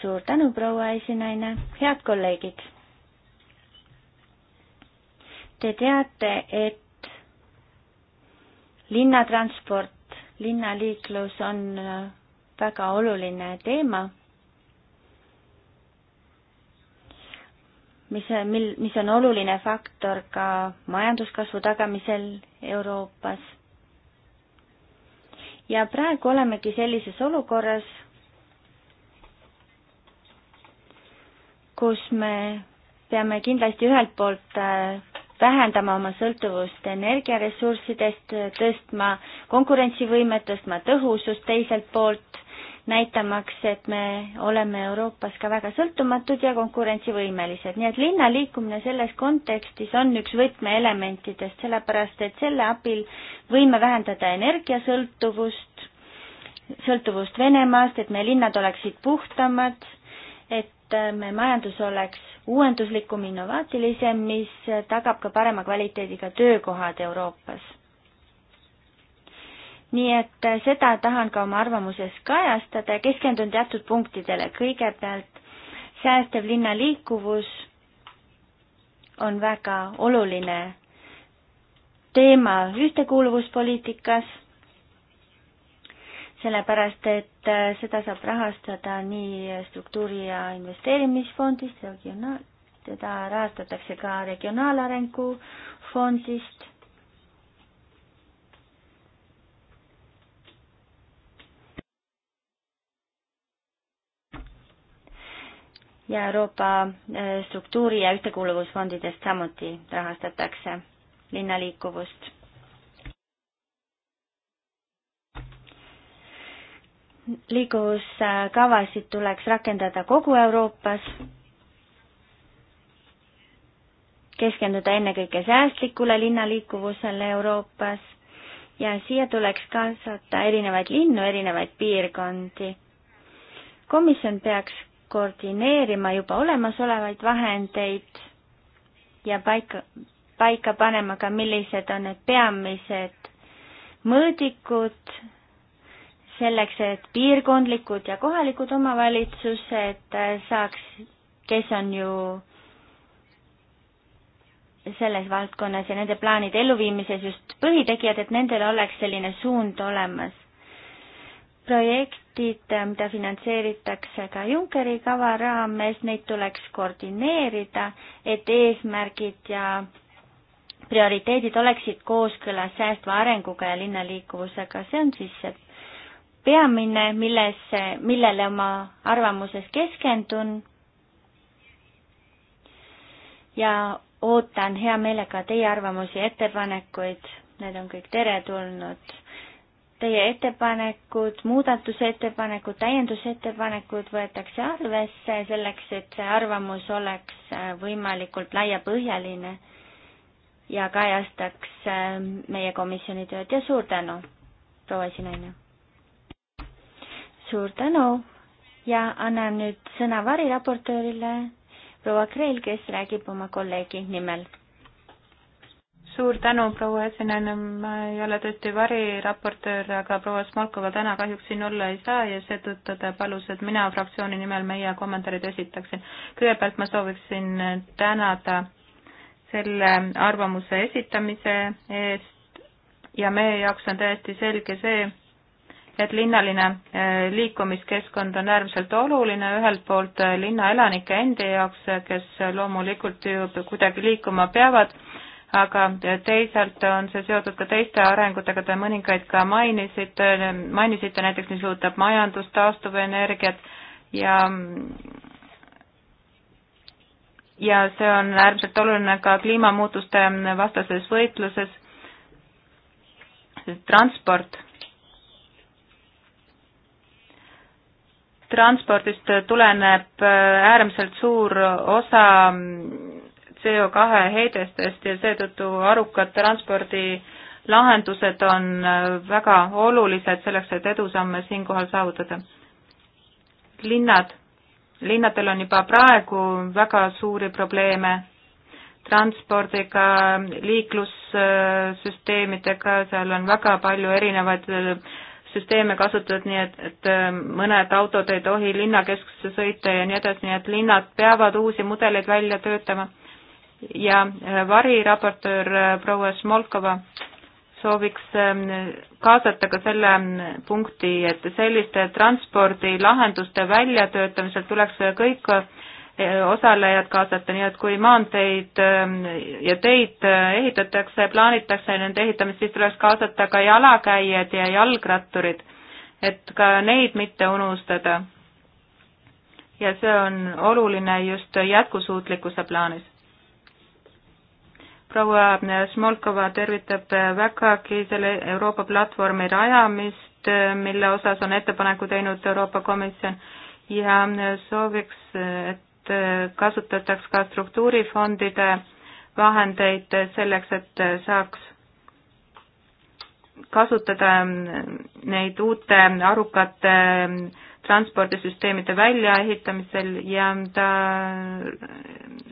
suur tänu, proua esinaine, head kolleegid. Te teate, et linnatransport, linnaliiklus on väga oluline teema mis, mil, mis on oluline faktor ka majanduskasvu tagamisel Euroopas. ja praegu olemegi sellises olukorras, kus me peame kindlasti ühelt poolt äh, vähendama oma sõltuvust energiaressurssidest, tõstma konkurentsivõimet, tõstma tõhusust teiselt poolt näitamaks, et me oleme Euroopas ka väga sõltumatud ja konkurentsivõimelised. nii et linnaliikumine selles kontekstis on üks võtmeelementidest, sellepärast et selle abil võime vähendada energiasõltuvust, sõltuvust Venemaast, et meie linnad oleksid puhtamad, et äh, meie majandus oleks uuenduslikum, innovaatilisem, mis tagab ka parema kvaliteediga töökohad Euroopas nii et äh, seda tahan ka oma arvamuses kajastada ja keskendun teatud punktidele. kõigepealt säästev linna liikuvus on väga oluline teema ühtekuuluvuspoliitikas, sellepärast et äh, seda saab rahastada nii struktuuri- ja investeerimisfondist, regionaal-, teda rahastatakse ka regionaalarengu fondist ja Euroopa eh, struktuuri- ja ühtekuuluvusfondidest samuti rahastatakse linnaliikuvust. liikuvuskavasid tuleks rakendada kogu Euroopas, keskenduda ennekõike säästlikule linnaliikuvusele Euroopas ja siia tuleks kaasata erinevaid linnu, erinevaid piirkondi. komisjon peaks koordineerima juba olemasolevaid vahendeid ja paika, paika panema ka, millised on need peamised mõõdikud selleks, et piirkondlikud ja kohalikud omavalitsused saaks, kes on ju selles valdkonnas ja nende plaanide elluviimises just põhitegijad, et nendel oleks selline suund olemas projektid, mida finantseeritakse ka Junckeri kava raames, neid tuleks koordineerida, et eesmärgid ja prioriteedid oleksid kooskõlas säästva arenguga ja linnaliikuvusega, see on siis see peamine, milles, millele oma arvamuses keskendun. ja ootan hea meelega teie arvamusi ja ettepanekuid, need on kõik teretulnud teie ettepanekud, muudatusettepanekud, täiendusettepanekud võetakse arvesse selleks, et see arvamus oleks äh, võimalikult laiapõhjaline ja kajastaks äh, meie komisjoni tööd ja suur tänu, proua esinaine. suur tänu ja annan nüüd sõna variraportöörile proua Kreel, kes räägib oma kolleegi nimel suur tänu, proua esinaine, ma ei ole tõesti variraportöör, aga proua Smolkova täna kahjuks siin olla ei saa ja seetõttu ta palus, et mina fraktsiooni nimel meie kommentaarid esitaksin. kõigepealt ma sooviksin tänada selle arvamuse esitamise eest ja meie jaoks on täiesti selge see, et linnaline eh, liikumiskeskkond on äärmiselt oluline ühelt poolt linnaelanike endi jaoks, kes loomulikult ju kuidagi liikuma peavad aga teisalt on see seotud ka teiste arengutega, te mõningaid ka mainisite, mainisite näiteks, mis puudutab majandust, taastuvenergiat ja ja see on äärmiselt oluline ka kliimamuutuste vastases võitluses, transport transpordist tuleneb äärmiselt suur osa CO2 heidestest ja seetõttu arukad transpordilahendused on äh, väga olulised selleks, et edusamme siinkohal saavutada. linnad, linnadel on juba praegu väga suuri probleeme transpordiga, liiklussüsteemidega, seal on väga palju erinevaid äh, süsteeme kasutatud, nii et, et äh, mõned autod ei tohi linnakeskusesse sõita ja nii edasi, nii et linnad peavad uusi mudeleid välja töötama ja äh, variraportöör äh, proua Smolkova sooviks ähm, kaasata ka selle ähm, punkti, et selliste transpordilahenduste väljatöötamisel tuleks äh, kõik osalejad kaasata, nii et kui maanteid ähm, ja teid ehitatakse, plaanitakse nende ehitamist, siis tuleks kaasata ka jalakäijad ja jalgratturid, et ka neid mitte unustada. ja see on oluline just jätkusuutlikkuse plaanis proua Smolkova tervitab vägagi selle Euroopa platvormi rajamist, mille osas on ettepaneku teinud Euroopa Komisjon ja sooviks, et kasutataks ka struktuurifondide vahendeid selleks, et saaks kasutada neid uute arukate transpordisüsteemide väljaehitamisel ja ta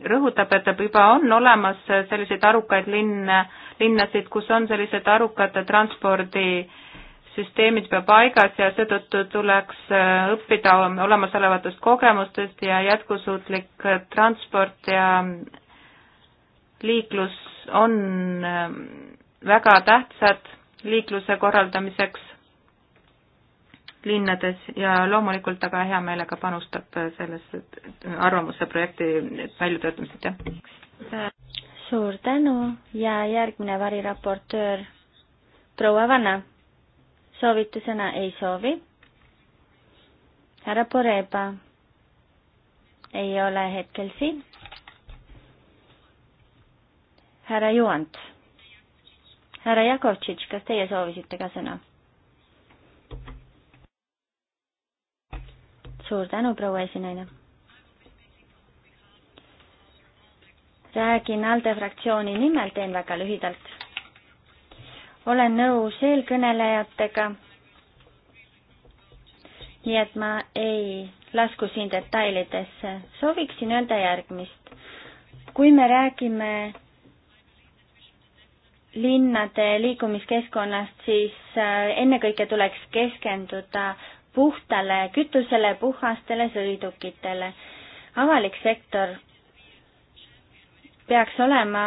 rõhutab, et juba on olemas selliseid arukaid linne, linnasid, kus on sellised arukad transpordisüsteemid juba paigas ja seetõttu tuleks õppida olemasolevatest kogemustest ja jätkusuutlik transport ja liiklus on väga tähtsad liikluse korraldamiseks linnades ja loomulikult aga hea meelega panustab sellesse arvamuse projekti väljatöötamiselt, jah. suur tänu ja järgmine variraportöör, proua Vana. soovite sõna, ei soovi? härra Poreba ei ole hetkel siin. härra Juant, härra Jakovtšitš, kas teie soovisite ka sõna? suur tänu, proua esinaine. räägin ALDE fraktsiooni nimel, teen väga lühidalt. olen nõus eelkõnelejatega. nii et ma ei lasku siin detailidesse, sooviksin öelda järgmist. kui me räägime linnade liikumiskeskkonnast, siis äh, ennekõike tuleks keskenduda puhtale kütusele, puhastele sõidukitele. avalik sektor peaks olema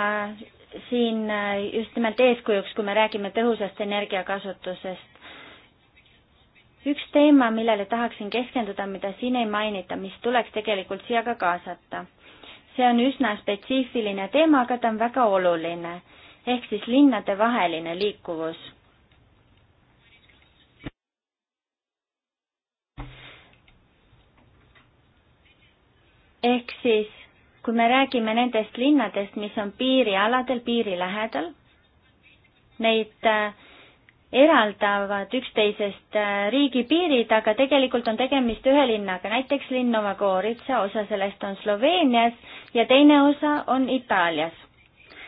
siin äh, just nimelt eeskujuks, kui me räägime tõhusast energiakasutusest. üks teema, millele tahaksin keskenduda, mida siin ei mainita, mis tuleks tegelikult siia ka kaasata. see on üsna spetsiifiline teema, aga ta on väga oluline, ehk siis linnadevaheline liikuvus ehk siis, kui me räägime nendest linnadest, mis on piirialadel, piiri lähedal, neid äh, eraldavad üksteisest äh, riigipiirid, aga tegelikult on tegemist ühe linnaga, näiteks linn Nova Gorica, osa sellest on Sloveenias ja teine osa on Itaalias.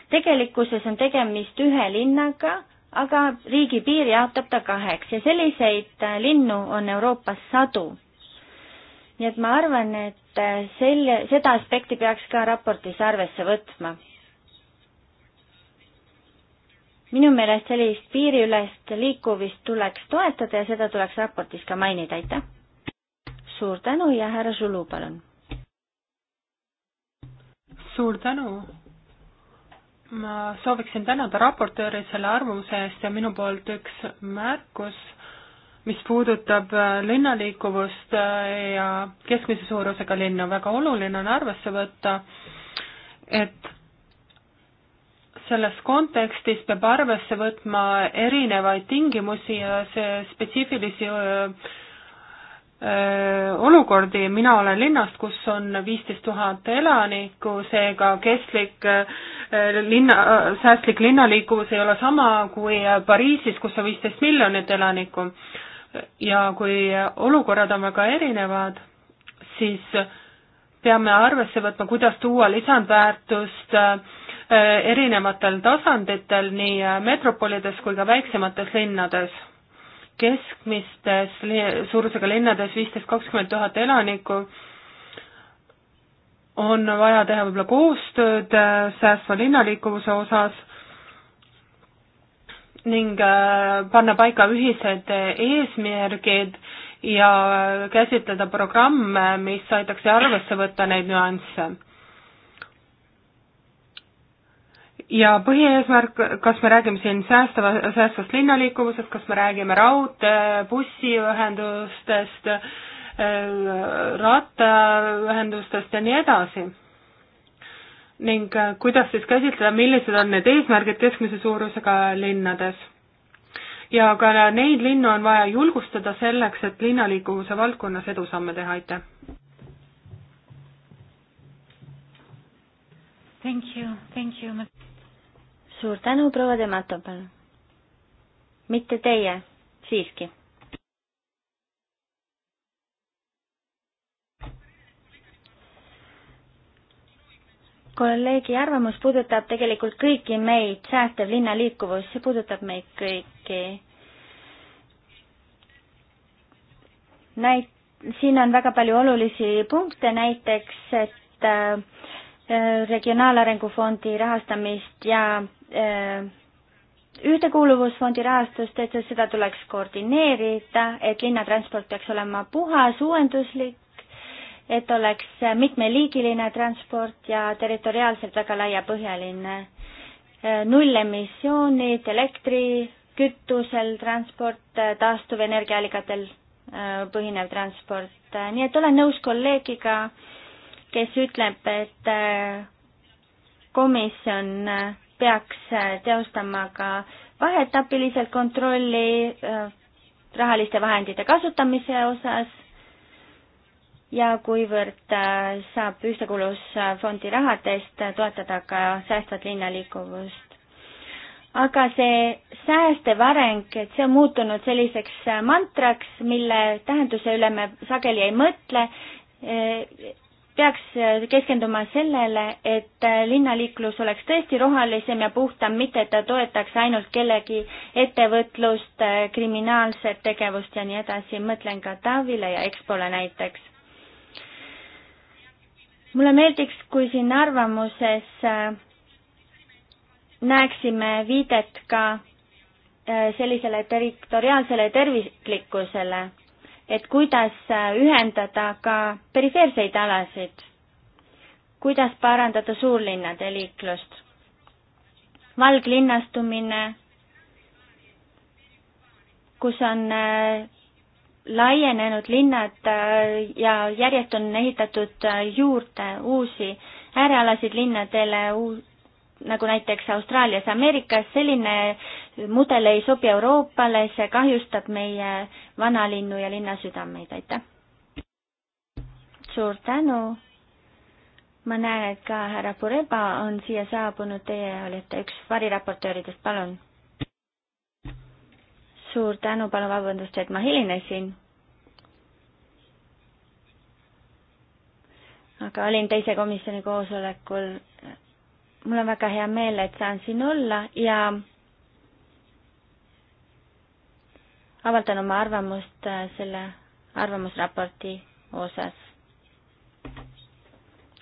tegelikkuses on tegemist ühe linnaga, aga riigipiir jaotab ta kaheks ja selliseid äh, linnu on Euroopas sadu. nii et ma arvan, et Äh, selle, seda aspekti peaks ka raportis arvesse võtma. minu meelest sellist piiriülest liikuvist tuleks toetada ja seda tuleks raportis ka mainida, aitäh! suur tänu ja härra Žulu, palun! suur tänu! ma sooviksin tänada raportööri selle arvamuse eest ja minu poolt üks märkus mis puudutab äh, linnaliikuvust äh, ja keskmise suurusega linna, väga oluline on arvesse võtta, et selles kontekstis peab arvesse võtma erinevaid tingimusi ja see spetsiifilisi öö, äh, öö, olukordi, mina olen linnast, kus on viisteist tuhat elanikku, seega kestlik öö, linna, säästlik linnaliikuvus ei ole sama kui Pariisis, kus on viisteist miljonit elanikku ja kui olukorrad on väga erinevad, siis peame arvesse võtma, kuidas tuua lisandväärtust äh, erinevatel tasanditel, nii äh, metropolides kui ka väiksemates linnades. keskmistes suurusega linnades viisteist, kakskümmend tuhat elanikku on vaja teha võib-olla koostööd äh, säästva linnaliikuvuse osas ning äh, panna paika ühised äh, eesmärgid ja käsitleda programme, mis aitaks arvesse võtta neid nüansse. ja põhieesmärk, kas me räägime siin säästava, säästvast linnaliikumisest, kas me räägime raudtee, bussiühendustest, äh, rattaühendustest ja nii edasi ning äh, kuidas siis käsitleda, millised on need eesmärgid keskmise suurusega linnades. ja ka neid linnu on vaja julgustada selleks, et linnaliikuvuse valdkonnas edusamme teha, aitäh! Thank you, thank you. suur tänu, proua Demato, palun. mitte teie, siiski kolleegi arvamus puudutab tegelikult kõiki meid, säästev linna liikuvus, see puudutab meid kõiki. näit-, siin on väga palju olulisi punkte, näiteks et äh, Regionaalarengu Fondi rahastamist ja äh, Ühtekuuluvusfondi rahastust, et seda tuleks koordineerida, et linnatransport peaks olema puhas, uuenduslik et oleks mitmeliigiline transport ja territoriaalselt väga laiapõhjaline. nullemissioonid elektri, kütusel transport, taastuvenergiaallikatel äh, põhinev transport, nii et olen nõus kolleegiga, kes ütleb, et äh, komisjon äh, peaks teostama ka vaheetapiliselt kontrolli rahaliste vahendite kasutamise osas ja kuivõrd äh, saab Ühtekuuluvusfondi rahadest toetada ka säästvat linnaliikuvust. aga see säästev areng, et see on muutunud selliseks äh, mantraks, mille tähenduse üle me sageli ei mõtle, äh, peaks keskenduma sellele, et linnaliiklus oleks tõesti rohelisem ja puhtam, mitte et ta toetaks ainult kellegi ettevõtlust, kriminaalset tegevust ja nii edasi, mõtlen ka Taavile ja Expole näiteks mulle meeldiks, kui siin arvamuses äh, näeksime viidet ka äh, sellisele territoriaalsele terviklikkusele, et kuidas äh, ühendada ka perifeerseid alasid, kuidas parandada suurlinnade liiklust, valglinnastumine, kus on laienenud linnad äh, ja järjest on ehitatud äh, juurde uusi äärealasid linnadele, nagu näiteks Austraalias, Ameerikas, selline mudel ei sobi Euroopale, see kahjustab meie vanalinnu ja linnasüdameid, aitäh! suur tänu! ma näen, et ka härra Pureba on siia saabunud, teie olete üks variraportööridest, palun suur tänu, palun vabandust, et ma hilinesin. aga olin teise komisjoni koosolekul. mul on väga hea meel, et saan siin olla ja avaldan oma arvamust äh, selle arvamusraporti osas.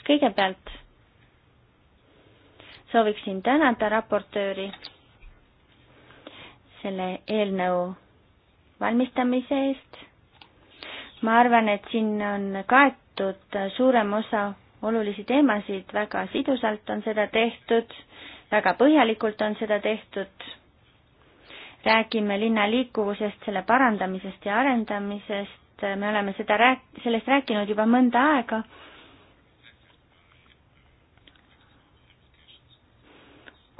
kõigepealt sooviksin tänada raportööri selle eelnõu valmistamise eest. ma arvan, et siin on kaetud suurem osa olulisi teemasid, väga sidusalt on seda tehtud, väga põhjalikult on seda tehtud. räägime linna liikuvusest, selle parandamisest ja arendamisest, me oleme seda rääk-, sellest rääkinud juba mõnda aega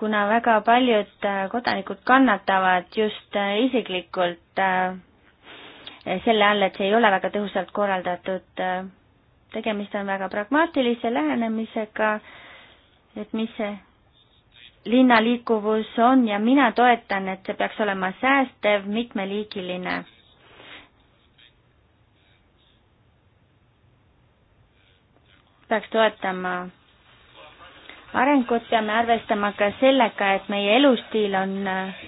kuna väga paljud äh, kodanikud kannatavad just äh, isiklikult äh, selle all, et see ei ole väga tõhusalt korraldatud. tegemist on väga pragmaatilise lähenemisega, et mis see linnaliikuvus on ja mina toetan, et see peaks olema säästev, mitmeliigiline. peaks toetama arengut, peame arvestama ka sellega, et meie elustiil on äh,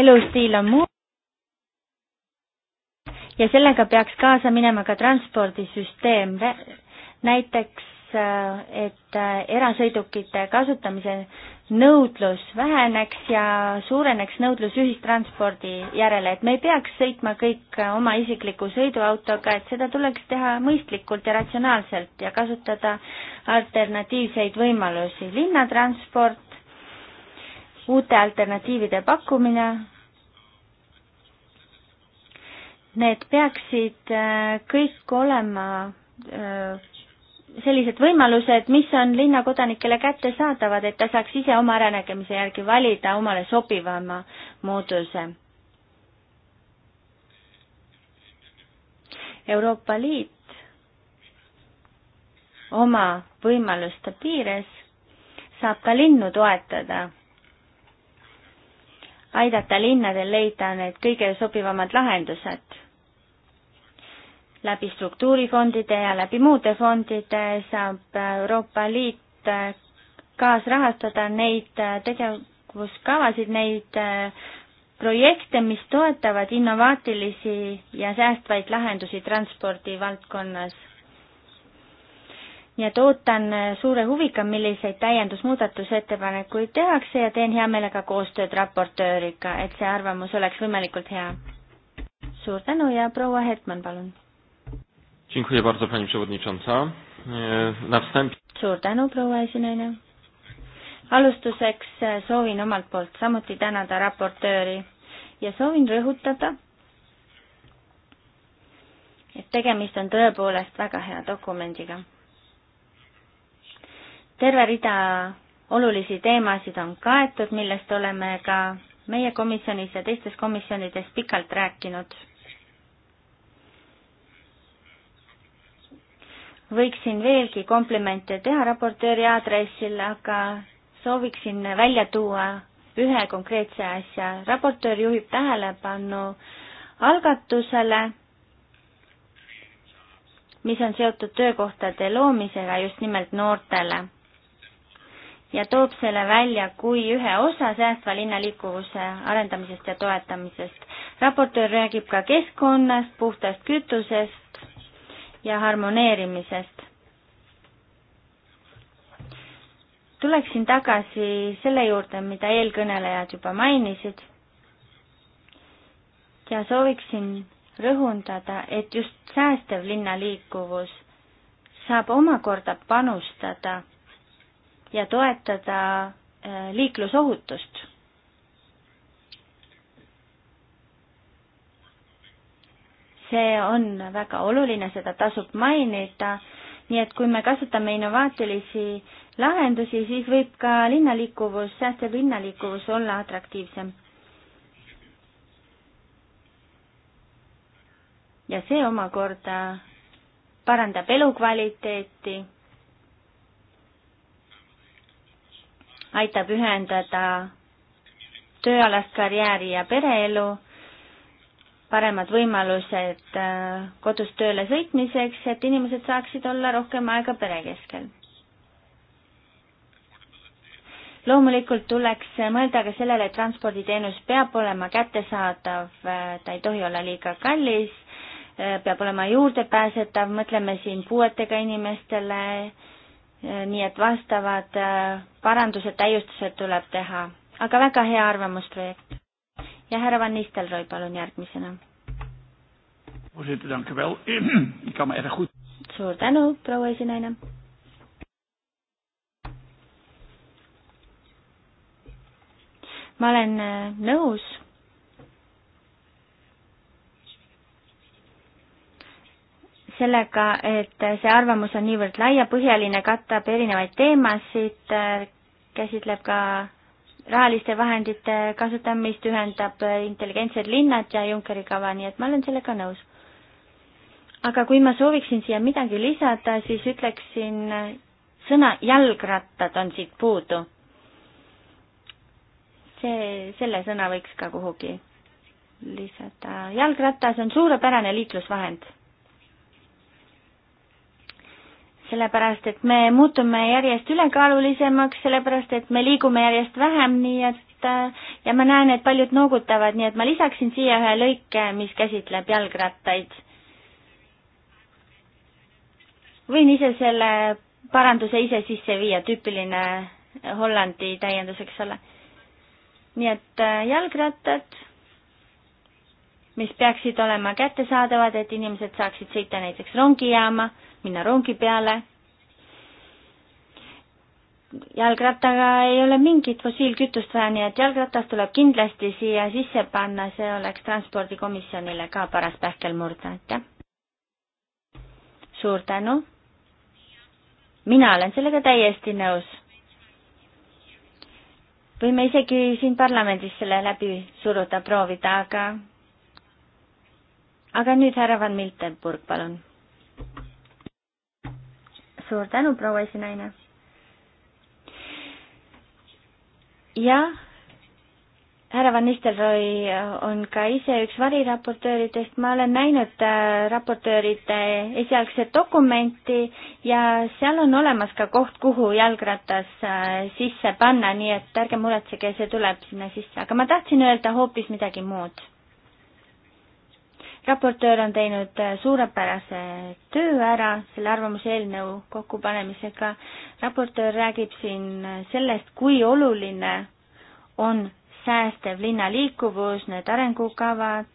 elustiil on muu- ja sellega peaks kaasa minema ka transpordisüsteem, näiteks äh, et äh, erasõidukite kasutamise nõudlus väheneks ja suureneks nõudlus ühistranspordi järele, et me ei peaks sõitma kõik oma isikliku sõiduautoga, et seda tuleks teha mõistlikult ja ratsionaalselt ja kasutada alternatiivseid võimalusi. linnatransport, uute alternatiivide pakkumine, need peaksid äh, kõik olema äh, sellised võimalused, mis on linnakodanikele kättesaadavad, et ta saaks ise oma äranägemise järgi valida omale sobivama mooduse. Euroopa Liit oma võimaluste piires saab ka linnu toetada, aidata linnadel leida need kõige sobivamad lahendused läbi struktuurifondide ja läbi muude fondide saab Euroopa Liit äh, kaasrahastada neid äh, tegevuskavasid, neid äh, projekte, mis toetavad innovaatilisi ja säästvaid lahendusi transpordi valdkonnas. nii et ootan suure huviga, milliseid täiendusmuudatusettepanekuid tehakse ja teen hea meelega koostööd raportööriga, et see arvamus oleks võimalikult hea. suur tänu ja proua Hetman, palun Dziękuję bardzo Pani Przewodnicząca. E, na wstępie... suur tänu, proua esinaine. alustuseks e, soovin omalt poolt samuti tänada raportööri ja soovin rõhutada, et tegemist on tõepoolest väga hea dokumendiga. terve rida olulisi teemasid on kaetud, millest oleme ka meie komisjonis ja teistes komisjonides pikalt rääkinud võiksin veelgi komplimente teha raportööri aadressil, aga sooviksin välja tuua ühe konkreetse asja. raportöör juhib tähelepanu algatusele, mis on seotud töökohtade loomisega just nimelt noortele ja toob selle välja kui ühe osa säästva linnaliikuvuse arendamisest ja toetamisest. raportöör räägib ka keskkonnast, puhtast kütusest, ja harmoneerimisest. tuleksin tagasi selle juurde, mida eelkõnelejad juba mainisid ja sooviksin rõhundada, et just säästev linnaliikuvus saab omakorda panustada ja toetada äh, liiklusohutust see on väga oluline, seda tasub mainida, nii et kui me kasutame innovaatilisi lahendusi, siis võib ka linnaliikuvus, säästev linnaliikuvus olla atraktiivsem. ja see omakorda parandab elukvaliteeti, aitab ühendada tööalast karjääri ja pereelu paremad võimalused äh, kodust tööle sõitmiseks, et inimesed saaksid olla rohkem aega pere keskel. loomulikult tuleks mõelda ka sellele, et transporditeenus peab olema kättesaadav, äh, ta ei tohi olla liiga kallis, äh, peab olema juurdepääsetav, mõtleme siin puuetega inimestele, nii et vastavad parandused, täiustused tuleb teha, aga väga hea arvamusprojekt ja härra Van Nistelrooy, palun järgmisena. suur tänu, proua esinaine. ma olen äh, nõus sellega, et see arvamus on niivõrd laiapõhjaline, katab erinevaid teemasid, äh, käsitleb ka rahaliste vahendite kasutamist ühendab intelligentsed linnad ja Junckeri kava, nii et ma olen sellega nõus. aga kui ma sooviksin siia midagi lisada, siis ütleksin, sõna jalgrattad on siit puudu. see, selle sõna võiks ka kuhugi lisada. jalgratas on suurepärane liiklusvahend sellepärast et me muutume järjest ülekaalulisemaks, sellepärast et me liigume järjest vähem, nii et äh, ja ma näen, et paljud noogutavad, nii et ma lisaksin siia ühe lõike, mis käsitleb jalgrattaid. võin ise selle paranduse ise sisse viia, tüüpiline Hollandi täiendus, eks ole. nii et äh, jalgrattad, mis peaksid olema kättesaadavad, et inimesed saaksid sõita näiteks rongijaama minna rongi peale. jalgrattaga ei ole mingit fossiilkütust vaja, nii et jalgratas tuleb kindlasti siia sisse panna, see oleks transpordikomisjonile ka paras pähkelmurd, aitäh. suur tänu. mina olen sellega täiesti nõus võime isegi siin parlamendis selle läbi suruda, proovida, aga aga nüüd härra Van Miltenburg, palun suur tänu, proua esinaine. jah, härra Van Nistelrooy on ka ise üks variraportööridest, ma olen näinud äh, raportööride esialgset dokumenti ja seal on olemas ka koht, kuhu jalgratas äh, sisse panna, nii et ärge muretsege, see tuleb sinna sisse, aga ma tahtsin öelda hoopis midagi muud raportöör on teinud äh, suurepärase töö ära selle arvamuseelnõu kokkupanemisega. raportöör räägib siin äh, sellest, kui oluline on säästev linnaliikuvus, need arengukavad.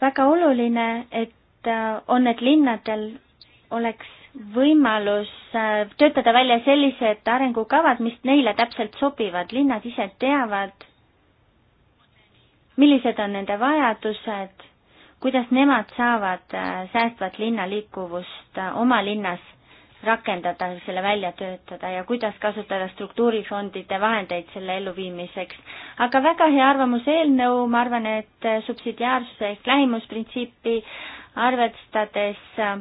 väga oluline, et äh, on, et linnadel oleks võimalus töötada välja sellised arengukavad, mis neile täpselt sobivad, linnad ise teavad millised on nende vajadused, kuidas nemad saavad äh, säästvat linnaliikuvust äh, oma linnas rakendada, selle välja töötada ja kuidas kasutada struktuurifondide vahendeid selle elluviimiseks. aga väga hea arvamuse eelnõu, ma arvan, et äh, subsidiaarsuse ehk lähimusprintsiipi arvestades äh,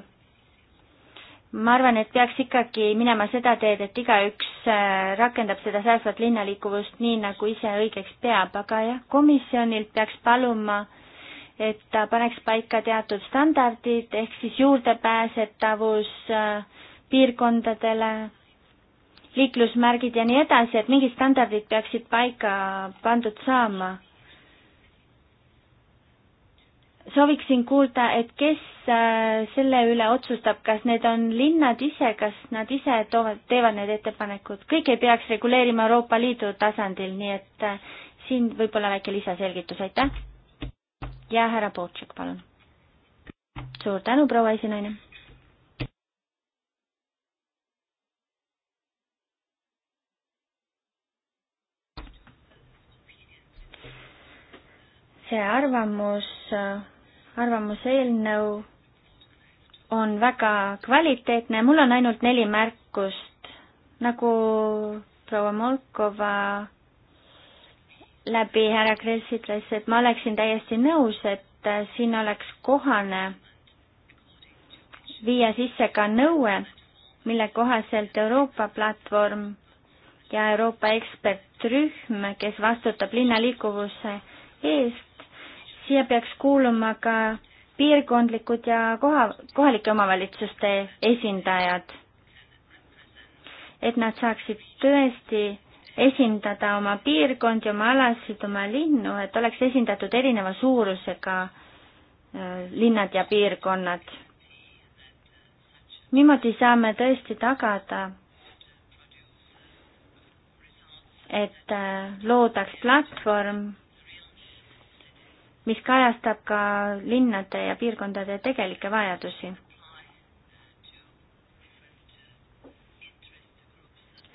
ma arvan, et peaks ikkagi minema seda teed, et igaüks äh, rakendab seda säästvat linnaliikuvust nii, nagu ise õigeks peab, aga jah, komisjonilt peaks paluma, et ta paneks paika teatud standardid, ehk siis juurdepääsetavus äh, piirkondadele, liiklusmärgid ja nii edasi, et mingid standardid peaksid paika pandud saama sooviksin kuulda, et kes äh, selle üle otsustab, kas need on linnad ise, kas nad ise toovad, teevad need ettepanekud, kõik ei peaks reguleerima Euroopa Liidu tasandil, nii et äh, siin võib-olla väike lisaselgitus, aitäh. ja härra Potšik, palun. suur tänu, proua esinaine see arvamus äh, arvamuseelnõu on väga kvaliteetne, mul on ainult neli märkust. nagu proua Molkova läbi härra Kress ütles, et ma oleksin täiesti nõus, et siin oleks kohane viia sisse ka nõue, mille kohaselt Euroopa platvorm ja Euroopa ekspertrühm, kes vastutab linnaliikuvuse eest, siia peaks kuuluma ka piirkondlikud ja koha, kohalike omavalitsuste esindajad, et nad saaksid tõesti esindada oma piirkondi, oma alasid, oma linnu, et oleks esindatud erineva suurusega äh, linnad ja piirkonnad. niimoodi saame tõesti tagada, et äh, loodaks platvorm mis kajastab ka linnade ja piirkondade tegelikke vajadusi.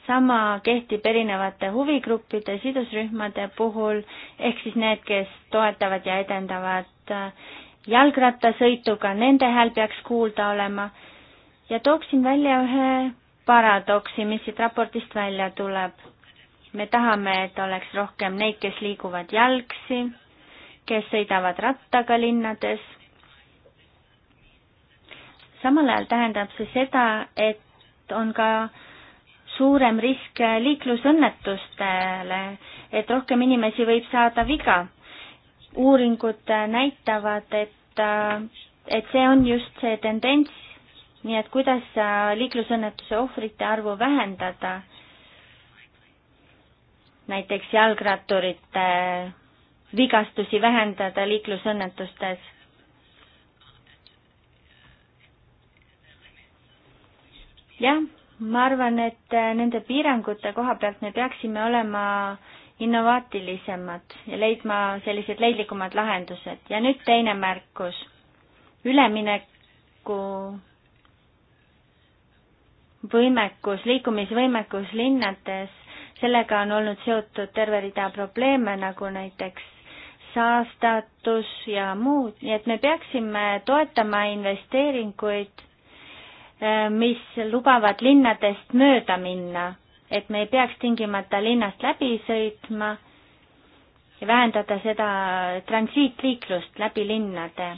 sama kehtib erinevate huvigruppide, sidusrühmade puhul, ehk siis need, kes toetavad ja edendavad jalgrattasõitu, ka nende hääl peaks kuulda olema. ja tooksin välja ühe paradoksi, mis siit raportist välja tuleb. me tahame, et oleks rohkem neid, kes liiguvad jalgsi kes sõidavad rattaga linnades. samal ajal tähendab see seda, et on ka suurem risk liiklusõnnetustele, et rohkem inimesi võib saada viga. uuringud näitavad, et, et see on just see tendents, nii et kuidas liiklusõnnetuse ohvrite arvu vähendada, näiteks jalgratturite vigastusi vähendada liiklusõnnetustes. jah, ma arvan, et nende piirangute koha pealt me peaksime olema innovaatilisemad ja leidma sellised leidlikumad lahendused. ja nüüd teine märkus, ülemineku võimekus, liikumisvõimekus linnades, sellega on olnud seotud terve rida probleeme, nagu näiteks saastatus ja muud, nii et me peaksime toetama investeeringuid, eh, mis lubavad linnadest mööda minna, et me ei peaks tingimata linnast läbi sõitma ja vähendada seda transiitliiklust läbi linnade.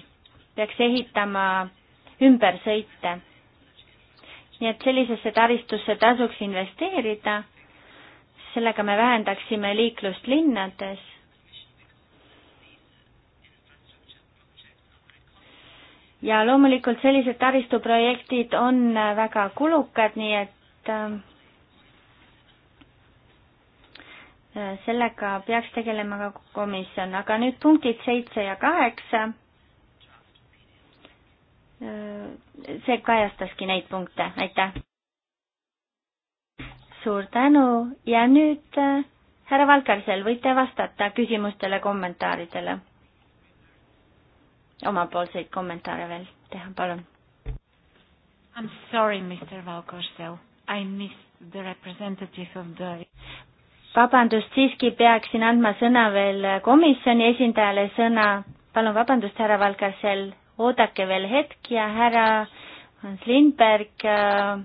peaks ehitama ümbersõite. nii et sellisesse taristusse tasuks investeerida, sellega me vähendaksime liiklust linnades ja loomulikult sellised taristuprojektid on äh, väga kulukad, nii et äh, äh, sellega peaks tegelema ka komisjon, aga nüüd punktid seitse ja kaheksa. see kajastaski neid punkte, aitäh. suur tänu ja nüüd härra Valkarsel, võite vastata küsimustele, kommentaaridele omapoolseid kommentaare veel teha, palun. I am sorry, Mr Valkorsel, I missed the representative of the vabandust, siiski peaksin andma sõna veel komisjoni esindajale sõna. palun vabandust, härra Valkarsel, oodake veel hetk ja härra Hans Lindberg äh,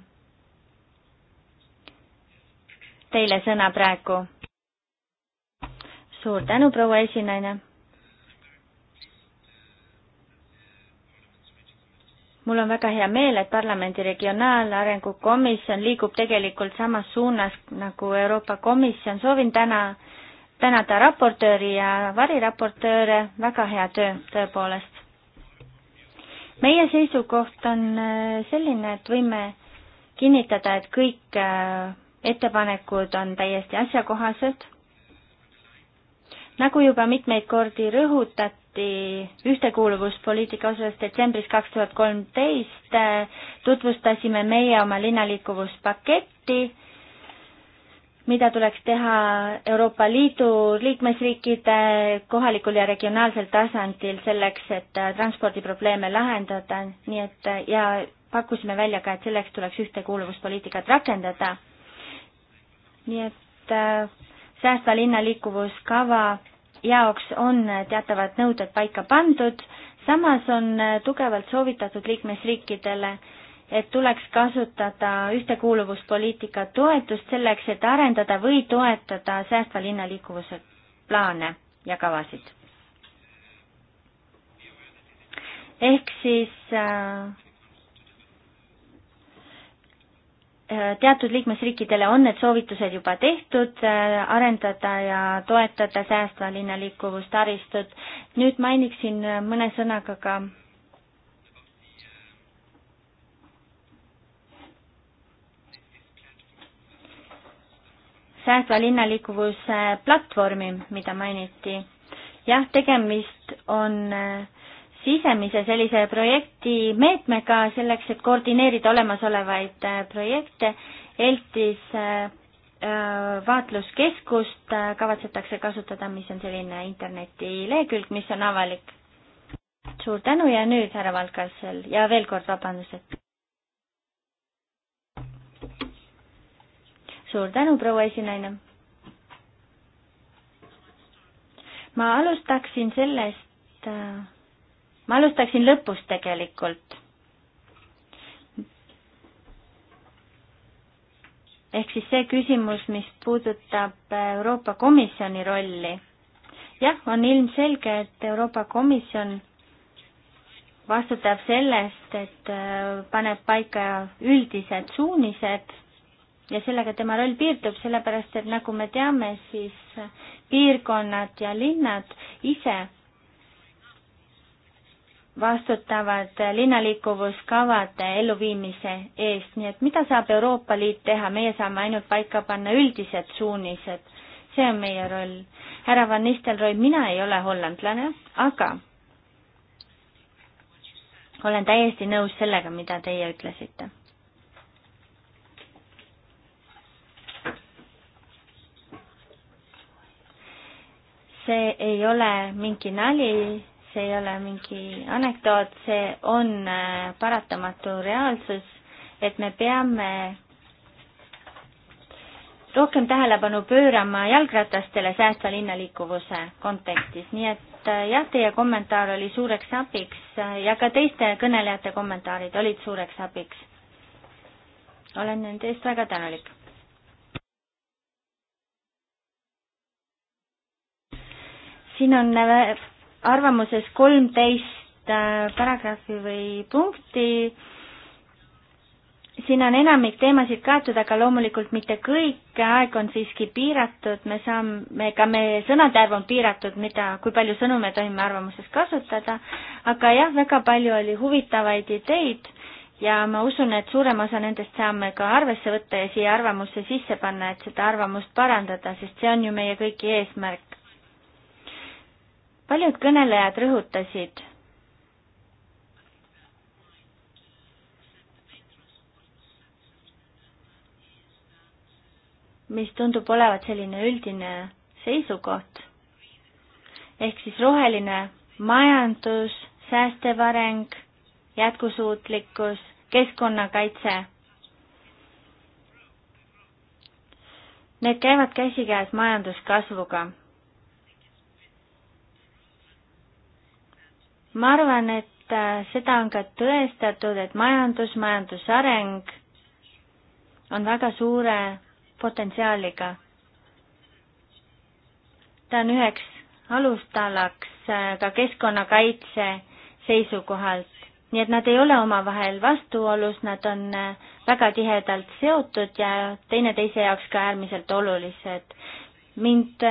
teile sõna praegu. suur tänu, proua esinaine. mul on väga hea meel, et parlamendi regionaalarengu komisjon liigub tegelikult samas suunas nagu Euroopa Komisjon. soovin täna tänada raportööri ja variraportööre, väga hea töö tõepoolest. meie seisukoht on äh, selline, et võime kinnitada, et kõik äh, ettepanekud on täiesti asjakohased. nagu juba mitmeid kordi rõhutat-, samuti ühtekuuluvuspoliitika osas detsembris kaks tuhat kolmteist äh, tutvustasime meie oma linnaliikuvuspaketti, mida tuleks teha Euroopa Liidu liikmesriikide kohalikul ja regionaalsel tasandil selleks, et äh, transpordiprobleeme lahendada, nii et äh, ja pakkusime välja ka, et selleks tuleks ühtekuuluvuspoliitikat rakendada. nii et äh, säästva linna liikuvuskava jaoks on teatavad nõuded paika pandud, samas on tugevalt soovitatud liikmesriikidele, et tuleks kasutada ühtekuuluvuspoliitika toetust selleks, et arendada või toetada säästva linna liikuvuse plaane ja kavasid. ehk siis äh, Äh, teatud liikmesriikidele on need soovitused juba tehtud, äh, arendada ja toetada säästva linna liikuvustaristut. nüüd mainiksin äh, mõne sõnaga ka säästva linna liikuvuse platvormi, mida mainiti. jah, tegemist on äh, sisemise sellise projekti meetmega selleks, et koordineerida olemasolevaid äh, projekte. ELTis äh, äh, vaatluskeskust kavatsetakse kasutada, mis on selline internetilehekülg, mis on avalik. suur tänu ja nüüd härra Valkassel ja veel kord vabandused. suur tänu, proua esinaine. ma alustaksin sellest, ma alustaksin lõpust tegelikult. ehk siis see küsimus, mis puudutab Euroopa Komisjoni rolli. jah, on ilmselge, et Euroopa Komisjon vastutab sellest, et äh, paneb paika üldised suunised ja sellega tema roll piirdub, sellepärast et nagu me teame, siis piirkonnad ja linnad ise vastutavad linnaliikuvuskavade elluviimise eest, nii et mida saab Euroopa Liit teha, meie saame ainult paika panna üldised suunised, see on meie roll. härra Van Nistelrooy, mina ei ole hollandlane, aga olen täiesti nõus sellega, mida teie ütlesite. see ei ole mingi nali, see ei ole mingi anekdoot, see on äh, paratamatu reaalsus, et me peame rohkem tähelepanu pöörama jalgratastele säästva linnaliikuvuse kontekstis, nii et äh, jah, teie kommentaar oli suureks abiks äh, ja ka teiste kõnelejate kommentaarid olid suureks abiks. olen nende eest väga tänulik. siin on arvamuses kolmteist äh, paragrahvi või punkti. siin on enamik teemasid kaetud, aga loomulikult mitte kõik, aeg on siiski piiratud, me saame, ka meie sõnade arv on piiratud, mida, kui palju sõnu me tohime arvamuses kasutada, aga jah, väga palju oli huvitavaid ideid ja ma usun, et suurem osa nendest saame ka arvesse võtta ja siia arvamusse sisse panna, et seda arvamust parandada, sest see on ju meie kõigi eesmärk paljud kõnelejad rõhutasid mis tundub olevat selline üldine seisukoht. ehk siis roheline majandus, säästev areng, jätkusuutlikkus, keskkonnakaitse. Need käivad käsikäes majanduskasvuga. ma arvan, et äh, seda on ka tõestatud, et majandus, majandusareng on väga suure potentsiaaliga. ta on üheks alustalaks äh, ka keskkonnakaitse seisukohalt, nii et nad ei ole omavahel vastuolus, nad on äh, väga tihedalt seotud ja teineteise jaoks ka äärmiselt olulised. mind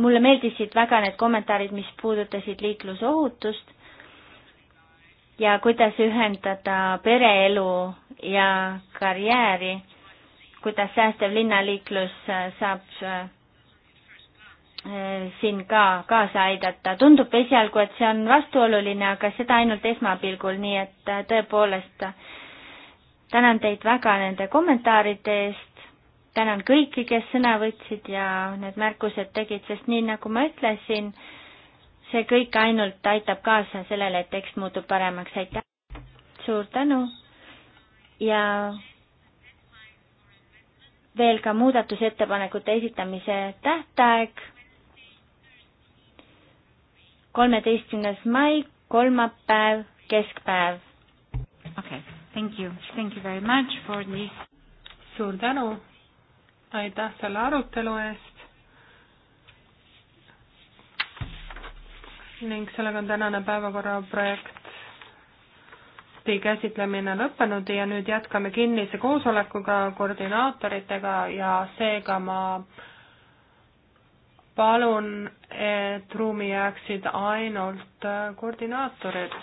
mulle meeldisid väga need kommentaarid, mis puudutasid liiklusohutust ja kuidas ühendada pereelu ja karjääri, kuidas säästev linnaliiklus äh, saab äh, siin ka kaasa aidata. tundub esialgu, et see on vastuoluline, aga seda ainult esmapilgul, nii et äh, tõepoolest tänan teid väga nende kommentaaride eest tänan kõiki, kes sõna võtsid ja need märkused tegid, sest nii nagu ma ütlesin, see kõik ainult aitab kaasa sellele, et tekst muutub paremaks, aitäh! suur tänu ja veel ka muudatusettepanekute esitamise tähtaeg, kolmeteistkümnes mai, kolmapäev, keskpäev. okei okay., thank you, thank you very much for this. suur tänu aitäh selle arutelu eest. ning sellega on tänane päevakorra projekti käsitlemine lõppenud ja nüüd jätkame kinnise koosolekuga koordinaatoritega ja seega ma palun, et ruumi jääksid ainult koordinaatorid